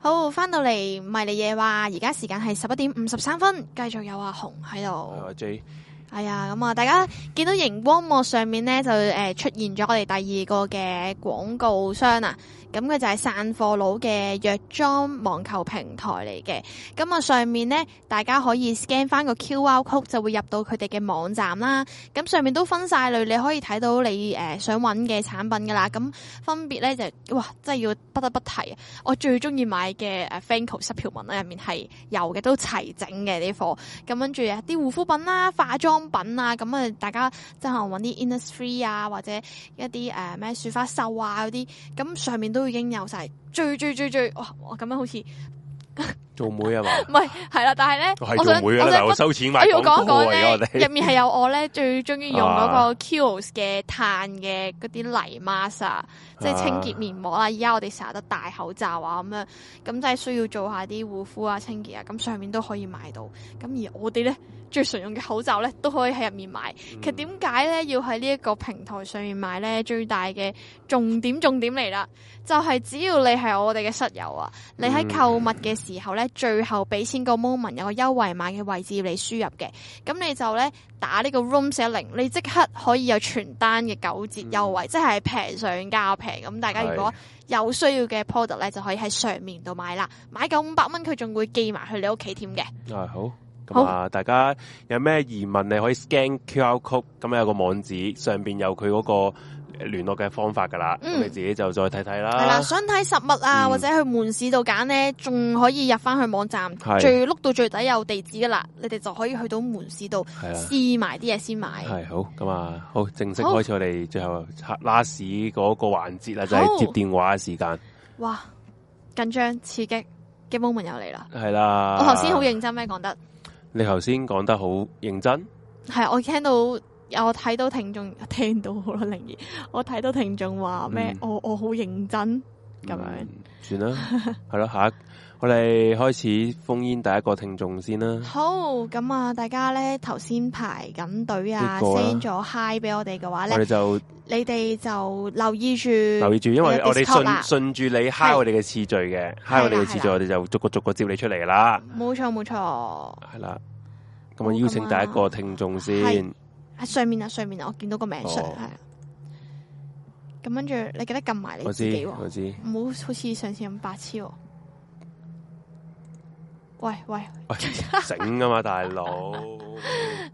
好，翻到嚟迷離夜話，而家時間係十一點五十三分，繼續有阿紅喺度。Hello, J 係、哎、啊，咁啊，大家見到熒光幕上面咧就誒出現咗我哋第二個嘅廣告商啊，咁佢就係散貨佬嘅藥妝網購平台嚟嘅，咁啊上面咧大家可以 scan 翻個 QR code 就會入到佢哋嘅網站啦，咁上面都分晒類，你可以睇到你誒想揾嘅產品噶啦，咁分別咧就哇真係要不得不提，啊，我最中意買嘅誒 Fancol 濕條紋啦，入面係有嘅都齊整嘅啲貨，咁跟住啊啲護膚品啦、化妝。品啊，咁啊，大家即係搵啲 industry 啊，或者一啲誒咩雪花秀啊嗰啲，咁上面都已經有晒，最最最最，哇我咁樣好似。呵呵做妹啊嘛？唔 [LAUGHS] 係，係啦，但係咧，我想，收錢買。要講一講咧，入面係有我咧 [LAUGHS] 最中意用嗰個 k o s 嘅碳嘅嗰啲泥 mask 啊，啊即係清潔面膜啦、啊。而家我哋成日都戴口罩啊，咁樣咁即係需要做下啲護膚啊、清潔啊，咁上面都可以買到。咁而我哋咧最常用嘅口罩咧都可以喺入面買。其實點解咧要喺呢一個平台上面買咧？最大嘅重點重點嚟啦，就係、是、只要你係我哋嘅室友啊，你喺購物嘅時候咧。最後俾錢個 moment 有個優惠碼嘅位置要你輸，你輸入嘅咁你就咧打呢個 Room 410，你即刻可以有全單嘅九折優惠，嗯、即係平上加平。咁大家如果有需要嘅 product 咧，就可以喺上面度買啦。買九五百蚊，佢仲會寄埋去你屋企添嘅。哎、好啊好咁啊，大家有咩疑問你可以 scan QR code，咁有個網址上邊有佢嗰、那個。聯絡嘅方法噶啦，咁、嗯、你自己就再睇睇啦。係啦，想睇實物啊、嗯，或者去門市度揀咧，仲可以入翻去網站，最碌到最底有地址噶啦，你哋就可以去到門市度試埋啲嘢先買。係，好，咁啊，好正式開始我哋最後拉屎嗰個環節啦，就係、是、接電話嘅時間。哇，緊張刺激嘅 moment 又嚟啦！係啦、啊，我頭先好認真咩講得？你頭先講得好認真，係我聽到。我睇到聽眾聽到好咯，靈兒，我睇到聽眾話咩，我我好認真咁樣，嗯、算啦，係 [LAUGHS] 咯，下一我哋開始 phone in 第一個聽眾先啦。好，咁啊，大家咧頭先排緊隊啊，send 咗 hi 俾我哋嘅話咧，我哋就你哋就留意住留意住，因為我哋順順住你 hi 我哋嘅次序嘅，hi 我哋嘅次序，我哋就逐個逐個接你出嚟啦。冇錯冇錯，係啦，咁啊，我邀請第一個聽眾先。哦喺上面啊，上面啊，我見到個名出係，咁跟住你記得撳埋你自己，唔好好似上次咁白痴、哦。喂喂，整、欸、噶 [LAUGHS] 嘛大佬？係、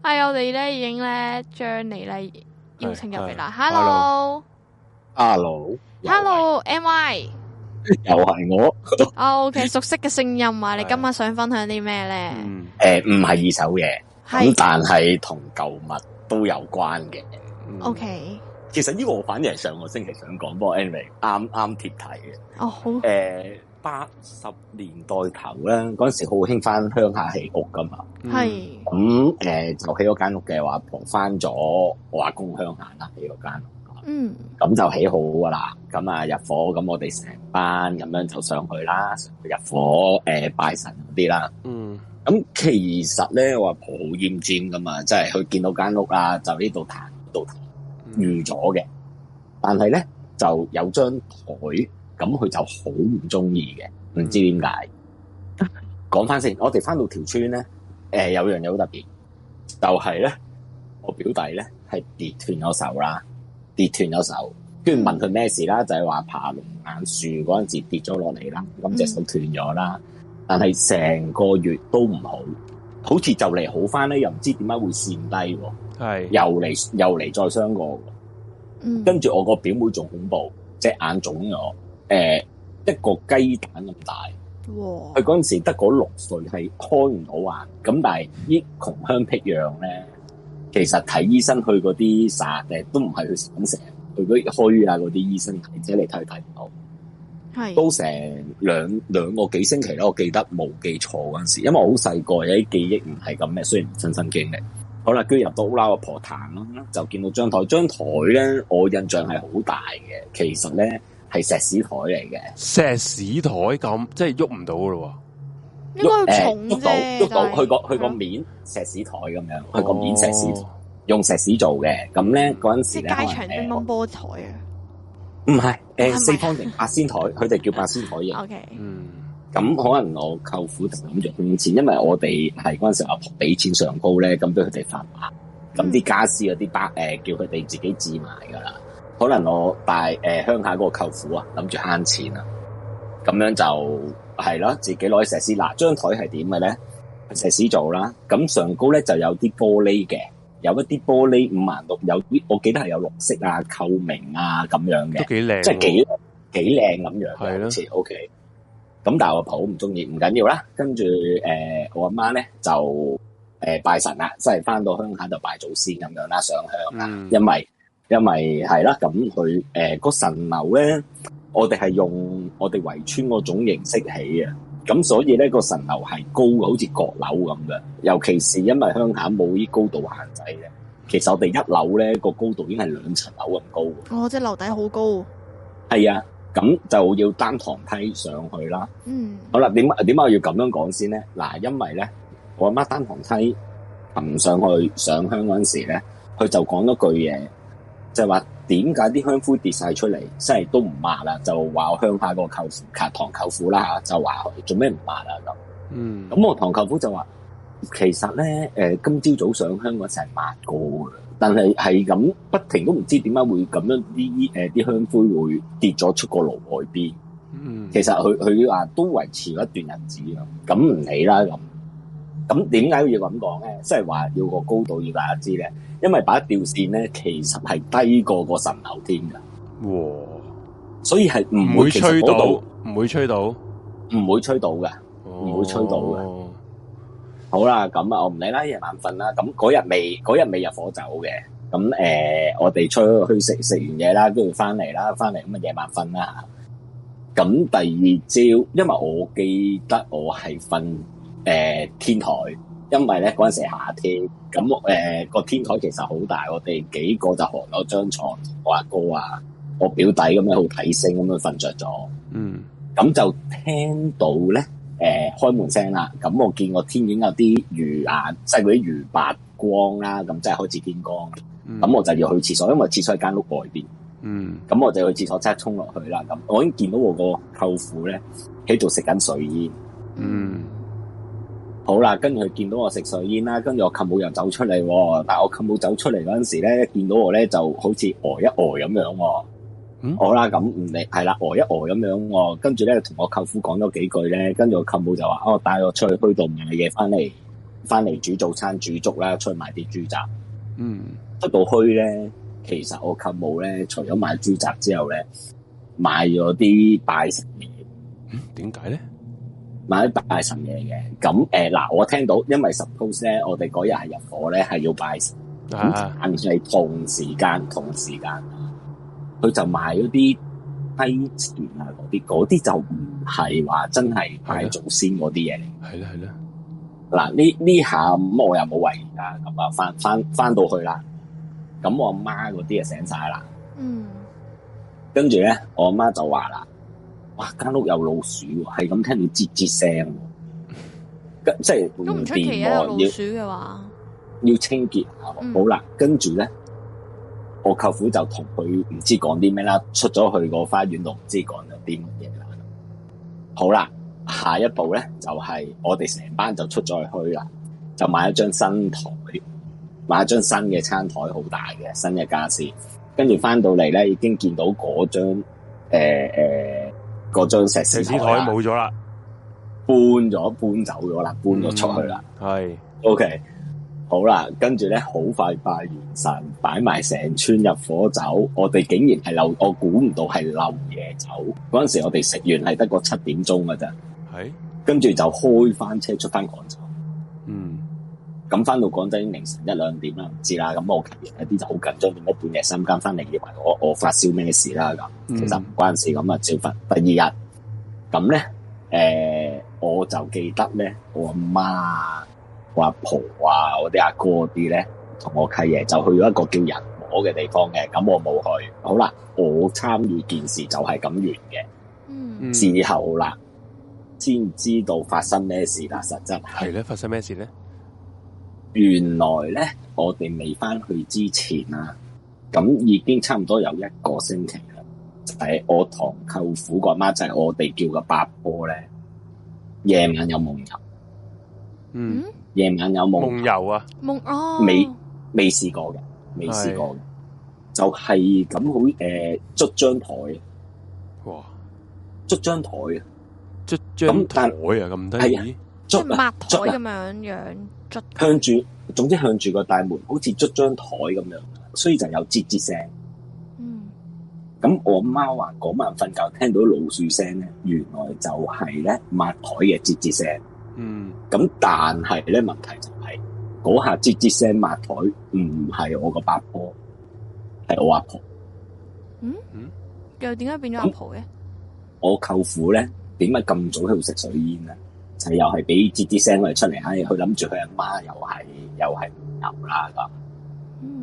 [LAUGHS] [LAUGHS] 哎、我哋咧已經咧將你咧邀請入嚟啦。Hello，hello，hello，my，Hello, Hello. [LAUGHS] 又係是我。 [LAUGHS] OK，熟悉嘅聲音啊， [LAUGHS] 你今晚想分享啲咩咧？誒、嗯，唔、呃、係二手嘢，咁但係同舊物。都有關嘅。嗯、o、okay. K，其實呢個我反而係上個星期想講，不過 anyway，啱啱貼題嘅。哦，oh, 好，好。誒、呃，八十年代頭咧，嗰陣時好興翻鄉下起屋噶嘛。係。咁誒，就起咗間屋嘅話，阿婆翻咗我阿公鄉下啦，起嗰間屋。嗯。咁、呃嗯、就起好噶啦，咁啊入伙，咁我哋成班咁樣就上去啦，上去入伙誒、呃、拜神嗰啲啦。嗯。咁其實咧，我阿婆好厭尖噶嘛，即係佢見到間屋啊，就呢度彈，度彈預咗嘅。但係咧，就有張台，咁佢就好唔中意嘅，唔知點解。講翻先，我哋翻到條村咧，誒、呃，有樣嘢好特別，就係、是、咧，我表弟咧係跌斷咗手啦，跌斷咗手，跟住問佢咩事啦，就係、是、話爬龍眼樹嗰陣時跌咗落嚟啦，咁隻手斷咗啦。嗯但係成個月都唔好，好似就嚟好翻咧，又唔知點解會跣低，係又嚟又嚟再傷過，嗯，跟住我個表妹仲恐怖，隻眼腫呃、隻眼腫咗，誒，一個雞蛋咁大，佢嗰陣時得嗰六歲係開唔到眼，咁但係啲窮鄉僻壤咧，其實睇醫生去嗰啲省誒，都唔係去省城，去嗰開啦嗰啲醫生睇者你睇佢睇唔到。都成兩兩個幾星期咯，我記得冇記錯嗰陣時候，因為我好細個，有啲記憶唔係咁嘅，雖然親身經歷。好啦，居入到好老我婆彈，就見到張台。張台咧，我印象係好大嘅，其實咧係石屎台嚟嘅，石屎台咁，即係喐唔到咯，喐喐到喐到，動到動到去個個面、啊、面石屎台咁樣，去個面石屎台，用石屎做嘅，咁咧嗰陣時咧，係乒乓波台啊。唔係，誒、呃，四方八仙台，佢 [LAUGHS] 哋叫八仙台嘅。Okay. 嗯，咁可能我舅父就諗住慳錢，因為我哋係嗰陣時候阿婆俾錢上高咧，咁俾佢哋發牌，咁啲家私嗰啲包，誒、呃，叫佢哋自己置埋噶啦。可能我大，誒、呃，鄉下嗰個舅父啊，諗住慳錢啊，咁樣就係咯，自己攞去石屎。嗱，張台係點嘅咧？石屎做啦，咁上高咧就有啲玻璃嘅。有一啲玻璃五顏六色，有我記得係有綠色啊、透明啊咁樣嘅，都幾靚，即係幾幾靚咁樣嘅。OK，咁但係我婆唔中意，唔緊要啦。跟住誒，我阿媽咧就誒拜神啦，即係翻到鄉下就拜祖先咁樣啦，上香啦。因為因為係啦，咁佢誒個神樓咧，我哋係用我哋圍村嗰種形式起嘅。咁所以咧，個神樓係高嘅，好似閣樓咁嘅。尤其是因為鄉下冇呢高度限制咧，其實我哋一樓咧個高度已經係兩層樓咁高。哦，即係樓底好高。係啊，咁就要單堂梯上去啦。嗯。好啦，點解點解我要咁樣講先咧？嗱，因為咧，我阿媽單堂梯行唔上去上香嗰陣時咧，佢就講咗句嘢。就話點解啲香灰跌晒出嚟，真係都唔抹啦，就話我鄉下個舅父，堂舅父啦吓，就話佢做咩唔抹啊咁？嗯，咁我堂舅父就話，其實咧，誒，今朝早上香嗰陣係抹過嘅，但係係咁，不停都唔知點解會咁樣啲，誒，啲香灰會跌咗出個爐外邊。嗯，其實佢佢話都維持咗一段日子啊，咁唔理啦咁。咁點解要咁講咧？即係話要個高度要大家知呢，因為把吊線咧其實係低過個神頭添噶，哇、哦！所以係唔會，會吹到，唔會吹到，唔會吹到嘅，唔會吹到嘅、哦。好啦，咁啊，我唔理啦，夜晚瞓啦。咁嗰日未，嗰日未入火走嘅。咁誒、呃，我哋出去食食完嘢啦，跟住翻嚟啦，翻嚟咁啊，夜晚瞓啦，咁第二朝，因為我記得我係瞓。誒、呃，天台，因為咧嗰陣時係夏天，咁誒個天台其實好大，我哋幾個就學咗張床，我阿哥啊，我表弟咁樣好睇星咁樣瞓着咗。嗯，咁就聽到咧，誒、呃、開門聲啦，咁我見個天已經有啲魚眼，即係嗰啲魚白光啦，咁即係開始天光。咁、嗯、我就要去廁所，因為廁所喺間屋外邊。嗯，咁我就去廁所即係沖落去啦。咁我已經見到我個舅父咧喺度食緊水煙。嗯。好啦，跟住佢見到我食水煙啦，跟住我舅母又走出嚟。但係我舅母走出嚟嗰陣時咧，見到我咧就好似呆、呃、一呆咁樣。喎、嗯。好啦，咁你係啦，呆、呃、一呆咁樣。跟住咧，同我舅父講咗幾句咧，跟住我舅母就話：哦我，帶我出去虛度買嘢翻嚟，翻嚟煮早餐煮粥啦，出去買啲豬雜。嗯，出到虛咧，其實我舅母咧，除咗買豬雜之後咧，買咗啲拜年。嗯，點解咧？買啲拜神嘢嘅，咁誒嗱，我聽到，因為 suppose 咧，我哋嗰日係入火咧，係要拜神，咁就算係同時間、同時間，佢就賣咗啲溪錢啊，嗰啲，嗰啲就唔係話真係拜祖先嗰啲嘢。係啦，係啦。嗱，呢呢下咁我又冇為而家，咁啊翻翻翻到去啦。咁我阿媽嗰啲啊醒晒啦。嗯。跟住咧，我阿媽就話啦。哇！間屋有老鼠、啊，係咁聽到吱吱聲，即係都唔掂奇啊！唔出奇，老鼠嘅話要,要清潔、嗯，好啦，跟住咧，我舅父就同佢唔知講啲咩啦，出咗去了個花園度，唔知講咗啲乜嘢啦。好啦，下一步咧就係、是、我哋成班就出咗去墟啦，就買一張新台，買一張新嘅餐台，好大嘅新嘅家私，跟住翻到嚟咧，已經見到嗰張誒誒。欸欸嗰張石屎台冇咗啦，搬咗搬走咗啦，搬咗出去啦。係，嗯，OK，好啦，跟住咧，好快拜完神，擺埋成村入火走，我哋竟然係流，我估唔到係流夜走。嗰陣時我哋食完係得個七點鐘噶咋，係，跟住就開翻車出翻廣州。咁翻到廣州已經凌晨一兩點啦，唔知啦。咁我契爺一啲就好緊張，點解半夜三更翻嚟，以為我我發燒咩事啦咁。其實唔關事，咁啊照瞓。第二日咁咧，誒、欸、我就記得咧，我阿媽、我阿婆啊、我啲阿哥啲咧，同我契爺就去咗一個叫人魔嘅地方嘅。咁我冇去。好啦，我參與件事就係咁完嘅。嗯，事後啦，先知，知道發生咩事啦。實質係咧，發生咩事咧？原來咧，我哋未翻去之前啊，咁已經差唔多有一個星期啦。就係、是、我堂舅父個阿媽，就係、是、我哋叫個八哥咧，夜晚有夢遊。嗯，夜晚有夢遊啊？夢哦，未未試過嘅，未試過嘅，就係咁好誒，捉張台。哇！捉張台啊！捉張台啊！咁得意，捉抹台咁樣樣。呃向住，總之向住個大門，好似捽張台咁樣，所以就有吱吱聲。嗯。咁我媽話嗰晚瞓覺聽到老鼠聲咧，原來就係咧抹台嘅吱吱聲。嗯。咁但係咧，問題就係嗰下吱吱聲抹台唔係我個八婆，係我阿婆。嗯？又點解變咗阿婆呢？我舅父咧，點解咁早喺度食水煙呢？就又係俾吱吱聲佢出嚟，唉，佢諗住佢阿媽又係又係唔有啦，咁，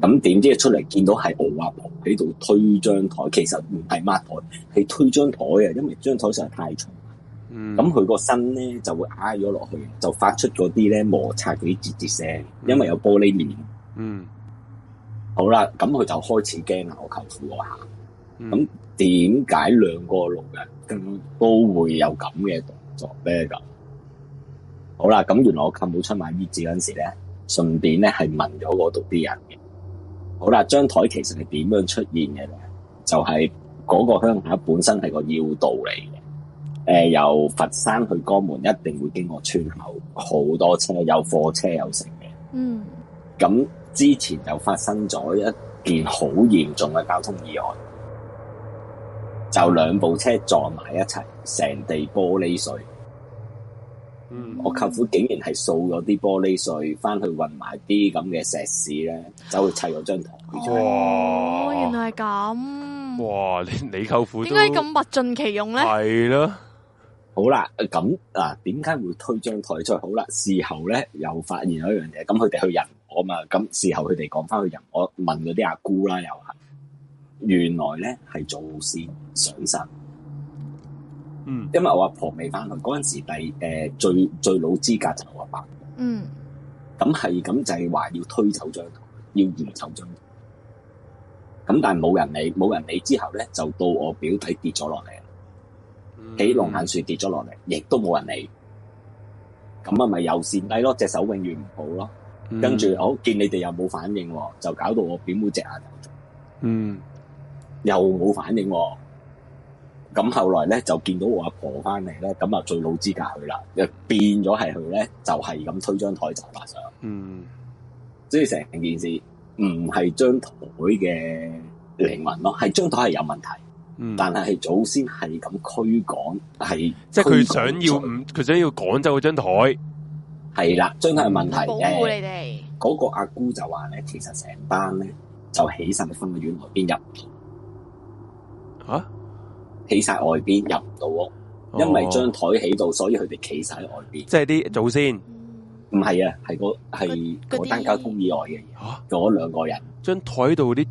咁、mm-hmm. 點知出嚟見到係我阿婆喺度推張台，其實唔係抹台，係推張台啊，因為張台實在太重。咁佢個身咧就會挨咗落去，就發出嗰啲咧摩擦嗰啲吱吱聲，mm-hmm. 因為有玻璃面。嗯、mm-hmm.，好啦，咁佢就開始驚啦，我舅父啊，咁點解兩個老人咁都會有咁嘅動作咧？咁？好啦，咁原來我冚好出買報紙嗰陣時咧，順便咧係問咗嗰度啲人嘅。好啦，張台其實係點樣出現嘅咧？就係、是、嗰個鄉下本身係個要道嚟嘅。誒、呃，由佛山去江門，一定會經過村口，好多車，有貨車有成嘅。嗯。咁之前就發生咗一件好嚴重嘅交通意外，就兩部車撞埋一齊，成地玻璃碎。嗯，我舅父竟然係掃咗啲玻璃碎，翻去混埋啲咁嘅石屎咧，走去砌咗張台。哇！原來係咁。哇！你你舅父點解咁物盡其用咧？係咯。好啦，咁嗱，點解會推張台出去？好啦，事後咧又發現咗一樣嘢。咁佢哋去人和嘛，咁事後佢哋講翻去人和，問嗰啲阿姑啦，又話原來咧係做善想神。嗯，因為我阿婆未翻去，嗰陣時第誒最最老資格就我阿爸。嗯，咁係咁就係話要推走張圖，要移走張圖，咁但係冇人理，冇人理之後咧就到我表弟跌咗落嚟，起、嗯、龍眼樹跌咗落嚟，亦都冇人理，咁啊咪又線低咯，隻手永遠唔好咯，跟住好見你哋又冇反應，就搞到我表妹隻眼頭咗，嗯，又冇反應。咁後來咧就見到我阿婆翻嚟咧，咁啊最老資格去啦，又變咗係佢咧就係咁推張台就爬上。嗯，即係成件事唔係張台嘅靈魂咯，係張台係有問題，嗯、但係祖先係咁驅趕，係即係佢想要，佢想要趕走嗰張台。係啦，張台有問題呢。保護你哋。嗰、嗰個阿姑就話咧，其實成班咧就起身去分屋苑內邊入。啊？起晒外邊入唔到屋，因為張台喺度，所以佢哋企晒喺外邊。即係啲祖先，唔、嗯、係啊，係個係個單交通以外嘅，吓，做兩個人。張台度啲，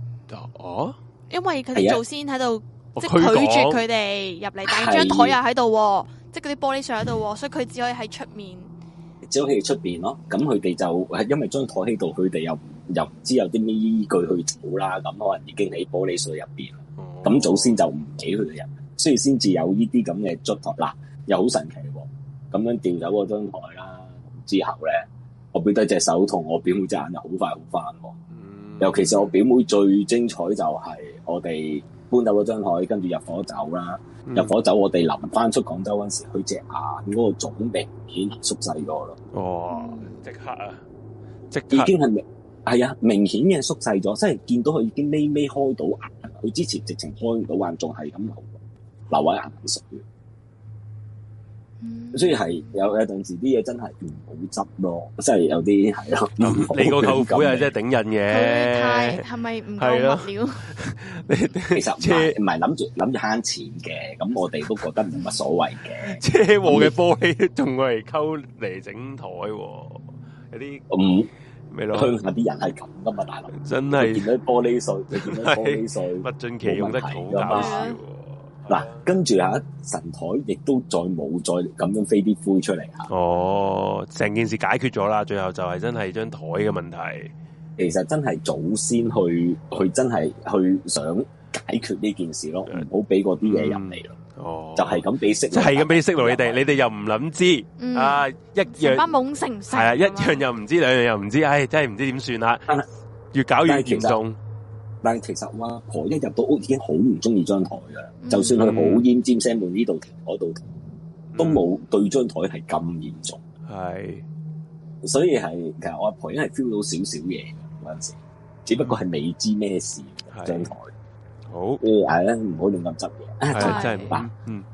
哦，因為佢哋祖先喺度，即係、就是、拒絕佢哋入嚟，但係張台又喺度，即係嗰啲玻璃水喺度，所以佢只可以喺出面，只可以喺出邊咯。咁佢哋就因為張台喺度，佢哋又又唔知有啲咩依據去做啦。咁、嗯、可能已經喺玻璃水入邊，咁祖先就唔俾佢哋入。.所以先至有呢啲咁嘅捽台，啦、啊、又好神奇喎、啊。咁樣掉走嗰張台啦，之後咧，我表弟隻手同我表妹隻眼就好快好翻喎。尤其是我表妹最精彩就係我哋搬走嗰張台，跟住入伙走啦。嗯、入伙走我哋臨翻出廣州嗰時候，佢隻眼嗰個腫明顯縮細咗咯。哦，即刻啊！即、啊、已經係明係啊，明顯嘅縮細咗，即係見到佢已經眯眯開到眼。佢之前直情開唔到眼，仲係咁好。劉位眼淚水，水，嗯，所以係有有陣時啲嘢真係唔好執咯、嗯，即係有啲係咯。你個舅狗又真係頂癮嘅，佢太係咪唔夠物料？你其實車唔係諗住諗住慳錢嘅，咁我哋都覺得冇乜所謂嘅。 [LAUGHS] 車禍嘅玻璃同我嚟溝嚟整台、啊，有啲唔咩咯？鄉下啲人係咁噶嘛？大佬真係見咗玻璃碎，見咗玻璃碎，物盡其用得好搞笑。嗱，跟住啊神台亦都再冇再咁樣飛啲灰出嚟吓。哦，成件事解決咗啦，最後就係真係張台嘅問題。其實真係祖先去去真係去想解決呢件事咯，唔好俾嗰啲嘢入嚟咯。哦，就係咁俾識，就係咁俾識咯。你哋你哋又唔諗知啊，一樣把懵成成，係啊，一樣又唔知，兩樣又唔知，唉，真係唔知點算啦。越搞越嚴重。但係其實阿婆一入到屋已經好唔中意張台啦、嗯、就算佢好奄尖聲到呢度、嗰度、嗯，都冇對張台係咁嚴重。係、嗯，所以係其實我阿婆因為 feel 到少少嘢嗰陣時、嗯，只不過係未知咩事、嗯、張台。好，係、呃、啦，唔好亂咁執嘢，真係唔得。嗯，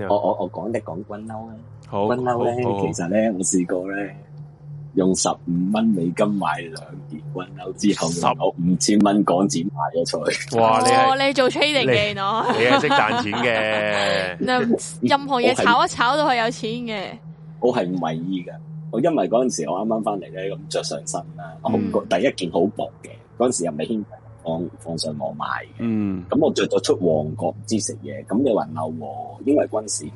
我嗯我、嗯、我，我講得講骨嬲咧，骨嬲咧，其實咧我試過咧。用十五蚊美金買兩件雲褸之後，有五千蚊港紙賣咗出去。哇！你 [LAUGHS] 你做 trading 嘅，你係識賺錢嘅。任何嘢炒一炒都係有錢嘅。我係唔為意㗎。我的因為嗰陣時候我啱啱翻嚟咧，咁着上身啦，好、嗯、第一件好薄嘅。嗰陣時候又未興放放上網買嘅。嗯，咁我着咗出旺角，唔知食嘢，咁你雲褸喎，因為軍事迷。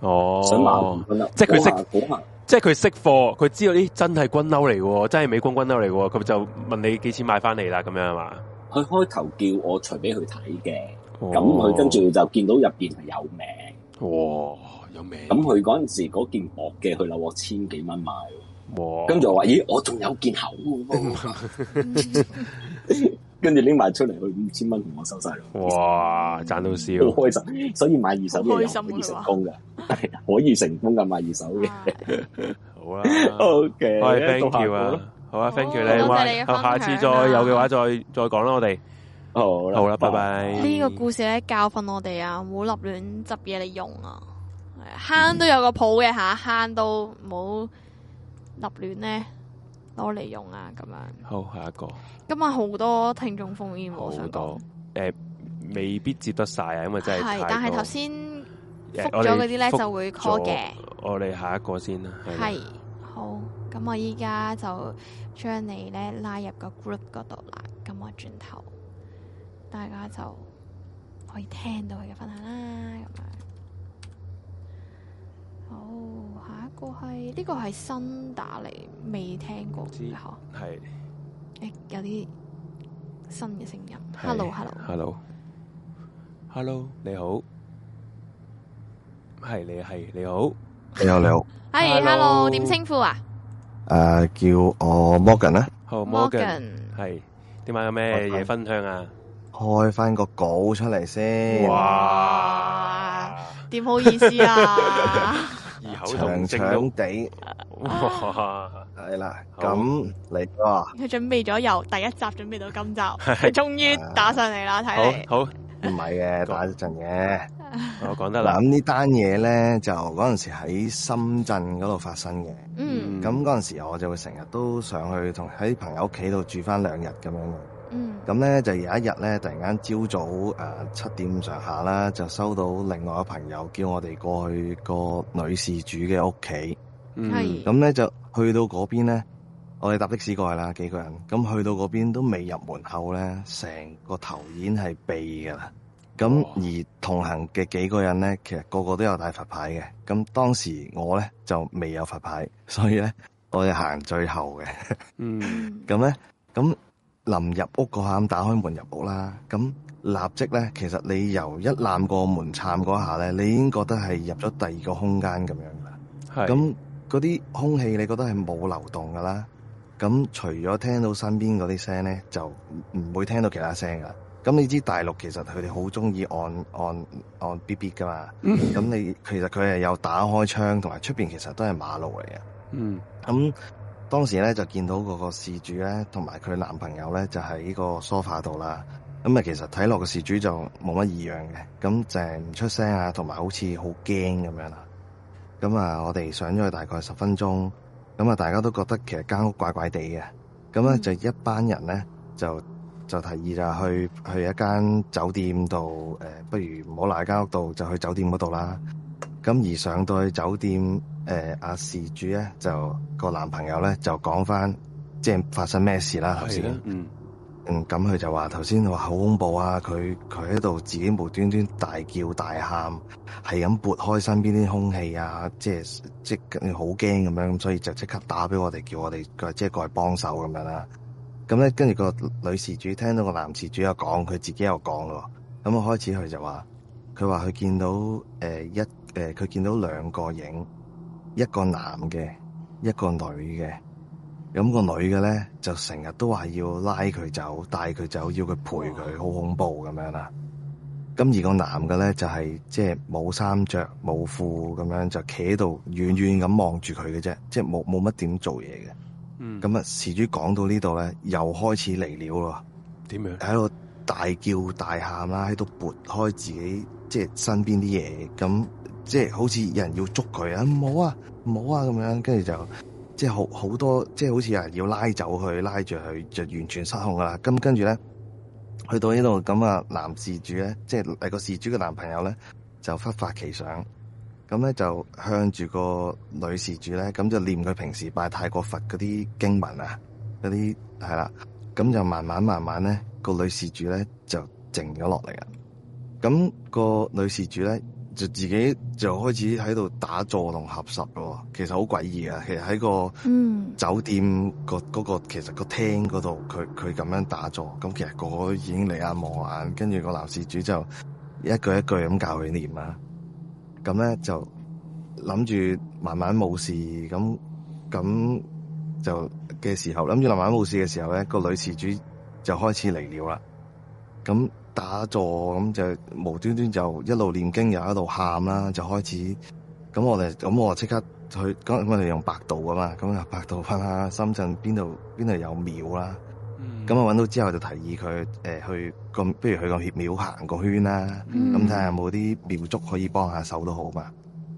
哦，想買五蚊即係佢識補即係佢識貨，佢知道啲真係軍褸嚟嘅，真係美軍軍褸嚟嘅，佢就問你幾錢買翻嚟啦？咁樣係嘛？佢開頭叫我除俾佢睇嘅，咁佢跟住就見到入邊係有名，哇、哦、有名！咁佢嗰陣時嗰件薄嘅，佢攞我千幾蚊買，跟住就話咦，我仲有件厚。 [LAUGHS] [LAUGHS] [LAUGHS] 跟住拎埋出嚟，佢五千蚊同我收晒哇！賺到笑，好、嗯、開心。所以買二手嘢可以成功嘅，可以成功噶 [LAUGHS] 買二手嘅、啊 okay, 哎。好啦，OK，thank you 啊，好啊 thank you！你，下次再有嘅話再，再再講啦，我哋好啦，好啦，拜拜。呢、這個故事咧，教訓我哋啊，唔好立亂執嘢嚟用啊，慳都有個譜嘅吓，慳都唔好立亂咧。攞嚟用啊，咁樣。好，下一個。今日好多聽眾 phone in、啊，我想講。好多。誒、呃，未必接得晒啊，因為真係太多，係，但係頭先複咗嗰啲咧，就會 call 嘅。我哋下一個先啦。係。好，咁我依家就將你咧拉入個 group 嗰度啦。咁我轉頭，大家就可以聽到佢嘅分享啦。咁樣。好。個係呢個係新打嚟，未聽過嘅嗬，係誒，有啲新嘅聲音。Hello，Hello，Hello，Hello，你好，係你係你好，你好你好，係 Hello，點稱呼啊？誒，叫我 Morgan 啦，好 Morgan，係點解有咩嘢分享啊？開翻個稿出嚟先，哇，點好意思啊？長長地，哇、啊，係、啊、啦，咁嚟個，佢、啊、準備咗由第一集準備到今集，係終於打上嚟啦，睇 [LAUGHS] 嚟。好，好，唔係嘅， [LAUGHS] 打一陣嘅，我、哦、講得啦。咁呢單嘢咧，就嗰陣時喺深圳嗰度發生嘅。嗯，咁嗰陣時我就會成日都上去同喺朋友屋企度住返兩日咁樣嘅。嗯，咁咧就有一日咧，突然間朝早誒七點上下啦、呃，就收到另外一個朋友叫我哋過去個女士主嘅屋企。嗯，係。咁咧就去到嗰邊咧，我哋搭的士過去啦，幾個人。咁去到嗰邊都未入門口咧，成個頭已 l r 係避噶啦。咁而同行嘅幾個人咧，其實個個都有帶佛牌嘅。咁當時我咧就未有佛牌，所以咧我哋行最後嘅。嗯，咁咧咁。臨入屋嗰下咁，打開門入屋啦，咁立即咧，其實你由一攬過門檻嗰下咧，你已經覺得係入咗第二個空間咁樣啦。係，咁嗰啲空氣你覺得係冇流動噶啦。咁除咗聽到身邊嗰啲聲咧，就唔會聽到其他聲噶。咁你知大陸其實佢哋好中意按按按 B B 噶嘛。咁 [LAUGHS] 你其實佢係有打開窗同埋出面其實都係馬路嚟嘅。嗯。 [LAUGHS] 咁。當時咧就見到嗰個事主咧，同埋佢男朋友咧，就喺呢個梳化度啦。咁啊，其實睇落個事主就冇乜異樣嘅，咁淨係唔出聲啊，同埋好似好驚咁樣啦。咁啊，我哋上咗去大概十分鐘，咁啊，大家都覺得其實間屋怪怪地嘅。咁、嗯、咧就一班人咧就就提議就去去一間酒店度誒，不如唔好賴間屋度，就去酒店嗰度啦。咁而上到去酒店。誒阿事主咧，就、個男朋友咧，就講返，即係發生咩事啦？頭先嗯嗯，咁，佢就話頭先話好恐怖啊！佢，佢喺度自己無端端大叫大喊，係咁撥開身邊啲空氣啊！即係即係好驚咁樣，咁所以就即刻打俾我哋，叫我哋即係過嚟幫手咁樣啦。咁咧，跟住個女事主聽到個男事主又講，佢自己又講咯。咁我開始佢就話，佢話佢見到、呃、一，誒，佢、呃、見到兩個影。一個男嘅，一個女嘅，咁、個女嘅咧就成日都話要拉佢走，帶佢走，要佢陪佢，好恐怖咁樣啦。咁而個男嘅咧就係即係冇衫着，冇褲咁樣就企喺度，遠遠咁望住佢嘅啫，即係冇冇乜點做嘢嘅。嗯，咁啊，事、嗯、主講到呢度咧，又開始嚟了咯。點樣？喺度大叫大喊啦，喺度撥開自己即係身邊啲嘢咁。即係好似有人要捉佢啊！唔好啊，唔好啊，咁樣，跟住就即係好好多，即係好似有人要拉走佢，拉住佢就完全失控噶啦。咁跟住咧，去到呢度咁啊，男事主咧，即係係個事主嘅男朋友咧，就忽發奇想，咁咧就向住個女事主咧，咁就念佢平時拜泰國佛嗰啲經文啊，嗰啲係啦，咁就慢慢慢慢咧，個女事主咧就靜咗落嚟啊，咁個女事主咧。就自己就開始喺度打坐同合十咯，其實好詭異啊！其實喺個酒店、個嗰個、mm. 其實，嗰個、其實個廳嗰度，佢佢咁樣打坐，咁其實個，個已經嚟眼望眼，跟住個男事主就一句一句咁教佢念啦。咁咧就諗住慢慢冇事咁咁就嘅時候，諗住慢慢冇事嘅時候咧，個女事主就開始嚟了啦。咁打坐咁就無端端就一路念經又一路喊啦，就開始咁我哋咁我即刻去，咁我哋用百度啊嘛，咁啊百度翻下深圳邊度邊度有廟啦，咁啊揾到之後就提議佢，誒、欸、去個，不如去個廟行個圈啦，咁睇下有冇啲廟祝可以幫下手都好嘛，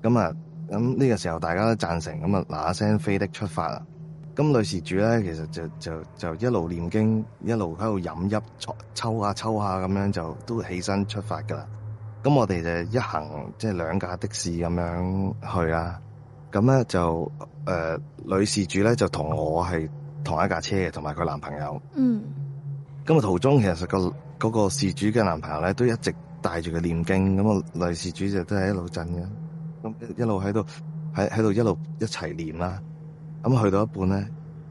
咁啊咁呢個時候大家都贊成，咁啊嗱一聲飛的出發啦。咁女事主咧，其實就就就一路念經，一路喺度飲泣抽下抽下咁樣，就都起身出發噶啦。咁我哋就一行即係兩架的士咁樣去呀、啊。咁咧就誒、呃，女事主咧就同我係同一架車嘅，同埋佢男朋友。嗯。咁啊途中其實個嗰個事主嘅男朋友咧，都一直帶住佢念經，咁啊女事主就都係一路震嘅，咁一路喺度喺喺度一路一齊念啦。咁去到一半咧，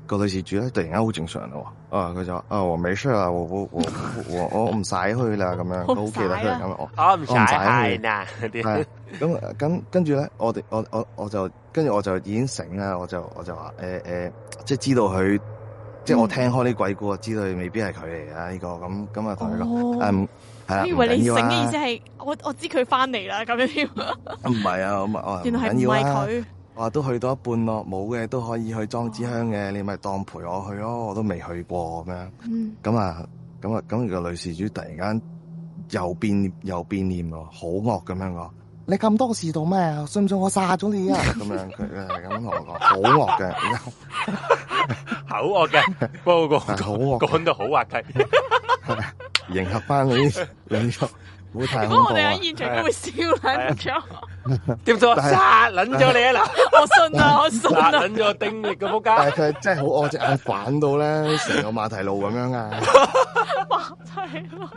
個女事主咧突然間好正常咯喎，啊佢就話啊、哦、我沒事啊，我唔使去啦咁 [LAUGHS] 這樣， [LAUGHS] 樣，我好記得佢咁樣我，我唔使去啦，係咁咁，跟住咧，我哋我我我就跟住我就已經醒啦，我就我就話誒誒，即係知道佢，即係我聽開啲鬼故、嗯，知道未必係佢嚟啊呢個咁咁，啊同佢講，嗯係以為你醒嘅意思係、啊、我我知佢翻嚟啦咁樣要，唔係啊咁啊，原來係唔係佢。話都去到一半咯、哦，冇嘅都可以去莊子鄉嘅，你咪當陪我去咯、哦，我都未去過咁樣。咁、嗯、啊，咁啊，咁個女事主突然間又變又變臉喎，好惡咁樣個。你咁多事做咩？信唔信我殺咗你啊？咁 [LAUGHS] 樣佢係咁同我講，惡 [LAUGHS] 好惡嘅，好惡嘅，不過好口惡講得好滑稽， [LAUGHS] 迎合翻嗰啲人。 [LAUGHS] [LAUGHS] 如果我哋喺現場，都會笑捻咗。點做？殺捻咗你啊！嗱，我信啊，我信啊。殺捻咗丁力個仆街，佢真係好惡，隻眼反到咧成個馬蹄路咁樣啊 [LAUGHS] [LAUGHS] [LAUGHS] [LAUGHS] okay, okay！哇、啊，蹄路、啊。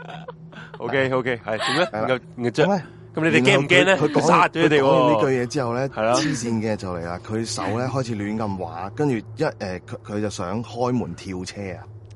O K O K，係點咧？咁你哋驚唔驚咧？佢殺咗你哋喎。呢句嘢之後咧，係黐線嘅就嚟啦。佢手咧開始亂咁滑，跟住一誒，佢、呃、佢就想開門跳車啊！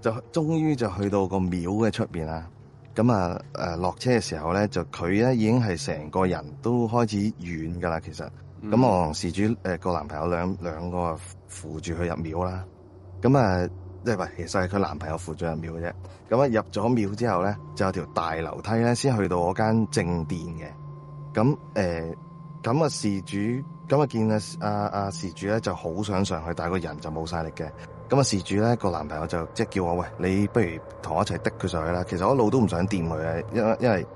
就終於就去到個廟嘅出面啦，咁啊誒落、啊、車嘅時候咧，就佢咧已經係成個人都開始軟㗎啦。其實，咁、嗯、啊事主誒、呃、個男朋友兩兩、兩個扶住佢入廟啦，咁啊即係話其實係佢男朋友扶住入廟嘅啫。咁啊入咗廟之後咧，就有條大樓梯咧，先去到嗰間正殿嘅。咁誒咁啊事主咁啊見啊啊啊事主咧就好想上去，但係個人就冇晒力嘅。咁啊！事主咧個男朋友就即係叫我喂，你不如同我一齊滴佢上去啦。其實我一路都唔想掂佢啊，因為因為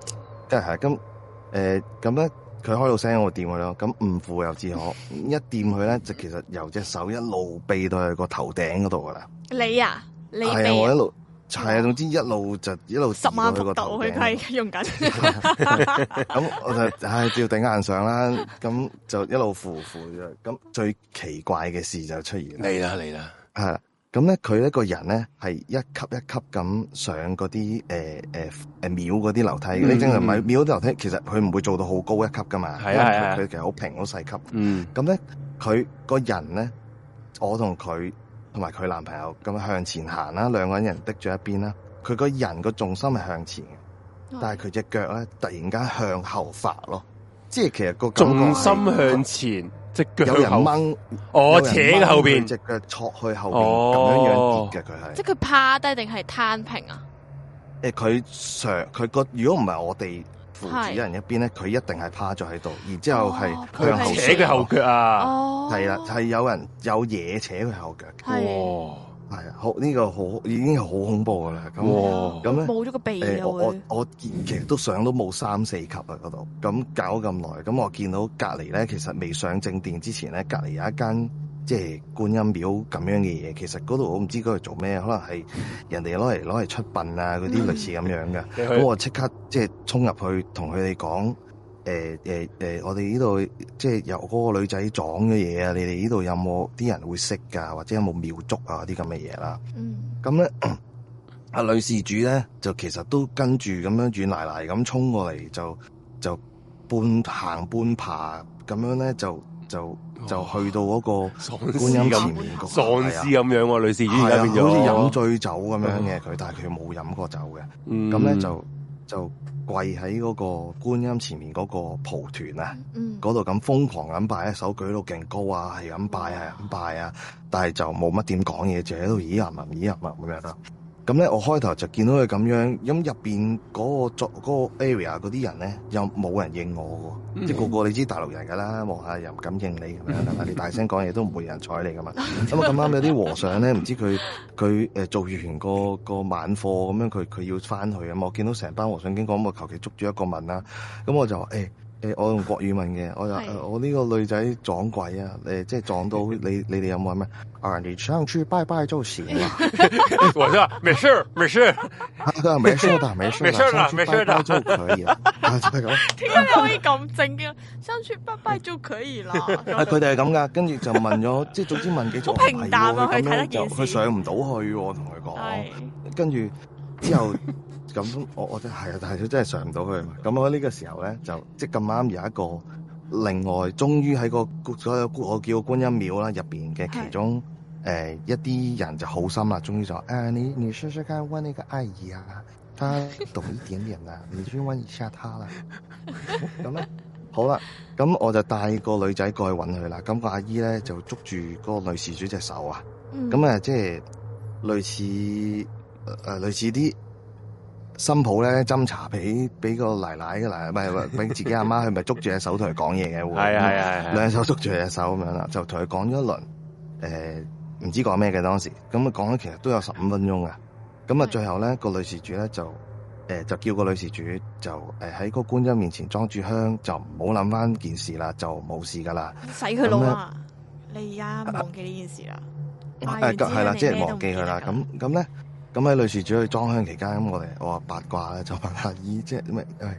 都係咁誒咁咧，佢、嗯嗯呃嗯嗯、開到聲我掂佢咯。咁唔扶又自可 [LAUGHS] 一掂佢咧，就其實由隻手一路避到去個頭頂嗰度噶啦。你啊，你係啊、哎，我一路係啊， [LAUGHS] 總之一路就一路到頭十佢去睇用緊。咁、 [LAUGHS] [LAUGHS] 嗯、我就係照頂硬上啦。咁、嗯、就一路扶扶咁，最奇怪嘅事就出現嚟啦，嚟啦！係咁咧，佢一個人咧係一級一級咁上嗰啲誒誒誒廟嗰啲樓梯。你正常廟啲樓梯其實佢唔會做到好高一級噶嘛。係啊，佢其實好平好細級。嗯。咁咧，佢個人咧，我同佢同埋佢男朋友咁向前行啦，兩個人人逼咗一邊啦。佢個人個重心係向前嘅，mm-hmm. 但係佢隻腳咧突然間向後滑咯。即係其實個重心向前。即腳有人掹，我、哦、扯後邊，隻腳戳去後邊咁、哦、樣樣跌嘅佢係，即佢趴低定係攤平啊？誒、欸，佢佢個如果唔係我哋扶住一人一邊咧，佢一定係趴咗喺度，然之後係、哦、向後扯佢後腳啊？哦，係啦，係有人有嘢扯佢後腳，係、這個、啊，好呢個好已經係好恐怖㗎啦。咁冇咗個鼻啊！我我見其實都上到冇三四級啊嗰度。咁搞咁耐，咁我見到隔離咧，其實未上正殿之前咧，隔離有一間即係觀音廟咁樣嘅嘢。其實嗰度我唔知嗰度做咩，可能係人哋攞嚟攞嚟出殯啊嗰啲類似咁樣嘅。咁、嗯、我即刻即係衝入去同佢哋講。誒誒誒，我哋呢度即係由嗰個女仔撞嘅嘢啊！你哋呢度有冇啲人會識㗎，或者有冇廟祝啊啲咁嘅嘢啦？咁咧，阿女事主咧，就其實都跟住咁樣軟賴賴咁衝過嚟，就就半行半爬咁樣咧，就呢就就，就，就去到嗰個觀音前面，喪屍咁樣啊！女事主、哎、好似飲醉酒咁樣嘅佢、嗯，但係佢冇飲過酒嘅，咁、嗯、咧就。就跪喺嗰個觀音前面嗰個蒲團啊，嗰度咁瘋狂咁拜、啊，手舉到勁高啊，係咁拜啊，係咁拜啊，但係就冇乜點講嘢，就喺度咦啊唔啊咦啊啊咁樣啦。咁、嗯、咧，我開頭就見到佢咁樣，咁入面嗰、嗰個作嗰、嗰個 area 嗰啲人咧，又冇人應我，即個個你知大陸人噶啦，望下又唔敢應你咁樣啦，mm-hmm. 你大聲講嘢都唔會有人睬你噶嘛。咁啊咁啱有啲和尚咧，唔知佢佢誒做完個個晚課咁樣，佢佢要翻去啊。我見到成班和尚經過，咁我求其捉住一個問啦，咁、嗯、我就話誒。欸欸、我用國語問嘅，我就、呃、我呢個女仔撞鬼啊！誒，即係撞到你，你哋有冇咩 [LAUGHS] 我說？ [LAUGHS] 啊人哋相處拜拜做事嘛，我就沒事，沒事，沒事啦，沒事啦，沒事啦， [LAUGHS] 拜拜就可以啦。點解、啊就係咁、你可以咁正嘅相處拜拜就可以啦，佢哋係咁噶，跟 [LAUGHS] 住、啊、就問咗，即係總之問幾好平淡啊、哦，佢睇佢上唔到去喎，我同佢講。跟住之後。咁 [LAUGHS] 我我真係啊，但係佢真係上唔到去。咁我呢個時候咧，就即咁啱有一個另外，終於喺個所有我叫觀音廟啦入邊嘅其中誒、呃、一啲人就好心啦，終於就誒、呃、你你試試看搵呢個阿姨啊，佢懂一點啲嘢啊， [LAUGHS] 你先搵一下佢啦、啊。咁 [LAUGHS] 啊好啦，咁我就帶個女仔過去搵佢啦。咁、嗰個阿姨咧就捉住嗰個女事主隻手啊，咁啊即係類似誒、呃、類似啲。新抱咧斟茶俾俾個奶奶嘅奶奶，唔係俾自己阿媽，佢咪捉住隻手同佢講嘢嘅，係啊係啊，兩手捉住隻手咁樣啦，就同佢講咗一輪，誒、呃、唔知講咩嘅當時，咁啊講咗其實都有十五分鐘㗎。咁啊最後咧個女事主咧就誒、呃、就叫個女事主就誒喺個觀音面前裝住香，就唔好諗翻件事啦，就冇事噶啦，使佢老啊，你而家忘記呢件事啦，係係啦，即係忘記佢啦，咁咁咧。咁喺女事主去裝香期間，咁我哋，我話八卦咧，就問阿姨，即係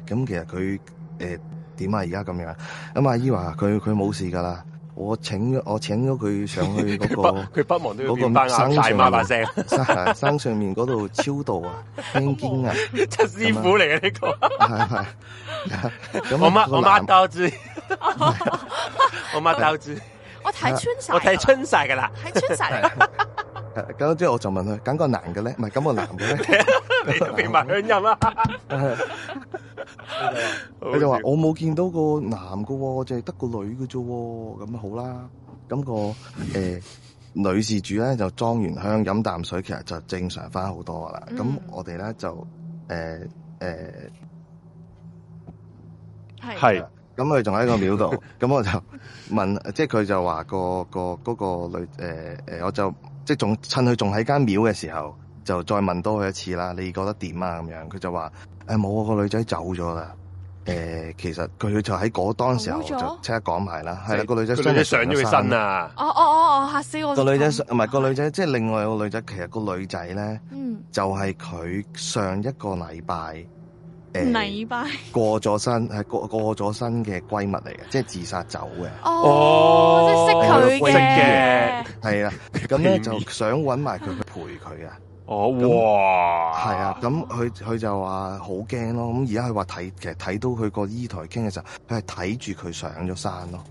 咁，其實佢誒點啊？而家咁樣，咁阿姨話佢佢冇事噶啦。我請我請咗佢上去嗰、嗰個，佢 [LAUGHS] 不忘都要變翻啞曬媽把聲、嗰個。山山上面嗰度超度啊，天經啊，七師傅嚟嘅呢個。咁我抹我抹刀子，我抹刀子。我睇穿曬，我睇、 [LAUGHS] 嗯、穿曬噶啦，睇穿曬。 [LAUGHS] 嗯 [LAUGHS] 咁之後我就問佢：咁個男嘅咧，唔係咁個男嘅咧， [LAUGHS] 呢 [LAUGHS] 你平麥香飲啦 [LAUGHS] [LAUGHS] 。佢就話：我冇見到個男嘅、那個呃， [LAUGHS] 淨係得個女嘅啫。咁好啦，咁個誒女事主咧就裝完香飲啖水，其實就正常翻好多啦。咁、嗯、我哋咧就誒誒係係。咁佢仲喺個廟度，咁 [LAUGHS] 我就問，即係佢就話個個嗰個,個女誒、呃、我就。即係仲趁佢仲喺間廟嘅時候，就再問多佢一次啦。你覺得點啊？咁樣佢就話：誒、哎，冇啊，個女仔走咗啦。誒、欸，其實佢就喺嗰當時候就即刻講埋啦。係啊，個女仔上咗去身，身啊。哦哦哦哦，吓死我！個女仔上唔係個女仔，即係另外有個女仔。其實個女仔咧，嗯，就係、是、佢上一個禮拜。唔、欸、巴，過過咗身係過過咗身嘅閨蜜嚟嘅，即係自殺走嘅、哦。哦，即係識佢嘅，係啦。咁咧就想搵埋佢去陪佢啊。 [LAUGHS] 哦、嗯，哇，係啊。咁佢佢就話好驚咯。咁而家佢話睇其實睇到佢個依台傾嘅時候，佢係睇住佢上咗山咯。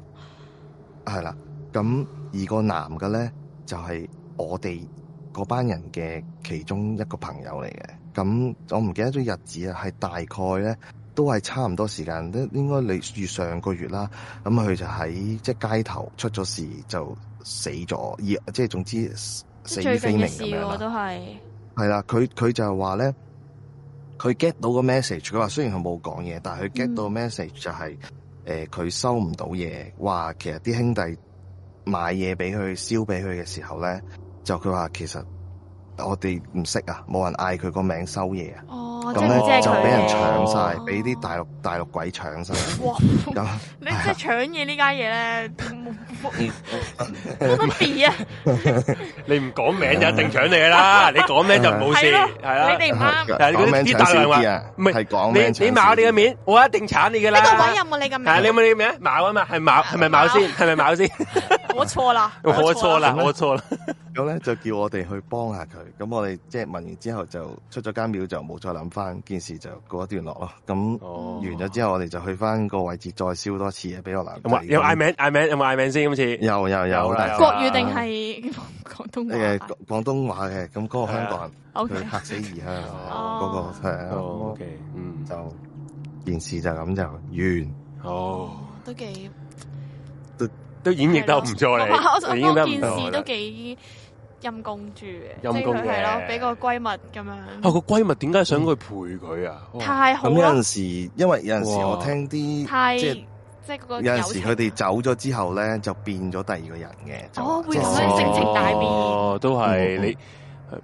係啦。咁而個男嘅咧就係、是、我哋嗰班人嘅其中一個朋友嚟嘅。咁我唔記得咗日子啊，係大概咧都係差唔多時間，都應該嚟月上個月啦。咁佢就喺即係街頭出咗事就死咗，而即係總之死於非命咁樣，我都係係啦，佢佢就係話咧，佢 get 到個 message，佢話雖然佢冇講嘢，但係佢 get 到個 message 就係、誒、佢、嗯呃、收唔到嘢，話其實啲兄弟買嘢俾佢燒俾佢嘅時候咧，就佢話其實。我哋唔識啊，冇人嗌佢個名收嘢啊。Oh. 咁咧就俾人搶晒，俾啲大陸大陸鬼搶晒。哇！咁你即係搶嘢呢家嘢咧？冇冇冇咁別啊！你唔講名就一定搶你噶啦！你講名就冇事。係啦，你哋唔啱。係嗰啲啲大量話，唔係講名。你冇你嘅面，我一定搶你噶啦。呢個位有冇你嘅名？係你有冇你嘅名？冇啊嘛，係冇係咪冇先？係咪冇先？我錯啦！我錯啦！我錯啦！咁咧就叫我哋去幫下佢。咁我哋即係問完之後，就出咗間廟，就冇再諗翻。件事就告一段落咯，咁完咗之後我哋就去返個位置再燒多次嘢俾我難、哦。有嗌名嗌名，有冇嗌名先？今次有有有。國語定係廣東話？誒， [LAUGHS] 廣東話嘅，咁嗰個香港人，佢客死異鄉嗰個係。哦、o、okay、K，嗯，就件事就咁就完。哦，都幾都都演繹得唔錯嚟。錯錯件事都幾。陰公住嘅，即係佢係咯，俾個閨蜜咁樣。啊，個閨蜜點解想佢陪佢啊？太好啦！哦、有陣時，因為有陣時我聽啲即係即係嗰個有陣時佢哋走咗之後咧，就變咗第二個人嘅。哦，就是、會性情大變。哦，都係、嗯、你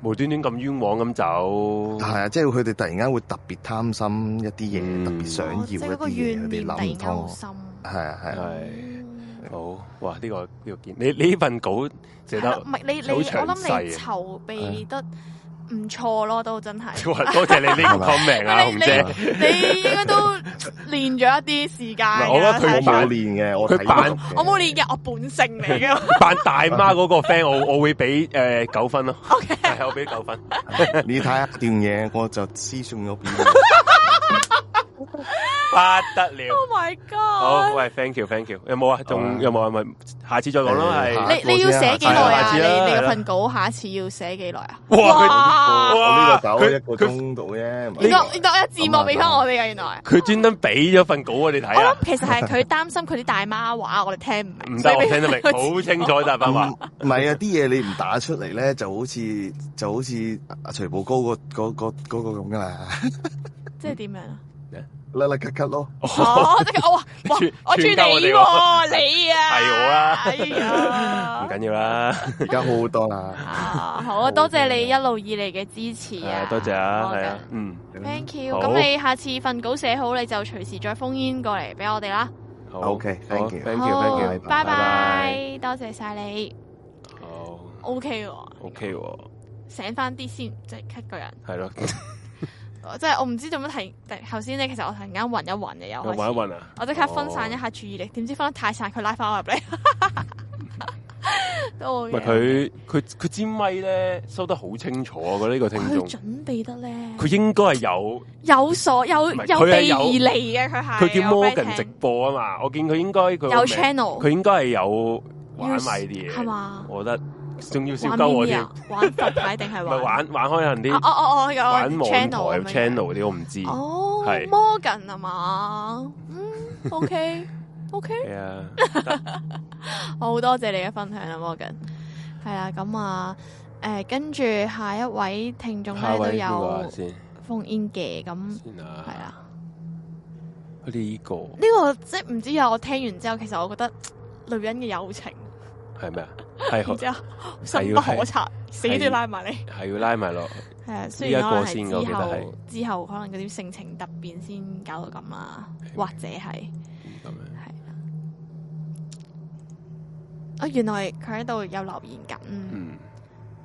無端端咁冤枉咁走，係啊，即係佢哋突然間會特別貪心一啲嘢、嗯，特別想要一啲嘢，啲諗多。係啊，係啊，係。好、哦，哇！呢、這個呢、這個見，你你呢份稿寫得唔係、啊、你你我諗你籌備得唔錯咯、啊，都真係。多謝你呢個命啊，紅姐你你是是，你應該都練咗一啲時間。我覺得佢冇練嘅，我睇。我冇練嘅，我本性嚟嘅。扮 [LAUGHS] 大媽嗰個 friend，我我會俾誒九分咯。OK，我俾九分。你睇下段嘢，我就私信咗俾 [LAUGHS] 不得了！Oh my God！好，喂，Thank you，Thank you，有冇啊？仲有冇啊？咪、oh yeah. 下次再講咯。係、哎、你你要寫幾耐啊？你你，你份稿下次要寫幾耐啊？哇！呢、這個手一個鐘到啫。你呢一字幕俾翻我哋啊，原來。佢專登俾咗份稿啊，你睇。我諗其實係佢擔心佢啲大媽話 [LAUGHS] 我哋聽唔明。唔使我聽得明，好 [LAUGHS] 清楚。大媽話唔係啊，啲嘢，你唔打出嚟咧，就好似就好似阿徐步高個嗰個嗰咁噶啦。即係點樣？啦啦咳咳咯，哇！哇呃呃、我住你喎，你 [LAUGHS] 係我啊，唔緊要啦，而家好好多喇 [LAUGHS] 好多謝你一路以嚟嘅支持啊、啊啊、多謝啊好，嗯，thank you。咁你下次份稿寫好，你就隨時再封煙過嚟畀我哋啦。好 OK，thank you，thank you，thank you，拜拜。多謝晒你哦。OK，醒返啲先，即係 cut 個人，係咯。即係我唔知做乜提，第頭先咧，其實我突然間暈一暈嘅又，我暈一暈啊！我即刻分散一下注意力，點、哦、知分得太散，佢拉翻我入嚟。唔係佢佢佢支咪咧收得好清楚，佢、這、呢個聽眾準備得咧，佢應該係有有所有有備而嚟嘅，佢係佢叫 Morgan 直播啊嘛，我見佢應該有 channel，佢應該係有玩埋呢啲嘢，係嘛，我覺得。仲要小的玩笑兜我添，玩佛牌定係玩玩開人啲、 [LAUGHS] 啊啊啊啊啊，玩網台 channel 啲，channel, 我唔知。哦是，Morgan 啊嘛，嗯，OK，OK。啊、okay, okay? [LAUGHS] Yeah, 行，我 [LAUGHS] 好、哦、多謝你嘅分享、Morgan、 [LAUGHS] 啊。m o r g a n 係啊，咁啊，跟住下一位聽眾咧都有的。奉 i n k 咁，係啊，呢、這個呢、這個即唔知啊！我聽完之後，其實我覺得女人嘅友情。係 [LAUGHS] 咩？啊？然之後生不可察，死都要拉埋你。係要拉埋囉。係啊，雖然係之後之後可能嗰啲性情突變先搞到咁啊，或者係係啊。啊、哦，原來佢喺度有留言噶，嗯嗯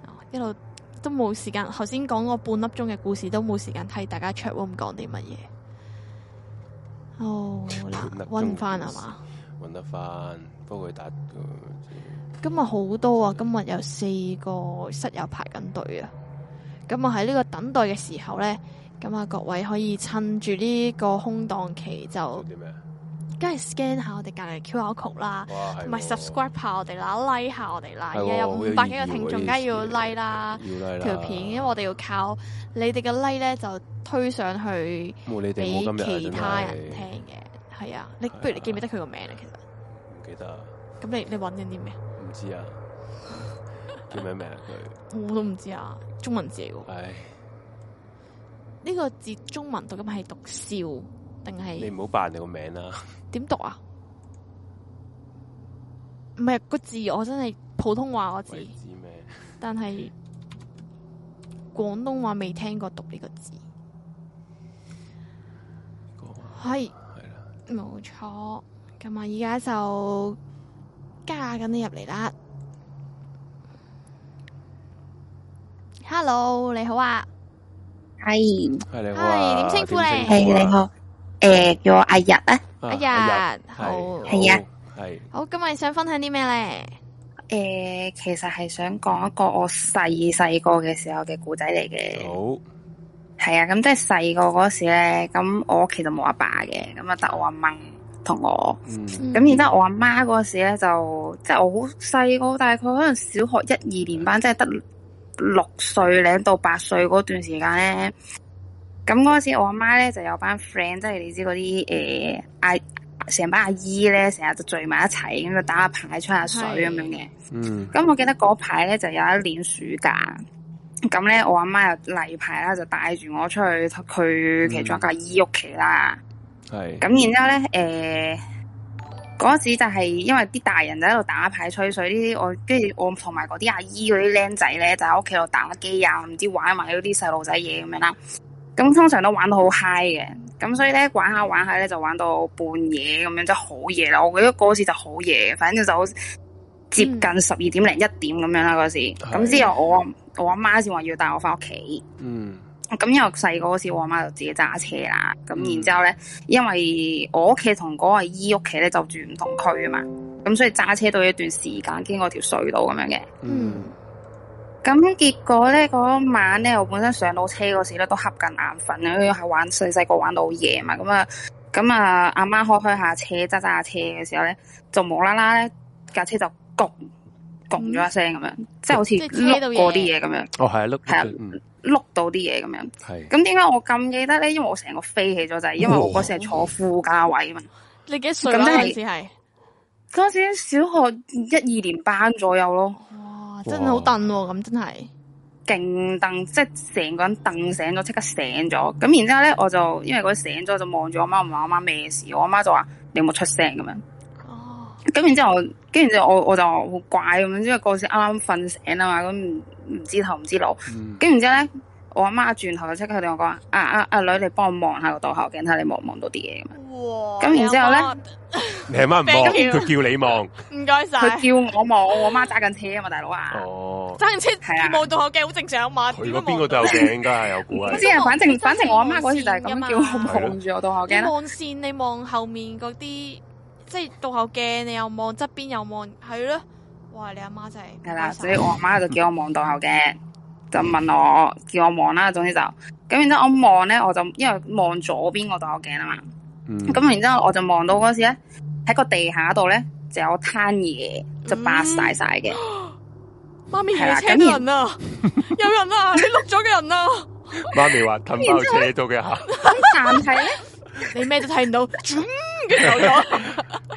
哦。一路都冇時間。頭先講個半粒鐘嘅故事，都冇時間睇大家 check room 講啲乜嘢。哦，難搵唔翻係嘛？搵得翻，幫佢打今日好多啊！今日有四個室友排緊隊啊。咁啊，喺呢個等待嘅時候咧，咁啊，各位可以趁住呢個空檔期就，梗係 scan 下我哋隔籬 Q R code 啦，同埋 subscribe 下我哋啦、哦、，like 下我哋啦。哦、而家有五百幾個聽眾，梗係要,要 like 啦，條片，因為我哋要靠你哋嘅 like 咧，就推上去俾其他人聽嘅。係啊,啊，你不如你記唔記得佢個名啊？其實唔記得。咁你你揾緊啲咩？知啊，叫咩名佢、啊？ [LAUGHS] 我都唔知啊，中文字嚟嘅。呢、哎這個字中文讀咁係笑定係？你唔好扮你個名啦、啊。點讀啊？唔係、哎、個字，我真係普通話我知，但係廣東話未聽過讀呢個字。係係啦，冇錯。咁啊，而家就。加緊你入嚟啦！Hello，你好啊，係係你，啊啊 hey, 你好，係點稱呼咧？係你好，誒，叫我阿日啊，阿、ah, ah, 日好係啊，係好，好，今日想分享啲咩咧？誒、呃，其實係想講一個我細細個嘅時候嘅故仔嚟嘅，好係啊，咁即係細個嗰時咧，咁我屋企就冇阿爸嘅，咁啊得我阿媽。同我，咁、嗯、然之後我阿媽嗰時咧就，即係我好細個，大概可能小學一二年班，即係得六歲兩到八歲嗰段時間咧，咁嗰時我阿媽咧就有班 friend，即係你知嗰啲誒阿成班阿姨咧，成日就聚埋一齊咁就打下牌出，吹下水咁樣嘅。咁、嗯、我記得嗰排咧就有一年暑假，咁咧我阿媽又例牌啦，就帶住我出去佢其中一個阿姨屋企啦。嗯咁然之後咧，誒、呃，嗰時就係因為啲大人就喺度打牌吹水呢啲，我跟住我同埋嗰啲阿姨嗰啲僆仔咧，就喺屋企度打機啊，唔知玩埋啲細路仔嘢咁樣啦。咁通常都玩到好 high 嘅，咁所以咧玩下玩下咧就玩到半夜咁樣，真係好夜啦。我覺得嗰時就好夜，反正就好接近十二點零一點咁樣啦嗰時。咁之後我我阿媽先話要帶我翻屋企。嗯。咁因為細個嗰時我阿媽就自己揸車啦，咁然之後咧，因為我屋企同嗰個姨屋企咧就住唔同區啊嘛，咁所以揸車都有一段時間經過條隧道咁樣嘅。嗯。咁結果咧嗰、那個、晚咧，我本身上到車嗰時咧都瞌緊眼瞓啊，因為係玩細細個玩到好夜啊嘛，咁啊咁啊阿媽開開下車揸揸下車嘅時候咧，就無啦啦咧架車就拱拱咗一聲咁樣，嗯、即係好似碌過啲嘢咁樣。嗯、哦係啊碌。係啊。碌到啲嘢咁樣，咁點解我咁記得咧？因為我成個飛起咗，就係、是、因為我嗰時係坐副駕位啊嘛。你幾歲嗰、啊、陣時係？嗰陣時小學一二年班左右咯。哇！真係好掟喎，咁真係勁掟，即係成個人掟醒咗，即刻醒咗。咁然之後咧，我就因為嗰時醒咗，就望住我媽，問我，我媽咩事。我媽就話：你有冇出聲咁樣。咁然之後，跟住我我就好怪咁樣，因為嗰時啱啱瞓醒啊嘛，咁唔知頭唔知腦。跟住之後咧，我阿媽轉頭就即刻佢對我講話，啊啊阿女，你幫我望下個倒後鏡睇下你望唔望到啲嘢。哇！咁然之後咧，你阿媽唔望，佢叫你望。唔該晒。佢叫我望，我媽揸緊車啊嘛，大佬啊。哦。揸緊車係啊，望倒後鏡好正常嘛。如果邊個都有鏡應該係有故。唔 [LAUGHS] 知啊，反正 [LAUGHS] 反正我阿媽嗰時就係咁叫我望住我倒後鏡。你望線，你望後面嗰啲。即係倒後鏡，你又望側邊又望。係咯，哇！你阿媽真係係啦，所以我阿媽就叫我望倒後鏡，就問我叫我望啦，總之就咁。然之後我望咧，我就因為望左邊個倒後鏡啊嘛，咁、嗯、然之後我就望到嗰時咧喺個地下度咧就有攤嘢，就白晒晒嘅。媽咪，有人啊！ [LAUGHS] 有人啊！你碌咗嘅人啊！ [LAUGHS] 媽咪話氹爆車到嘅吓，難睇。那 [LAUGHS] 你咩都睇唔到，轉嘅走咗，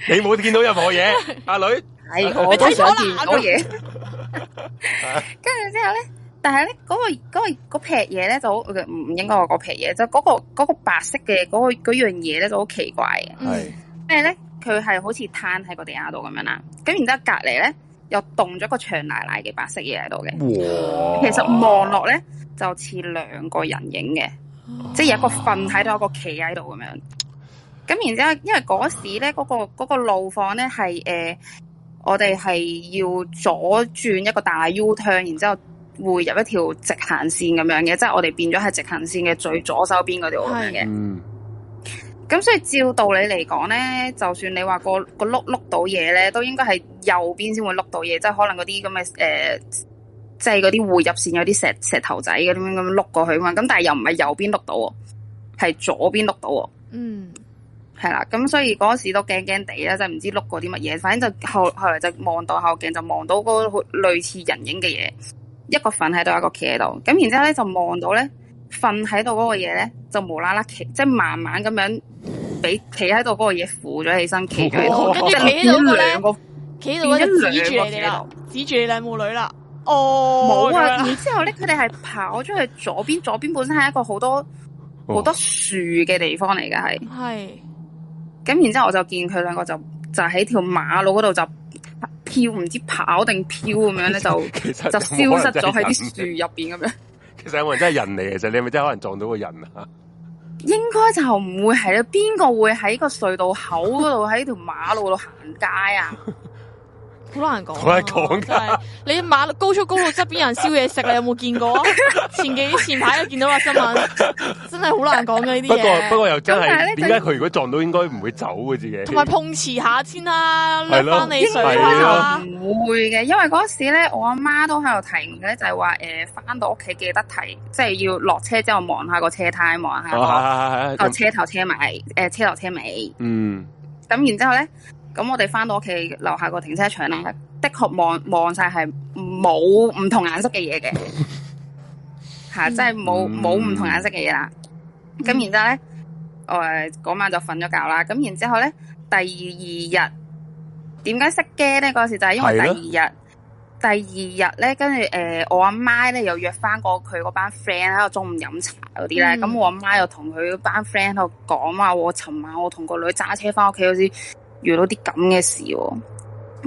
你冇見到任何嘢，阿、 [LAUGHS] 啊、女係我都想見多嘢。跟住之後咧，但係咧嗰個嗰、嗰個嗰皮嘢咧就好唔應該話嗰皮嘢，就嗰個嗰、就係嗰個嗰個白色嘅嗰嗰樣嘢咧就好奇怪嘅。係咩咧？佢係好似攤喺個地下度咁樣啦。咁然之後隔籬咧又凍咗個長奶奶嘅白色嘢喺度嘅。哇！其實望落咧就似兩個人影嘅。即係有一個瞓喺度，有個企喺度咁樣。咁然之後，因為嗰時咧，嗰、嗰個、嗰個路況咧係誒，我哋係要左轉一個大 U turn，然之後匯入一條直行線咁樣嘅，即係我哋變咗係直行線嘅最左手邊嗰條路嘅。咁所以照道理嚟講咧，就算你話、嗰個個碌碌到嘢咧，都應該係右邊先會碌到嘢，即係可能嗰啲咁嘅誒。呃即係嗰啲匯入線有啲石石頭仔咁樣咁碌過去嘛，咁但係又唔係右邊碌到，係左邊碌到。嗯，係啦，咁所以嗰時都驚驚地啦，即係唔知碌過啲乜嘢，反正就後後來就望到後鏡就望到個類似人影嘅嘢，一個瞓喺度，一個企喺度。咁然之後咧就望到咧瞓喺度嗰個嘢咧就無啦啦企，即係慢慢咁樣俾企喺度嗰個嘢扶咗起身，企咗跟住企喺度嗰咧，企喺度指住你哋啦，指住你兩母女啦。哦，冇啊！然之後咧，佢哋係跑咗去左邊，左邊本身係一個好多好、oh. 多樹嘅地方嚟嘅，係、oh.。係。咁然之後，我就見佢兩個就就喺條馬路嗰度就飄，唔知道跑定飄咁樣咧，就 [LAUGHS] 其實其實就消失咗喺啲樹入邊咁樣。其實有冇人真係人嚟？嘅。其實 [LAUGHS] 你係咪真係可能撞到個人啊？應該就唔會係啦，邊個會喺個隧道口嗰度喺條馬路度行街啊？ [LAUGHS] 好難講，你馬高速公路側邊有人燒嘢食 [LAUGHS] 你有冇見過？ [LAUGHS] 前幾前排都見到啦，新聞真係好難講嘅呢啲。不過不過又真係點解佢如果撞到應該唔會走嘅？自己同埋碰瓷下先啦，你水。唔驚啊？唔會嘅，因為嗰時咧，我阿媽都喺度停嘅，就係話誒，翻、呃、到屋企記得睇，即、就、係、是、要落車之後望下個車胎，望下個車頭車尾，誒、呃、車頭車尾。嗯，咁然之後咧。咁我哋翻到屋企樓下個停車場啦，嗯，的確望望晒，係冇唔同顏色嘅嘢嘅。吓，嗯，真係冇冇唔同顏色嘅嘢啦。咁，嗯、然之後咧，誒嗰晚就瞓咗覺啦。咁然之後咧，第二日點解識驚咧？嗰時就係因為第二日，第二日咧，跟住誒我阿媽咧又約翻過佢嗰班 friend 喺度中午飲茶嗰啲啦。咁我阿媽又同佢班 friend 喺度講話，我尋、嗯、晚我同個女揸車翻屋企嗰時。遇到啲咁嘅事，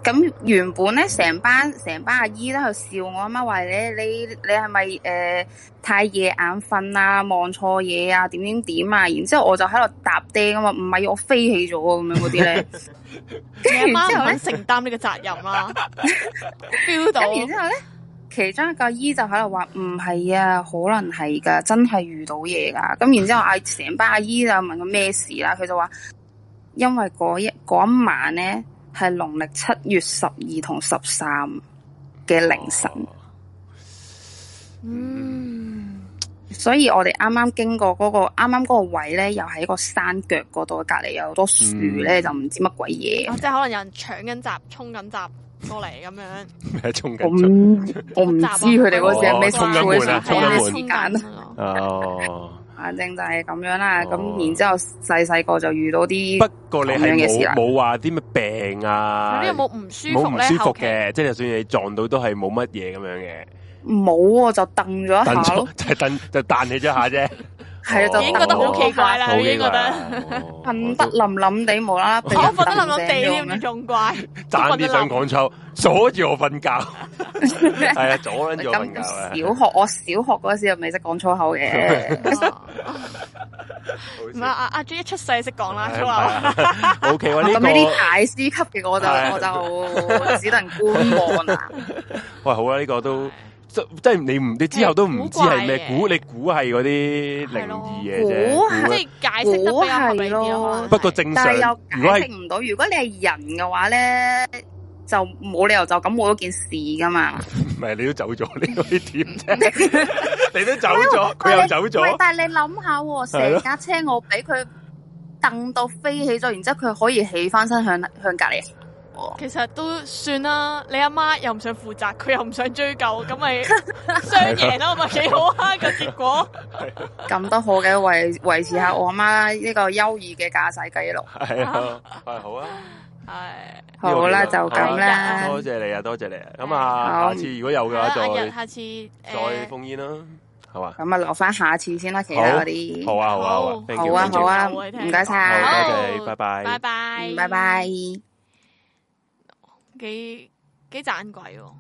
咁原本咧，成班成班阿姨都喺度笑我阿媽話咧，你你係咪誒太夜眼瞓啊，望錯嘢啊，點點點啊，然之後我就喺度搭釘咁話唔係，我飛起咗啊，咁樣嗰啲咧，阿 [LAUGHS] 媽唔肯承擔呢個責任啦、啊。跟 [LAUGHS] 住然之後咧，其中一個阿姨就喺度話唔係啊，可能係噶，真係遇到嘢噶。咁然之後，阿成班阿姨就問佢咩事啦，佢就話。因為嗰一嗰一晚咧，係農曆七月十二同十三嘅凌晨、哦。嗯，所以我哋啱啱經過嗰、嗰個啱啱個位咧，又喺個山腳嗰度，隔籬有好多樹咧，就唔知乜鬼嘢。即係可能有人搶緊閘，衝緊閘過嚟咁樣。咩衝緊？我唔，我唔知佢哋嗰時係咩衝緊。哦。 [LAUGHS] 反正就係、是、咁樣啦，咁、哦、然之後細細個就遇到啲咁樣嘅事。不過你係冇冇話啲咩病啊？冇冇唔舒服咧？冇唔舒服嘅，即係就算你撞到都係冇乜嘢咁樣嘅。冇，就蹬咗一下了，就蹬、是、就彈起咗下啫。 [LAUGHS] 係啊，已經覺得好奇怪啦，已經覺得瞓得冧冧地無啦，我瞓得冧冧地添仲怪，爭啲想講粗口，阻住我瞓覺，係啊，阻跟小學我小學嗰時又未識講粗口嘅，唔係阿阿 J 一出世識講啦，粗口。O K 咁呢啲大師級嘅我就我就只能觀望啦。喂，好啦，呢個都。即係，你唔，你之後都唔知係咩、嗯、估，你估係嗰啲靈異嘢啫。估，你解釋得比較合理咯。不過正常，又解釋唔到，如果你係人嘅話咧，就冇理由就咁冇咗件事噶嘛。唔 [LAUGHS] 係，你都走咗，你點啫？ [LAUGHS] [LAUGHS] 你都走咗，佢又走咗。但係你諗下，成架車我俾佢蹬到飛起咗，然之後佢可以起翻身向，向隔籬。其實都算啦，你阿媽又唔想負責，佢又唔想追究，咁咪雙贏咯，咪 [LAUGHS] 幾好啊，個結果。咁 [LAUGHS] 都 [LAUGHS] 好嘅，維維持下我阿媽呢個優異嘅駕駛記錄。係好，係 [LAUGHS] 好啊，係好啦，就咁啦。多謝你啊，多謝你啊，咁啊，下次如果有嘅話再，下次再封煙啦，係嘛。咁啊，留翻下次先啦，其他嗰啲。好啊，好啊，好啊，好啊，唔該晒，拜拜，拜拜，拜拜，拜拜。幾幾盞鬼喎，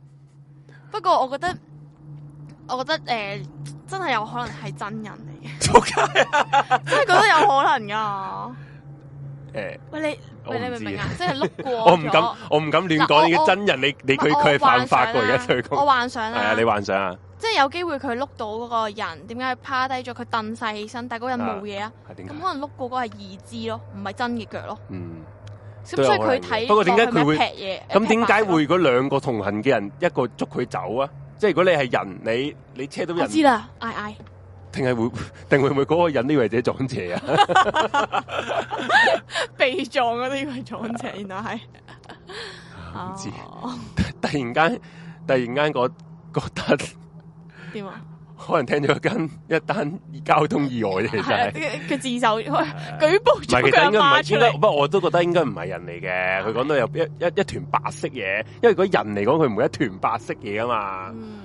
不過我覺得，我覺得誒、呃，真係有可能係真人嚟嘅。 [LAUGHS] [LAUGHS] 真係覺得有可能噶。誒、欸，喂你，明唔明啊？即係碌過，我唔 [LAUGHS] 敢，我唔敢亂講呢啲真人。你你佢佢係犯法噶，而家我幻想啊。係啊，你幻想啊，即係有機會佢碌到嗰個人，點解佢趴低咗？佢凳晒起身，但係嗰人冇嘢啊，咁可能碌過嗰係義肢咯，唔係真嘅腳咯，嗯。咁所以佢睇，不過點解佢會劈嘢？咁點解會嗰兩個同行嘅人，一個捉佢走啊？即係如果你係人，你你車到人，啊、知啦，I I，定係會定會唔會嗰個人呢位者撞邪啊？ [LAUGHS] [LAUGHS] 被撞嗰啲位撞邪，原來係唔知道、啊，突然間突然間覺得點啊！可能聽咗一跟一單交通意外啫， [LAUGHS] 其實佢自首，舉報咗人話出嚟，不，我都覺得應該唔係人嚟嘅。佢 [LAUGHS] 講到有一一一團白色嘢，因為如果人嚟講，佢唔會一團白色嘢啊嘛。嗯，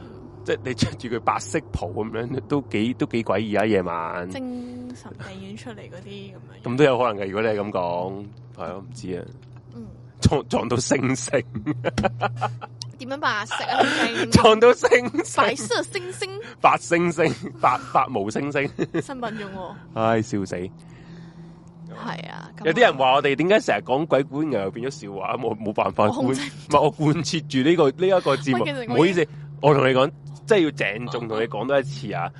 即係你着住佢白色袍咁樣，都幾都幾詭異啊！夜晚精神病院出嚟嗰啲咁樣，咁都有可能嘅。如果你係咁講，係我唔知啊。嗯，撞，撞撞到星星。 [LAUGHS] 點樣白石啊？撞、嗯、 [LAUGHS] 到星星，白色星星，白星星，白白毛星星， [LAUGHS] 新品種。唉，笑死。係、嗯、啊，嗯、有啲人話我哋點解成日講鬼故，又變咗笑話，冇冇辦法貫，我貫徹住呢個呢一、呢個節目。唔好意思，我同你講，真係要鄭重同你講多一次啊！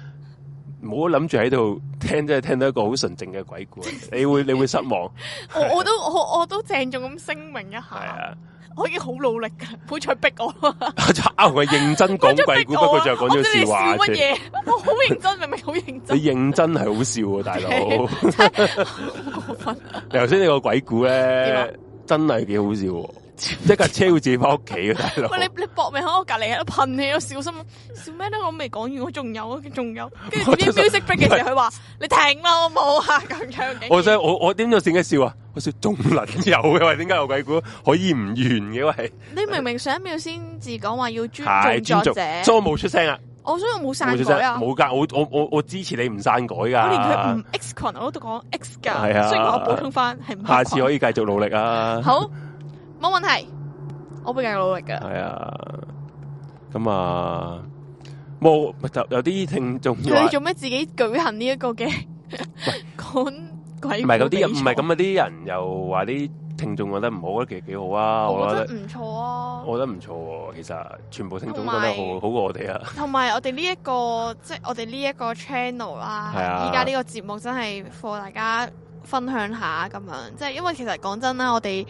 唔好諗住喺度聽，真係聽到一個好純正嘅鬼故， [LAUGHS] 你會你會失望。 [LAUGHS] [LAUGHS] 我我都我我都鄭重咁聲明一下。我已經好努力噶，唔好再逼我。我真係認真講鬼故，不過就講咗笑話乜嘢？我好 [LAUGHS] 認真，明明？好認真。 [LAUGHS] 你認真係好笑嘅，啊，大佬。好過分。你頭先你個鬼故咧，樣真係幾好笑，啊。一架車會自己翻屋企嘅。大佬，喂你你搏命喺我隔籬喺度噴氣，我小心。笑咩咧？我未講完，我仲有，仲有。跟住 music break 嘅時候，佢話你停啦，我冇啊，咁樣。我所以，我點解笑啊？我笑仲能有嘅喂？點解有鬼故可以唔完嘅喂？你明明上一秒先至講話要尊重作者，所以我冇出聲啊。我、哦、所以我冇刪改啊。冇噶，我我我我支持你唔刪改噶、啊。我連佢唔 X con 我都講 X 噶。係啊。所以我補充翻係。下次可以繼續努力啊。好。冇問題，我會繼續努力噶。係啊，咁、嗯、啊，冇、嗯、就、嗯、有啲聽眾佢做咩自己舉行這呢一個嘅講鬼？唔係嗰啲人，唔係咁啲人又話啲聽眾覺得唔好咧，其實幾好啊。我覺得唔錯啊，我覺得唔錯、啊。其實全部聽眾覺得好好過我哋啊。同埋我哋呢一個即係、就是、我哋呢一個 channel 啊，依家呢個節目真係 for 大家分享一下咁樣，即、就、係、是、因為其實講真啦，我哋。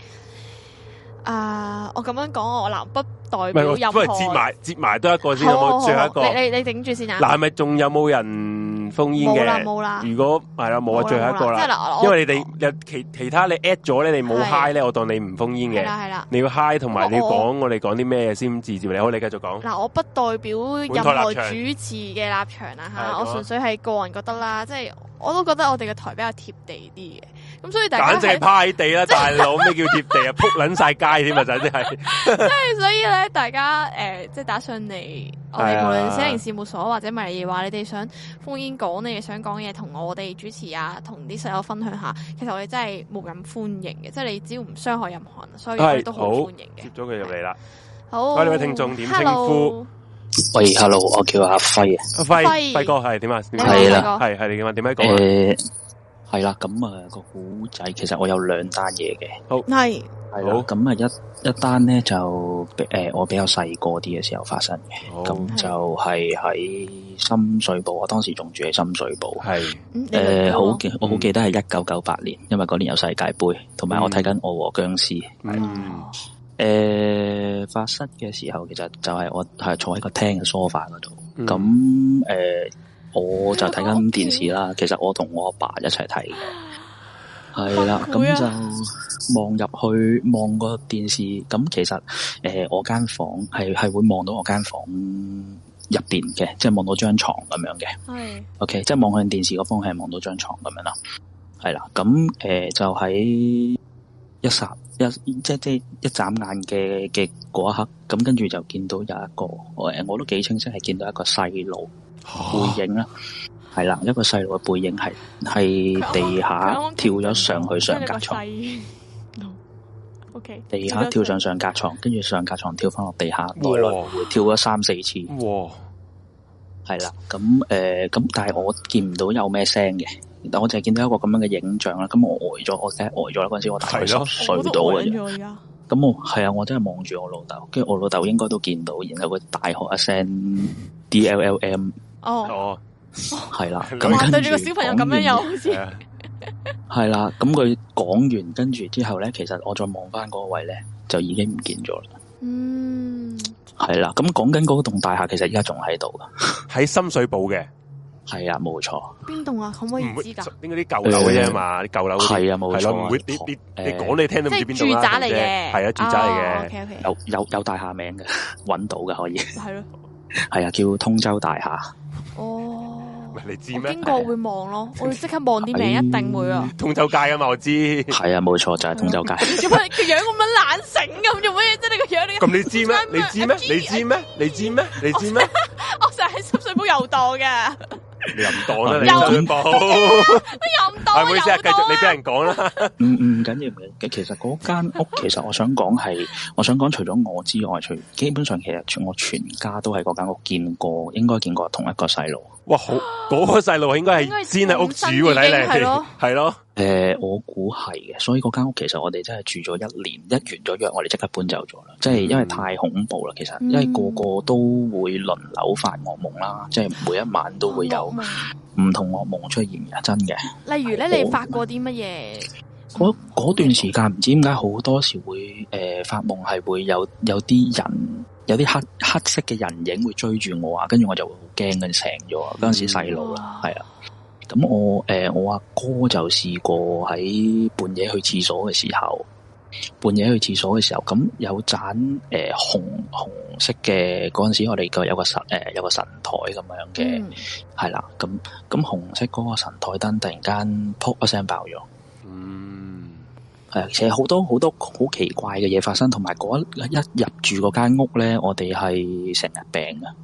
啊、uh,！我咁樣講，我嗱不代表任何，唔係，唔係接埋接埋多一個先，有冇最後一個？你你頂住先嗱，係咪仲有冇人封煙嘅？冇啦冇啦，如果係啦，冇啊，最後一個啦。即係嗱，因為你哋其其他你 at 咗咧，你冇 high 咧，我當你唔封煙嘅。係啦係啦，你要 high 同埋你講我哋講啲咩先字字你好，你繼續講。嗱，我不代表任何主持嘅立場,立場啊！吓、啊，我純粹係個人覺得啦，即、就、係、是、我都覺得我哋嘅台比較貼地啲嘅。咁所以大家係，簡直係趴喺地啦，即係，大佬咩叫貼地呀？ [LAUGHS] 撲撚晒街添呀，就係， [LAUGHS] 所以咧，大家誒、即、呃、係、就是、打上嚟、哎、我哋無論寫完事務所或者咪話你哋想烽煙講，你哋想講嘢，同我哋主持啊，同啲室友分享下。其實我哋真係冇咁歡迎嘅，即係你只要唔傷害任何人，所以都好歡迎嘅。接咗佢入嚟啦，好，呢位聽眾點稱呼？喂，Hello，我叫阿輝，啊、輝輝哥係點啊？係啦，係，係你點啊？點樣講？係啦，咁、那、啊個古仔，其實我有兩單嘢嘅。好係，好咁啊一一單咧就誒、呃、我比較細個啲嘅時候發生嘅，咁就係喺深水埗，我當時仲住喺深水埗。係誒好，我好記得係一九九八年，因為嗰年有世界盃，同埋我睇緊《我和僵屍》。嗯，誒、嗯呃、發生嘅時候，其實就係我係坐喺個廳嘅 sofa 嗰度，咁、嗯、誒。我就睇緊電視啦，其實我同我阿爸，爸一齊睇嘅，係 [LAUGHS] 啦，咁就望入去望個電視，咁其實誒、呃、我間房係係會望到我間房入邊嘅，即係望到張床咁樣嘅。係 [LAUGHS] ，OK，即係望向電視個方向望到張床咁樣啦。係啦，咁誒、呃、就喺一剎一即係即係一眨眼嘅嘅嗰一刻，咁跟住就見到有一個誒，我都幾清晰係見到一個細路。背影啦，係、啊、啦、嗯，一個細路嘅背影係係地下跳咗上去上格床，O、no. K，、okay. 地下跳上上格床，跟住上格床跳翻落地下，來、呃、回跳咗三四次，哇，係啦，咁誒，咁但係我見唔到有咩聲嘅，但我淨係見到一個咁樣嘅影像啦，咁我呆咗，我呆咗啦，嗰陣時我大咯睡到嘅，咁、嗯嗯、我係啊、嗯，我真係望住我老豆，跟住我老豆應該都見到，然後佢大喝一聲 D L L M。哦、oh. 嗯，係啦，咁對住個小朋友噉樣又、嗯、好似，係啦，咁佢講完跟住之後咧，其實我再望翻嗰個位咧就已經唔見咗啦。嗯，係啦，咁講緊嗰棟大廈，其實而家仲喺度噶，喺深水埗嘅，係啊，冇錯。邊棟啊？可唔可以唔知噶？邊嗰啲舊樓啫嘛，啲舊樓係啊，冇錯。唔會，你、嗯、你你講你聽都唔知邊度住宅嚟嘅，係、嗯、啊，住宅嚟嘅、哦 okay, okay，有有有大廈名嘅，搵到嘅可以。係咯，係啊，叫通州大廈。哦，咪你知咩？經過會望咯，啊，我會即刻望啲名，一定會啊！通州街啊嘛，我知，係 [LAUGHS] 啊，冇錯，就係、是、通州街。做乜嘅樣咁樣懶醒咁做乜嘢啫？你個樣你咁你知咩？你知咩？你知咩，啊啊？你知咩？我成日喺深水埗遊蕩嘅。入唔到啦，入唔到啊！入唔到，係唔好意思，繼、啊啊、續你俾人講啦、嗯。唔、嗯、緊要唔緊要，其實嗰間屋，其實我想講係， [LAUGHS] 我想講除咗我之外，除基本上其實我全家都喺嗰間屋見過，應該見過同一個細路。哇，好嗰、嗰個細路應該係先係屋主喎，睇嚟係咯。誒、呃，我估係嘅，所以嗰間屋其實我哋真係住咗一年，一完咗約我哋即刻搬走咗啦，即係因為太恐怖啦，其實因為個個都會輪流發噩夢啦，即係每一晚都會有唔同噩夢出現嘅，真嘅。例如咧，你發過啲乜嘢？我嗰段時間唔知點解好多時會誒、呃、發夢，係會有有啲人有啲黑黑色嘅人影會追住我啊，跟住我就會好驚咁醒咗，嗰陣時細路啦，係啊。咁我誒、呃，我阿哥就試過喺半夜去廁所嘅時候，半夜去廁所嘅時候，咁有盞誒、呃、紅紅色嘅嗰陣時，我哋個有個神誒、呃、有個神台咁樣嘅，係、嗯、啦，咁咁紅色嗰個神台燈，突然間撲一聲爆咗，嗯，係呀，其實好多好多好奇怪嘅嘢發生，同埋嗰一入住嗰間屋咧，我哋係成日病噶。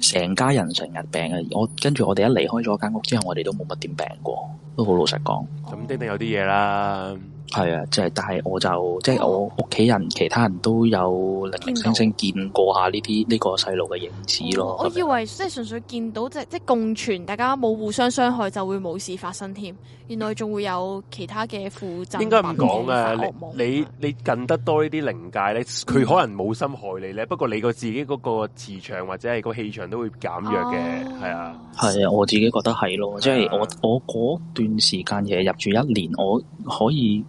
成家人成日病啊！我跟住我哋一離開咗間屋之後，我哋都冇乜點病過，都好老實講。咁爹哋有啲嘢啦。嗯係啊，即係，但係我就、哦、即係我屋企人，其他人都有零零星星見過一下呢啲呢個細路嘅影子咯。嗯、我以為即係純粹見到即係即係共存，大家冇互相傷害就會冇事發生添。原來仲會有其他嘅附贈品品品。應該唔講嘅，你你近得多呢啲靈界咧，佢可能冇心害你咧。不過你個自己嗰個磁場或者係個氣場都會減弱嘅。係、哦、啊，係啊，啊，我自己覺得係咯，即係我是、啊、我嗰段時間嘢入住一年，我可以。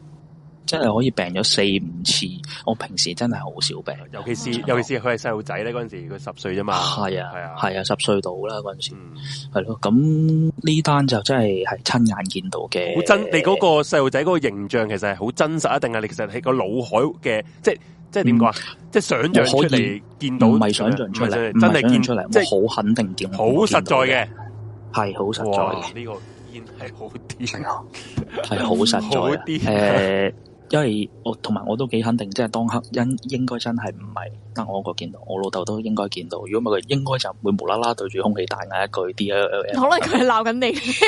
真係可以病咗四五次，我平時真係好少病。尤其是、嗯、尤其是佢係細路仔咧，嗰陣時佢十歲啫嘛。係啊係啊係啊，十歲到啦嗰陣時。係、嗯、咯，咁呢單就真係係親眼見到嘅。好真，你嗰個細路仔嗰個形象其實係好真實，一定係你其實係個腦海嘅，即係即係點講啊？即係、嗯、想象出嚟見到，唔係想象出嚟，真係見出嚟，即係好肯定、就是、見到，實實這個好，啊、好實在嘅，係 [LAUGHS] 好實在點。呢個煙係好啲，係好實在。誒。因為我同埋我都幾肯定，即係當刻應應該真係唔係得我個,個見到，我老豆都應該見到。如果唔係佢應該就會會無啦啦對住空氣大嗌一句 D. L. L. 可能佢係鬧緊你，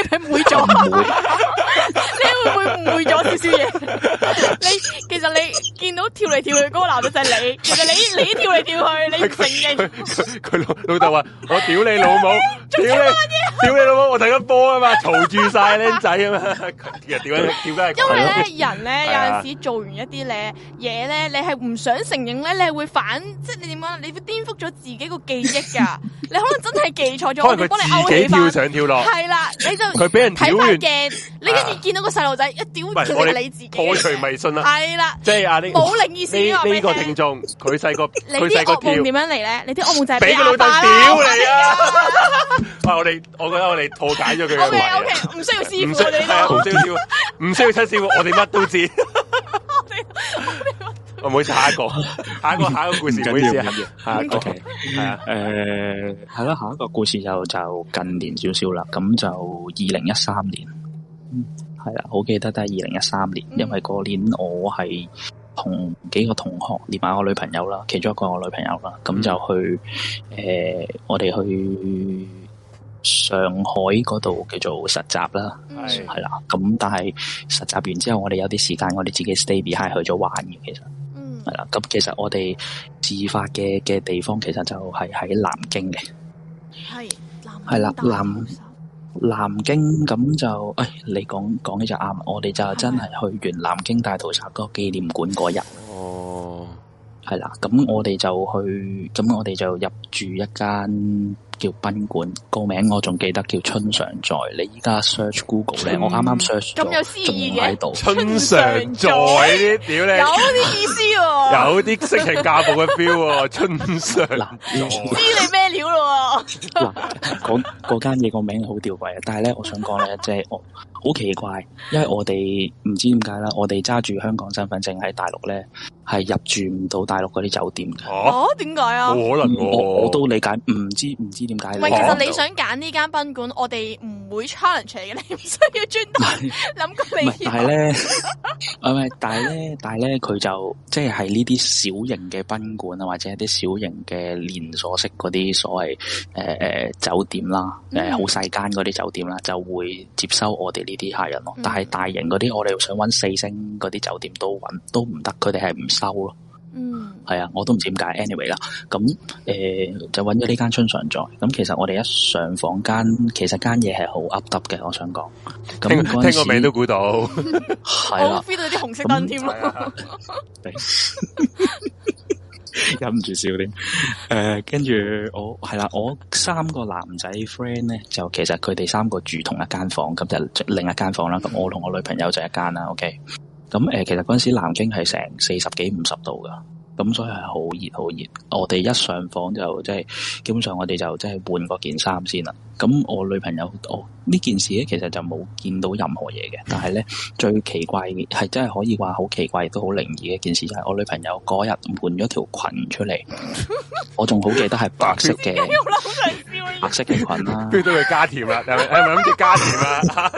你唔會咗。你會唔會誤會咗少少嘢？ [LAUGHS] [LAUGHS] 你其實你見到跳嚟跳去嗰個男嘅就係你，其實你你跳嚟跳去，你承認？佢老老豆話： [LAUGHS] 我屌你老母！仲屌你老母！我睇緊波啊嘛，嘈住晒僆仔啊嘛，人點解點解係？因為咧，人咧有陣時做完一啲咧嘢咧，你係唔想承認咧，你係會反，即係你點講，你會顛覆咗自己個記憶噶。你可能真係記錯咗，我哋幫你勾起跳上跳落。係啦，你就佢俾人睇返鏡，你跟住見到個細路仔一屌完就係你自己破除迷信啦。係啦，即係阿呢個呢個聽眾，佢細個佢細個跳點樣嚟咧？你啲噩夢點樣嚟咧？你啲噩夢就係俾個老豆屌你啊！我哋我。我覺得我哋破解咗佢嘅迷。唔、okay, okay, 需要師傅，唔需要，唔 [LAUGHS] 需要七師， [LAUGHS] 師傅，我哋乜都知道 [LAUGHS] 我們。我唔好意思下一個，下一個下一個故事。唔緊要，唔緊要。係啊，OK，係啊，誒、呃，係啦、啊，下一個故事就就近年少少啦。咁就二零一三年，係、嗯、啦，好、啊、記得都係二零一三年、嗯，因為嗰年我係同幾個同學連埋我女朋友啦、嗯，其中一個我女朋友啦，咁就去誒、嗯呃，我哋去。上海嗰度叫做實習啦，係啦，咁但係實習完之後，我哋有啲時間，我哋自己 stay behind 去咗玩嘅。其實，係、嗯、啦，咁其實我哋自發嘅嘅地方，其實就係喺南京嘅，係，係啦，南南京咁就，誒、哎，你講講呢就啱，我哋就真係去完南京大屠殺個紀念館嗰日，哦，係啦，咁我哋就去，咁我哋就入住一間。叫賓館，個名我仲記得叫春常在，你依家 search Google 咧，我啱啱 search 咗，仲喺度。春常在，屌你、 [LAUGHS] 啊，有啲意思喎，有啲色情架步嘅 feel 喎、啊，春常在。知你咩料咯？嗱，嗰間嘢，個名好吊詭啊！但係咧，我想講咧，即係我好奇怪，因為我哋唔知點解啦，我哋揸住香港身份證喺大陸咧，係入住唔到大陸嗰啲酒店嘅。哦，點解啊？冇可能，我我都理解唔、嗯、知唔知。唔係，其實你想揀呢間賓館，我哋唔會 challenge 嘅，你唔需要專登諗個名。唔係咧，唔係，但係咧， [LAUGHS] 但係咧，佢就即係係呢啲小型嘅賓館啊，或者一啲小型嘅連鎖式嗰啲所謂誒誒酒店啦，誒好細間嗰啲酒店啦，嗯，就會接收我哋呢啲客人咯，嗯。但係大型嗰啲，我哋想搵四星嗰啲酒店都搵都唔得，佢哋係唔收咯。嗯，係啊，我都唔知點解。Anyway 啦，咁、呃、誒就搵咗呢間春常在。咁其實我哋一上房間，其實間嘢係好 up up 嘅。我想講，咁聽，聽個名都估到，係 [LAUGHS] 是啊，feel [LAUGHS] 到啲紅色燈添咯，啊、 [LAUGHS] [LAUGHS] 忍唔住笑啲。誒、uh，跟住我係啦，我三個男仔 friend 咧，就其實佢哋三個住同一間房，咁就另一間房啦。咁我同我女朋友就一間啦。OK。咁誒，其實嗰陣時南京係成四十幾五十度噶。咁所以係好熱好熱，我哋一上房就即係基本上我哋就即係換嗰件衫先啦。咁我女朋友我呢件事咧，其實就冇見到任何嘢嘅，但係咧最奇怪嘅係真係可以話好奇怪亦都好靈異嘅一件事就係、是、我女朋友嗰日換咗條裙出嚟， [LAUGHS] 我仲好記得係白色嘅 [LAUGHS] 白色嘅裙啦、啊。不都去加條啦，係咪諗住加條啦？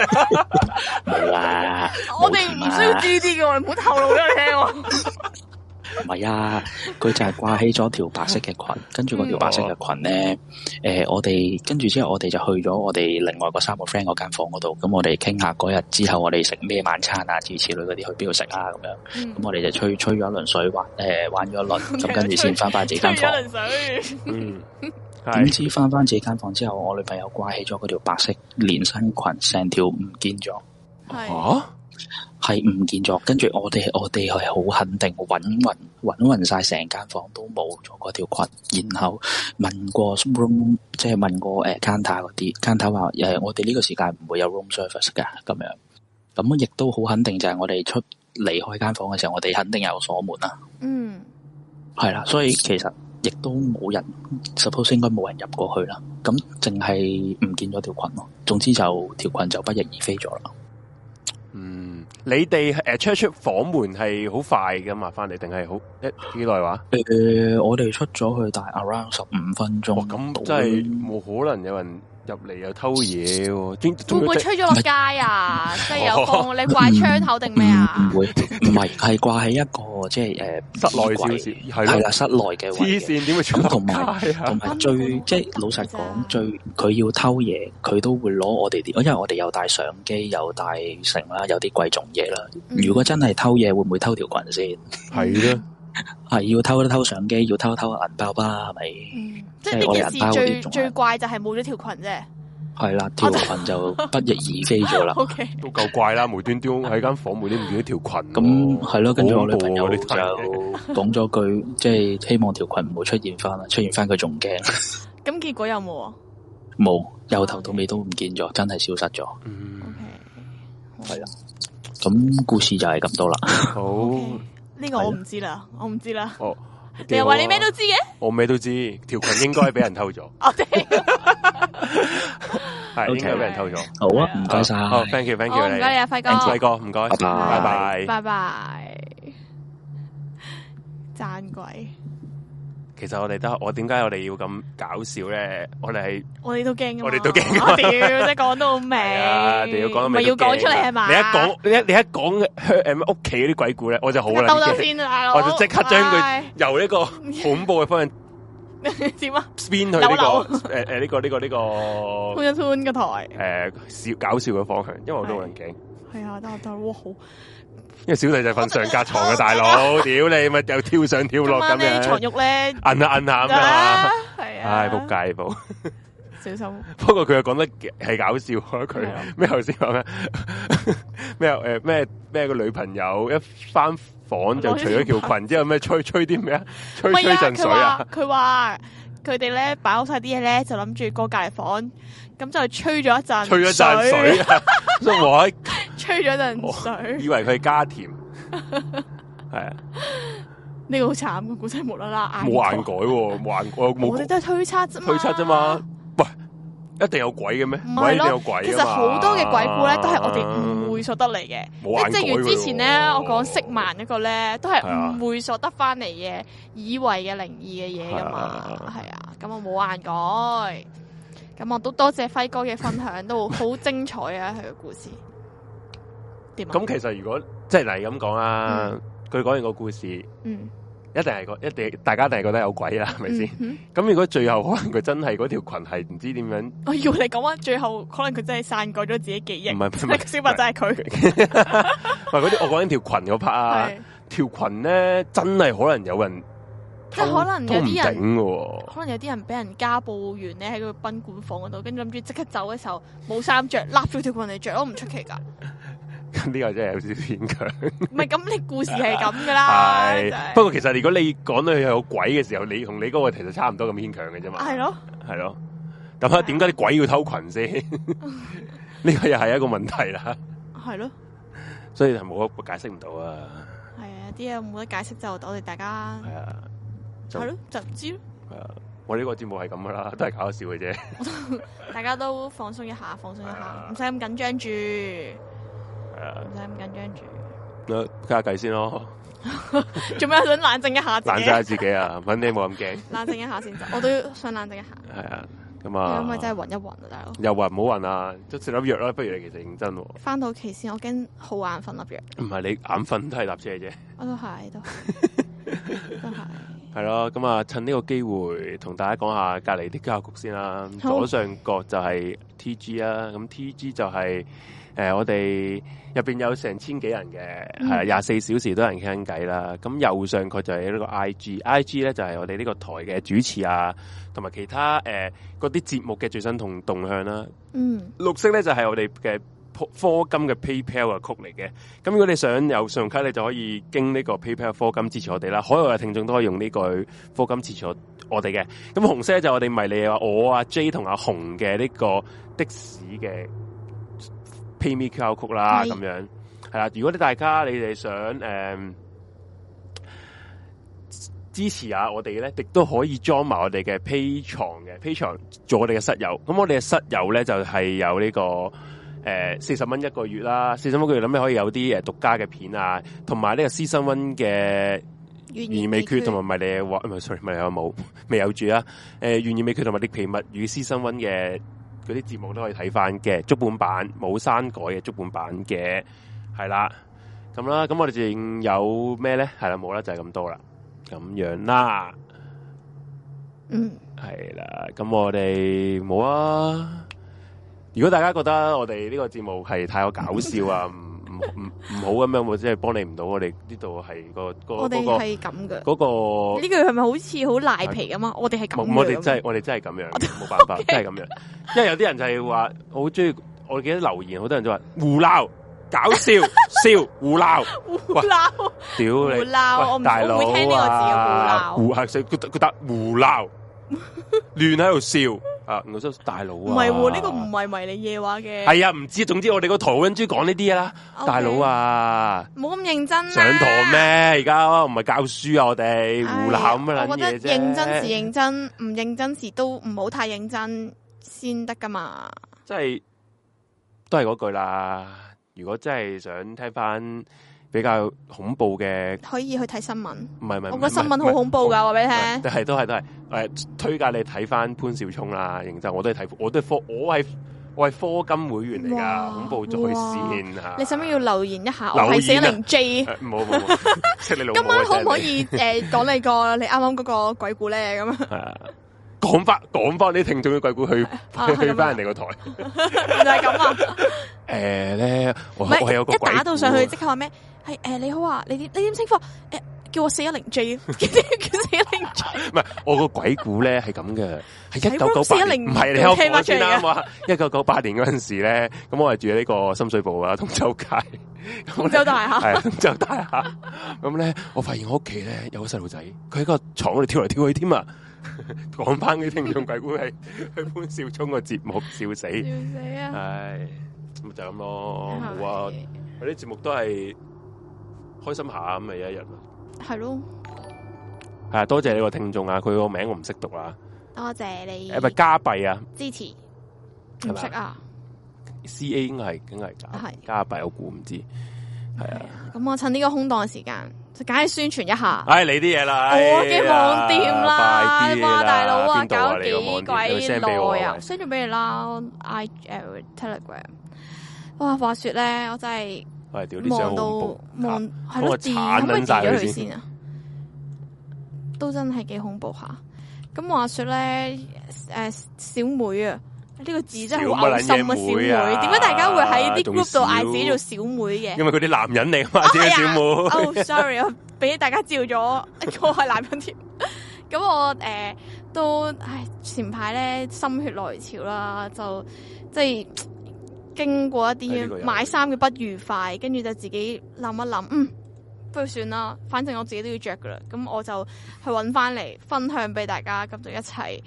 冇啦，我哋唔需要知啲嘅，唔好透露俾佢聽喎。唔 [LAUGHS] 係啊，佢就係掛起咗條白色嘅裙。 [LAUGHS] 跟住嗰條白色嘅裙咧，誒、嗯呃，我哋跟住之後我哋就去咗我哋另外個三個 friend 嗰間房嗰度，咁我哋傾下嗰日之後我哋食咩晚餐啊，之之類嗰啲去邊度食啊，咁樣，咁我哋就吹吹咗一輪水玩，誒，玩咗一輪，咁跟住先翻翻自己間房，嗯，點知翻翻自己間房，間、 [LAUGHS] 嗯、 [LAUGHS] 己房間之後，我女朋友掛起咗嗰條白色連身裙，成條唔見咗，係啊。係唔見咗，跟住我哋，我哋係好肯定揾揾揾揾曬成間房都冇咗嗰條裙，然後問過 room，即係問過 counter 嗰啲 counter 話我哋呢個時間唔會有 room service 噶，咁樣咁亦都好肯定就，就係我哋出離開間房嘅時候，我哋肯定有鎖門啦。嗯，係啦，所以其實亦都冇人 suppose 應該冇人入過去啦，咁淨係唔見咗條裙咯。總之就條裙就不翼而飛咗啦。你哋誒出一出房門係好快㗎嘛？翻嚟定係好一幾耐話？誒，我哋出咗去大 around 十五分鐘。哦，咁即係冇可能有人入嚟又偷嘢喎、啊，會唔會吹咗落街啊？即係 [LAUGHS] 有風，你掛窗口定咩啊？唔、嗯嗯、會，唔係係掛喺一個，即係誒室內掛，係啦室內嘅。黐線點會吹落街啊？同埋最即係、啊即係、老實講，最佢要偷嘢，佢都會攞我哋啲，因為我哋又帶相機，又帶成啦，有啲貴重嘢啦、嗯。如果真係偷嘢，會唔會偷條裙先？係啦。係要偷一偷相機，要偷偷銀包吧，係咪、嗯？即係我銀包嗰啲仲最，最怪的就是沒有條裙而已，就係冇咗條裙啫。係啦，條裙就不翼而飛咗啦。 [LAUGHS] OK，都夠怪啦，無端端喺間房，無端端唔見咗條裙。咁係咯，跟住我女朋友就講咗句，即係希望條裙唔好出現翻啦。出現翻佢仲驚。咁結果有冇啊？冇，由頭到尾都唔見咗，真係消失咗。嗯，OK，係啦，咁故事就係咁多啦。好、okay。呢個我唔知啦，我唔知啦。哦，你又話你咩都知嘅？我咩都知，條裙應該俾人偷咗。哦，即係，係應該俾人偷咗。好啊，唔該晒。好，thank you，thank you，唔該你啊，輝哥，輝哥，唔該，拜拜，拜拜，讚 [LAUGHS] 鬼。其實我哋得我點解我哋要咁搞笑咧？我哋係我哋都驚，我哋都驚。屌，真係講到尾，唔係要講出嚟係嘛？你一講，你一你一講誒屋企嗰啲鬼故咧，我就好啦。兜兜先啊，我就即刻將佢由呢個恐怖嘅方向，點啊？Spin 去呢個誒誒呢個呢個呢個歡一歡個台誒笑搞笑嘅方向，因為我都驚。係啊，但係但係哇好。因為小弟就瞓上架床嘅，啊啊啊啊、大佬，屌你咪又跳上跳落咁樣。床褥咧，摁下摁下咁啊，係啊，唉仆街部，小心。不過佢又講得係搞笑，佢咩頭先話咧？咩，誒咩咩個女朋友一返房就除咗條裙之後，咩吹吹啲咩啊，吹吹陣水啊。佢話佢哋咧擺好晒啲嘢咧，就諗住過隔籬房。咁就吹咗一陣，吹咗陣水， [LAUGHS] 吹咗陣水，哦，以為佢係加甜，係啊，呢個好慘嘅，古仔無啦啦，冇眼改，冇眼改，我哋都係推測啫，推測啫嘛，喂，一定有鬼嘅咩？唔係一定有鬼。其實好多嘅鬼故咧，都係我哋誤會所得嚟嘅、啊啊哦。即正如之前咧，我講釋萬一個咧，都係誤會所得翻嚟嘅，以為嘅靈異嘅嘢噶嘛，係啊，咁、啊啊、我冇眼改。咁我都多謝輝哥嘅分享，都好精彩啊！佢 [LAUGHS] 嘅故事點？咁、啊、其實如果即係嚟咁講啊，佢、嗯、講完個故事，嗯、一定係一定，大家一定覺得有鬼啦，係咪先？咁、嗯嗯、如果最後可能佢真係嗰條裙係唔知點樣，我、哎、要你講啊！最後可能佢真係散改咗自己記憶，唔係小白就係佢，唔係嗰啲。我講緊條裙嗰 part 啊，條裙咧真係可能有人。佢可能有啲人、哦，可能有啲人俾人家暴完咧喺個賓館房嗰度，跟住諗住即刻走嘅時候冇衫着，笠住條裙嚟着，都唔出奇噶。咁 [LAUGHS] 呢個真係有少少牽強。唔係，咁你故事係咁噶啦，啊就是。不過其實如果你講到有鬼嘅時候，你同你嗰個其實差唔多咁牽強嘅啫嘛。係咯。係咯。但啊，點解啲鬼要偷裙先？呢 [LAUGHS] [LAUGHS] [LAUGHS] [LAUGHS] 個又係一個問題啦。係咯。所以係冇、啊、得解釋唔到啊。係啊，啲嘢冇得解釋，就我哋大家。係啊。係咯，就唔知咯。係啊，我呢個節目係咁噶啦，都係搞笑嘅啫。 [LAUGHS] 大家都放鬆一下，放鬆一下，唔使咁緊張住。係 [LAUGHS] 啊，唔使咁緊張住。咁計下計先咯。做咩？想冷靜一下冷靜下自己啊？反正冇咁驚。冷靜一下先，我都想冷靜一下。係 [LAUGHS] 啊，咁啊，咁咪真係暈一暈啊，大佬。又暈？唔好暈啊！都食粒藥啦，不如你其實認真。翻到期先，我驚好眼瞓，粒藥。唔係你眼瞓都係粒車啫。我都係，都 [LAUGHS] 都係。係咯，咁啊，趁呢個機會同大家講下隔籬啲教育局先啦。左上角就係 T G 啦，咁 T G 就係誒，我哋入邊有成千幾人嘅，係廿四小時都有人傾偈啦。咁右上角就係呢個 I G，I G 咧，就係我哋呢個台嘅主持啊，同埋其他誒嗰啲節目嘅最新同動向啦，啊。嗯，綠色咧就係我哋嘅。課金嘅 PayPal 嘅曲嚟嘅，咁如果你想有信用卡，你就可以經呢個 PayPal 課金支持我哋啦。海外嘅聽眾都可以用呢句課金支持我哋嘅。咁紅色就是我哋迷你話我啊 J 同阿紅嘅呢個的士嘅 PayMe 曲啦，咁樣係啦。如果你大家你哋想誒、呃、支持下我哋咧，亦都可以 join 埋我哋嘅 Patreon 嘅 Patreon 做我哋嘅室友。咁我哋嘅室友咧就係、是、有呢、這個。誒、呃，四十蚊一個月啦，四十蚊一個月諗咩可以有啲誒獨家嘅片啊，同埋呢個 Season 1嘅懸疑未決，同埋唔係，sorry 咪有冇未有住啊？誒、呃，懸疑未決同埋啲皮物與 Season 1嘅嗰啲節目都可以睇翻嘅，足本版冇刪改嘅足本版嘅係啦，咁啦，咁我哋仲有咩咧？係啦，冇啦，就係、是、咁多啦，咁樣啦，嗯，係啦，咁我哋冇啊。如果大家覺得我哋呢個節目係太有搞笑啊，唔唔唔好咁樣，我即係幫你唔到。我哋呢度係個個我哋係咁嘅，嗰個呢句係咪好似好賴皮咁嘛？我哋係咁，我哋真係我哋真係咁樣，冇、 [LAUGHS] okay、辦法真係咁樣。因為有啲人就係話好中意，我記得留言，好多人都話胡鬧搞笑笑胡鬧笑胡鬧胡鬧，屌你，胡鬧我大佬啊，胡鬧胡係胡佢佢得胡鬧，亂喺度笑。大佬啊！唔係喎，呢、呢個唔係迷你夜話嘅。係、哎、啊，唔知，總之我哋個圖跟住講呢啲啦，大佬啊！冇咁認真，上堂咩？而家唔係教書啊，我哋胡鬧咁嘅捻嘢啫。我覺得認真時認真，唔認真時都唔好太認真先得㗎嘛。即係都係嗰句啦。如果真係想聽翻。比較恐怖嘅，可以去睇新聞。唔係唔係，我覺得新聞好恐怖噶，話俾你聽。係都係都係，誒，推介你睇翻潘紹聰啦。然之後我都係睇，我都係科，我係我係課金會員嚟噶，恐怖在線吓。你使唔要留言一下？我係死靈 J。好 [LAUGHS] [LAUGHS] 今晚可唔可以誒講 [LAUGHS] 呃、你個你啱啱嗰個鬼故咧？咁 [LAUGHS] 啊，講翻講翻啲聽眾嘅鬼故去、啊啊、去翻人哋個台。啊、 [LAUGHS] 原來係咁啊！誒 [LAUGHS] 咧、呃，唔係一,一打到上去即刻話咩？係誒、呃，你好啊！你點你點稱呼？誒、呃，叫我四一零 J。叫四一零唔係，我個鬼故咧，係咁嘅，係一九九八年，唔係你開反轉啊嘛！一九九八年嗰陣時咧，咁我係住喺呢個深水埗啊，通州街，通州大廈，通 [LAUGHS] 州大廈。咁 [LAUGHS] 咧，我發現我屋企咧有個細路仔，佢喺個床度跳嚟跳去添啊！講翻啲聽眾鬼故係， [LAUGHS] 去潘紹聰個節目，笑死，笑死啊！係、哎、咁就咁咯，冇啊！我啲 [LAUGHS] 節目都係。開心下咁咪一日咯，係咯，係啊！多謝你個聽眾啊，佢個名我唔識讀啦。多謝你、啊，係咪加幣啊？支持唔識啊？C A 應該係，應該係假，係加幣我估唔知。係啊，咁、okay. 嗯、我趁呢個空檔時間，就梗係宣傳一下。唉、啊，你啲嘢啦，我嘅網店啦，哇，大佬啊，搞幾鬼耐啊，send 咗俾你啦，I Telegram。哇、啊，話說咧，我真係～望到望係咯字，可唔可以截咗佢先啊？都真係幾恐怖吓。咁話說咧，誒、呃、小妹啊、呢、這個字真係好嘔心啊！小妹，點解大家會喺啲 group 度嗌自己做小妹嘅？因為佢啲男人嚟，嗌、哦、自、啊、小妹。哦、 [LAUGHS] oh，sorry，俾大家照咗，我係男人添。咁、 [LAUGHS] [LAUGHS] 嗯、我誒、呃、都唉，前排咧心血來潮啦，就即係。經過一啲買衫嘅不愉快，跟、這、住、個、就自己諗一諗，嗯，不如算啦，反正我自己都要着噶啦，咁我就去搵翻嚟，分享俾大家，咁就一齊誒、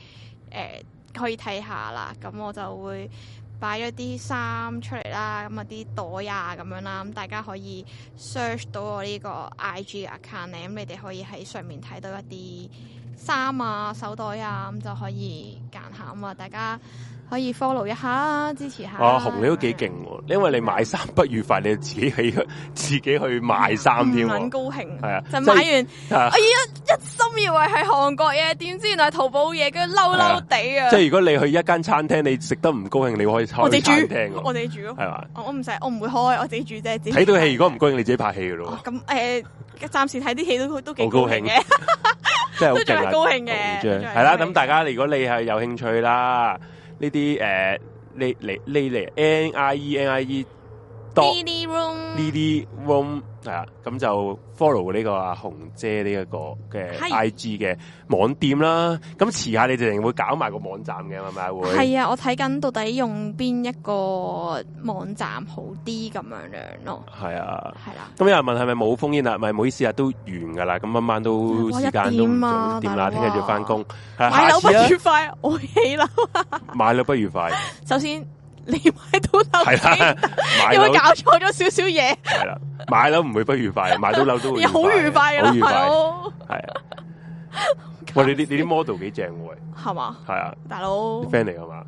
呃、可以睇下啦。咁我就會擺咗啲衫出嚟啦，咁啊啲袋啊咁樣啦，咁大家可以 search 到我呢個 IG account 咧，咁你哋可以喺上面睇到一啲衫啊、手袋啊，咁就可以揀下，咁啊嘛大家。可以 follow 一下支持下。啊、哦，紅你都幾勁，因為你買衫不如快，你自己去自己去買衫添，高興係啊、就是。就買完，啊、我依家一心以為係韓國嘢，點知原來係淘寶嘢，跟住嬲嬲地啊。即、就、係、是、如果你去一間餐廳，你食得唔高興，你可以開餐廳，我哋住咯，係嘛？我唔使，我唔會開，我自己住啫。睇到戲如果唔高興，你自己拍戲噶咯。咁、哦、誒，暫、呃、時睇啲戲都都幾高興嘅，真係好勁啊！都仲係高興嘅係啦，咁 [LAUGHS] 大家如果你係有興趣啦。呢啲，誒，你你你嚟 NIE NIE。呢啲 room 呢啲 room 係啊，咁就 follow 呢、呢個阿紅姐呢一個嘅 IG 嘅、啊、網店啦。咁遲下你哋會搞埋個網站嘅係咪啊？會係啊，我睇緊到底用邊一個網站好啲咁樣樣咯。係啊，係啦、啊。咁、啊、有人問係咪冇封煙啊？咪唔好意思啊，都完噶啦。咁啱晚都時間都點啦、啊，聽日、啊、要翻工。買樓不愉快，啊、樓如快 [LAUGHS] 我起樓了。 [LAUGHS] 買樓不愉快。 [LAUGHS] 首先。你買到樓，你會搞錯咗少少嘢。係 [LAUGHS] 啦，買樓唔會不愉快，買到樓都會好愉快好愉快，係啊！喂， [LAUGHS] 你啲你啲 model 幾正喎？係嘛？係啊，大佬 friend 嚟嘛？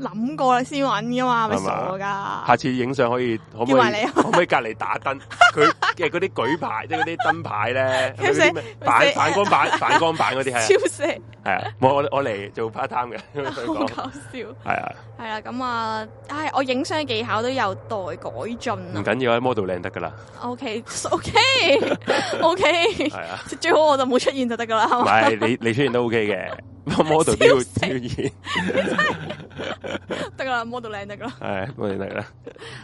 諗過先揾噶嘛，咪傻噶！下次影相可以可唔可以？你可唔可，啊、可以隔籬打燈？佢嘅嗰啲舉牌，即係嗰啲燈牌咧，有 [LAUGHS] 啲 [LAUGHS] 反，反光板、反光板嗰啲係？ [LAUGHS] 超正係啊！我我嚟做 part time 嘅，好搞笑係啊！係啊！咁啊，唉，我影相技巧都有待改進！唔緊要啊，model 靚得噶啦。 [LAUGHS] OK，OK，OK，okay, okay, okay, 係 [LAUGHS] 啊！最好我就冇出現就得噶啦。唔 [LAUGHS] 係、啊、你你出現都 OK 嘅。model 都要揀得噶啦，model 靚得噶啦，係果然靚啦，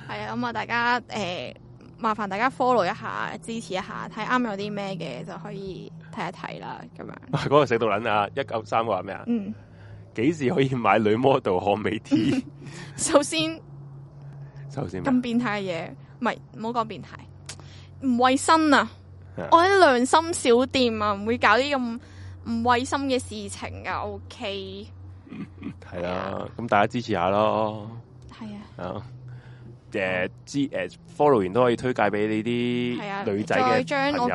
係啊咁啊！ [LAUGHS] [LAUGHS] [LAUGHS] 大家誒、呃，麻煩大家 follow 一下，支持一下，睇啱有啲咩嘅就可以睇一睇啦，咁樣。嗰個死到撚啊！一九三個係咩啊？嗯，幾時可以買女 model 汗味 T、嗯？首先，首先咁變態嘅嘢，唔係唔好講變態，唔衛生啊！我喺良心小店啊，唔會搞啲咁。唔畏心嘅事情，啊，ok，嗯嗯，係、嗯、喇，噉、啊嗯啊、大家支持下囉，係啊，係啊，誒，follow 完都可以推介畀你啲女仔，啊，再將我部，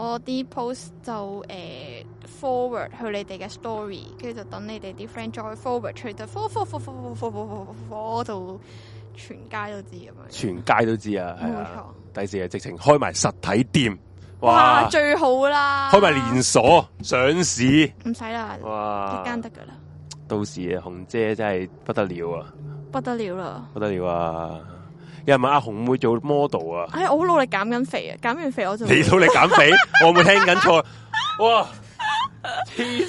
我啲 post 就、uh, forward 去你哋嘅 story，跟住就等你哋啲 friend 再 forward，佢就 forward 到全街都知噉樣，全街都知啊，係啊，冇錯，第四日直情開埋實體店。哇，最好啦！開埋連鎖上市，唔使啦，一間得噶啦。到時紅姐真係不得了啊！不得了啦！不得了啊！有人問阿、啊、紅妹做 model 啊？哎，我好努力減緊肥啊！減完肥我就你努力減肥， [LAUGHS] 我冇聽緊錯！哇！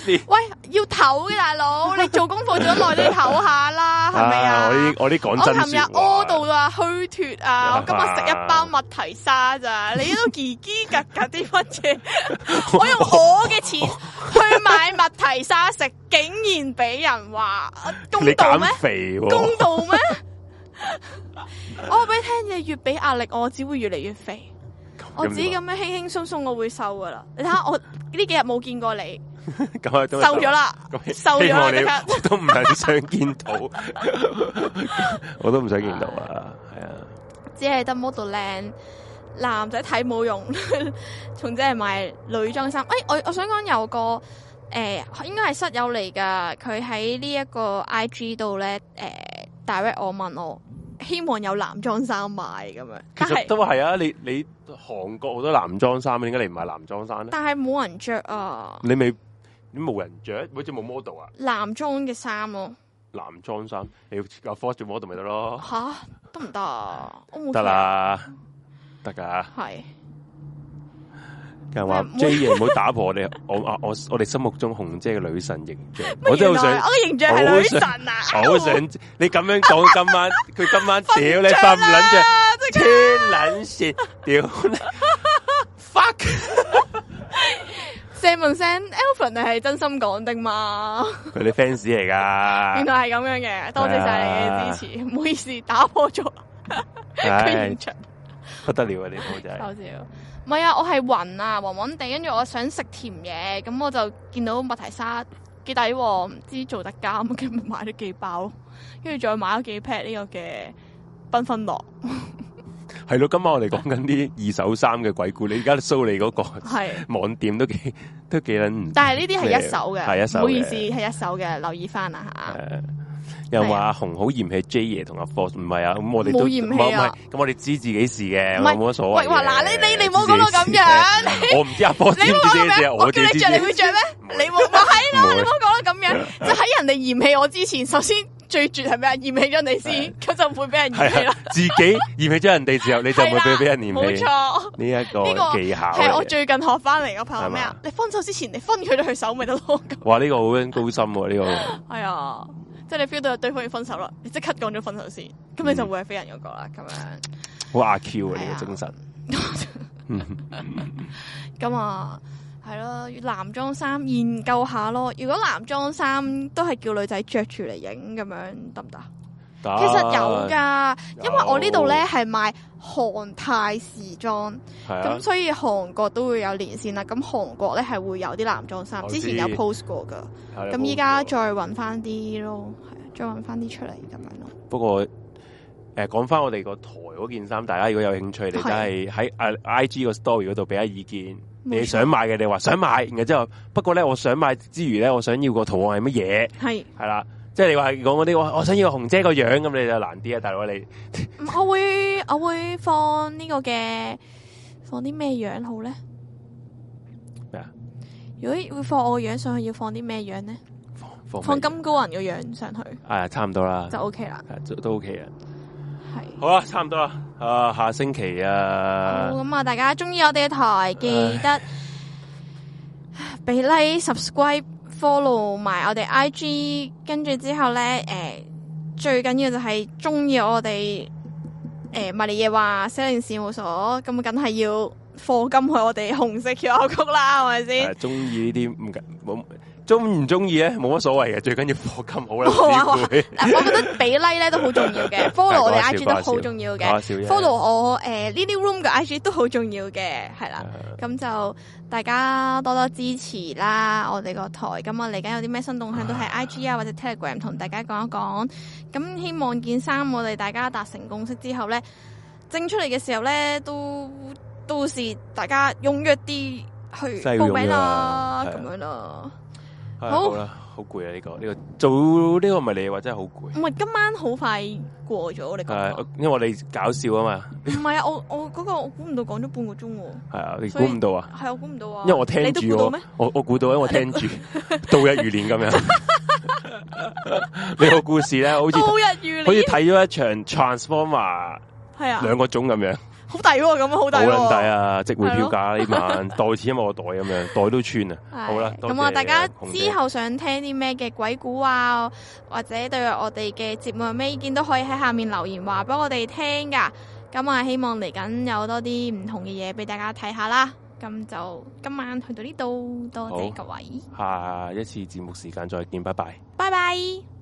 喂，要唞嘅大佬，你做功課做咁耐，你唞下啦，係 [LAUGHS] 咪啊？我啲我啲講，我尋日屙到啊虛脫啊！我今日食一包麥提沙咋？你都嘰嘰格格啲乜嘢？ [LAUGHS] 我用我嘅錢去買麥提沙食，竟然俾人話公道咩、啊？公道咩？ [LAUGHS] 我話俾你聽嘢越俾壓力，我只會越嚟越肥。我自己咁樣輕輕鬆鬆，我會瘦噶啦！你睇下，我呢幾日冇見過你。收咗啦，收咗啦！依家都唔想見到， [LAUGHS] 瘦了 [LAUGHS] 瘦了 [LAUGHS] [LAUGHS] 我都唔想見到啊，係啊，只係得 model 靚，男仔睇冇用，總之係賣女裝衫。哎，我我想講有個誒、呃，應該係室友嚟噶，佢喺呢一個 I G 度咧，誒，direct 我問我希望有男裝衫賣咁樣，其實都係啊，你你韓國好多男裝衫，點解你唔賣男裝衫咧？但係冇人着啊，你未？啲冇人着，好似冇 model 啊！男裝嘅衫咯，男裝衫，你阿 Force 做 model 咪得咯？吓，得唔得得啊，得噶、啊。係、啊，佢話 J 唔好打破我哋我我我我哋心目中紅姐嘅女神形象。我真係好想，我形象係女神啊！好想， [LAUGHS] 很想， [LAUGHS] 想你咁樣講 [LAUGHS] 今晚，佢今晚屌你瞓唔捻住，黐捻線，屌你，fuck！s i m Sam、Alvin，你係真心講的嘛？佢啲 fans 嚟噶。 [LAUGHS] 原來係咁樣嘅，多謝晒你嘅支持，唔、哎、好意思打破咗。係、 [LAUGHS] 哎。不得了啊！你老仔，好、啊、笑。唔係啊，我係暈啊，暈暈地，跟住我想食甜嘢，咁我就見到麥提莎幾抵喎，唔、哦、知道做得價咁，跟住買咗幾包，跟住再買咗幾 pack 呢個嘅繽紛樂。 [LAUGHS] 係咯，今晚我哋講緊啲二手衫嘅鬼故，你而家搜你嗰個，係網店都幾，都幾捻，但係呢啲係一手嘅，係一手，唔好意思，係一手嘅，留意翻啦吓。Uh 又話阿紅好嫌棄 J 爺同阿 four，唔係啊，咁我哋都唔嫌棄啊。咁我哋知自己事嘅，冇乜所謂。話嗱，你你你唔好講到咁樣。我唔知阿 four 知唔知我叫你着，你會着咩？ [LAUGHS] 你唔唔係咯？ [LAUGHS] 你唔好講到咁樣。就喺人哋嫌棄我之前，首先最絕係咩 [LAUGHS] 啊？嫌棄咗人哋先，佢就唔會俾人嫌棄咯。自己嫌棄咗人哋之後，你就唔會俾人嫌棄、 [LAUGHS] 啊。冇錯，呢、這、一個技巧係 [LAUGHS] 我最近學翻嚟嘅朋友。咩 [LAUGHS] 啊？你分手之前，你分佢咗佢手咪得咯。哇！呢個好高深喎，呢個係啊。 [LAUGHS] [LAUGHS] 即係你 feel 到對方要分手啦，你即刻講咗分手先，咁你就會係飛人嗰個啦，咁樣。好阿 Q 啊，呢、哎、個精神。咁 [LAUGHS] [LAUGHS] [LAUGHS] 啊，係咯，男裝衫研究一下咯。如果男裝衫都係叫女仔着住嚟影咁樣得唔得？其實有噶，因為我呢度咧係賣韓泰時裝，咁、啊、所以韓國都會有連線啦。咁韓國咧係會有啲男裝衫，之前有 post 過噶，咁依家再搵翻啲咯，係再搵翻啲出嚟咁樣咯。不過誒，講、呃、翻我哋個台嗰件衫，大家如果有興趣，你真係喺 I G 個 story 嗰度俾下意見。你想買嘅，你話想買，然之後不過咧，我想買之餘咧，我想要個圖案係乜嘢？係係啦。即係你話講嗰啲，我我想要紅姐個樣咁，你就難啲啊，大佬你呵呵我會。我會我會放呢個嘅，放啲咩樣好咧？咩啊？如果要放我個樣上去，要放啲咩樣咧？放放放金高人個樣上去。誒、哎，差唔多啦。就 OK 啦。都 OK 啊。係。好啦，差唔多啦。啊，下星期啊。好咁啊！大家中意我哋台記得俾 like、subscribe。follow 埋我哋 IG，跟住之後咧，誒、呃，最緊要就係中意我哋誒、呃、麥利耶話攝影師冇錯，咁梗係要貨金去我哋紅色小屋啦，係咪先？中意呢啲唔緊冇，中唔中意咧冇乜所謂嘅，最緊要貨金好啦、哦。我話 [LAUGHS] 覺得比例 i 咧都好重要嘅，follow [LAUGHS] 我哋 IG 都好重要嘅，follow、那個、我誒呢啲 room 嘅 IG 都好重要嘅，係啦，咁、呃、就。大家多多支持啦，我哋個台，咁我嚟緊有啲咩新動向都係 IG 啊，或者 Telegram 同大家講一講，咁希望件衫我哋大家達成共識之後呢，徵出嚟嘅時候呢，都到時大家踊躍啲去報名啦，咁、啊、樣咯。好啦，哎，好攰啊！呢，呢個呢，呢個做呢個唔係你話，真係好攰。唔係今晚好快過咗，我哋，啊。因為我哋搞笑啊嘛。唔、哎、係啊，我我嗰，嗰個我估唔到講咗半個鐘，啊。係啊，你估唔到啊？係，啊，我估唔到啊。因為我聽住我我估到，因為我聽住度日如年咁樣 [LAUGHS] 如年。你個故事咧，好似度日如年，好似睇咗一場 Transformer。係啊，啊，兩個鐘咁樣。好抵喎，咁好抵喎！好抵啊，值回、啊啊、票價呢晚 [LAUGHS] 袋錢，因為我袋咁樣袋都穿啊！好啦，咁啊大家之後想聽啲咩嘅鬼故啊，或者對我哋嘅節目有咩意見都可以喺下面留言話俾我哋聽噶。咁啊希望嚟緊有多啲唔同嘅嘢俾大家睇下啦。咁就今晚去到呢度，多謝各位。下一次節目時間再見，拜拜，拜拜。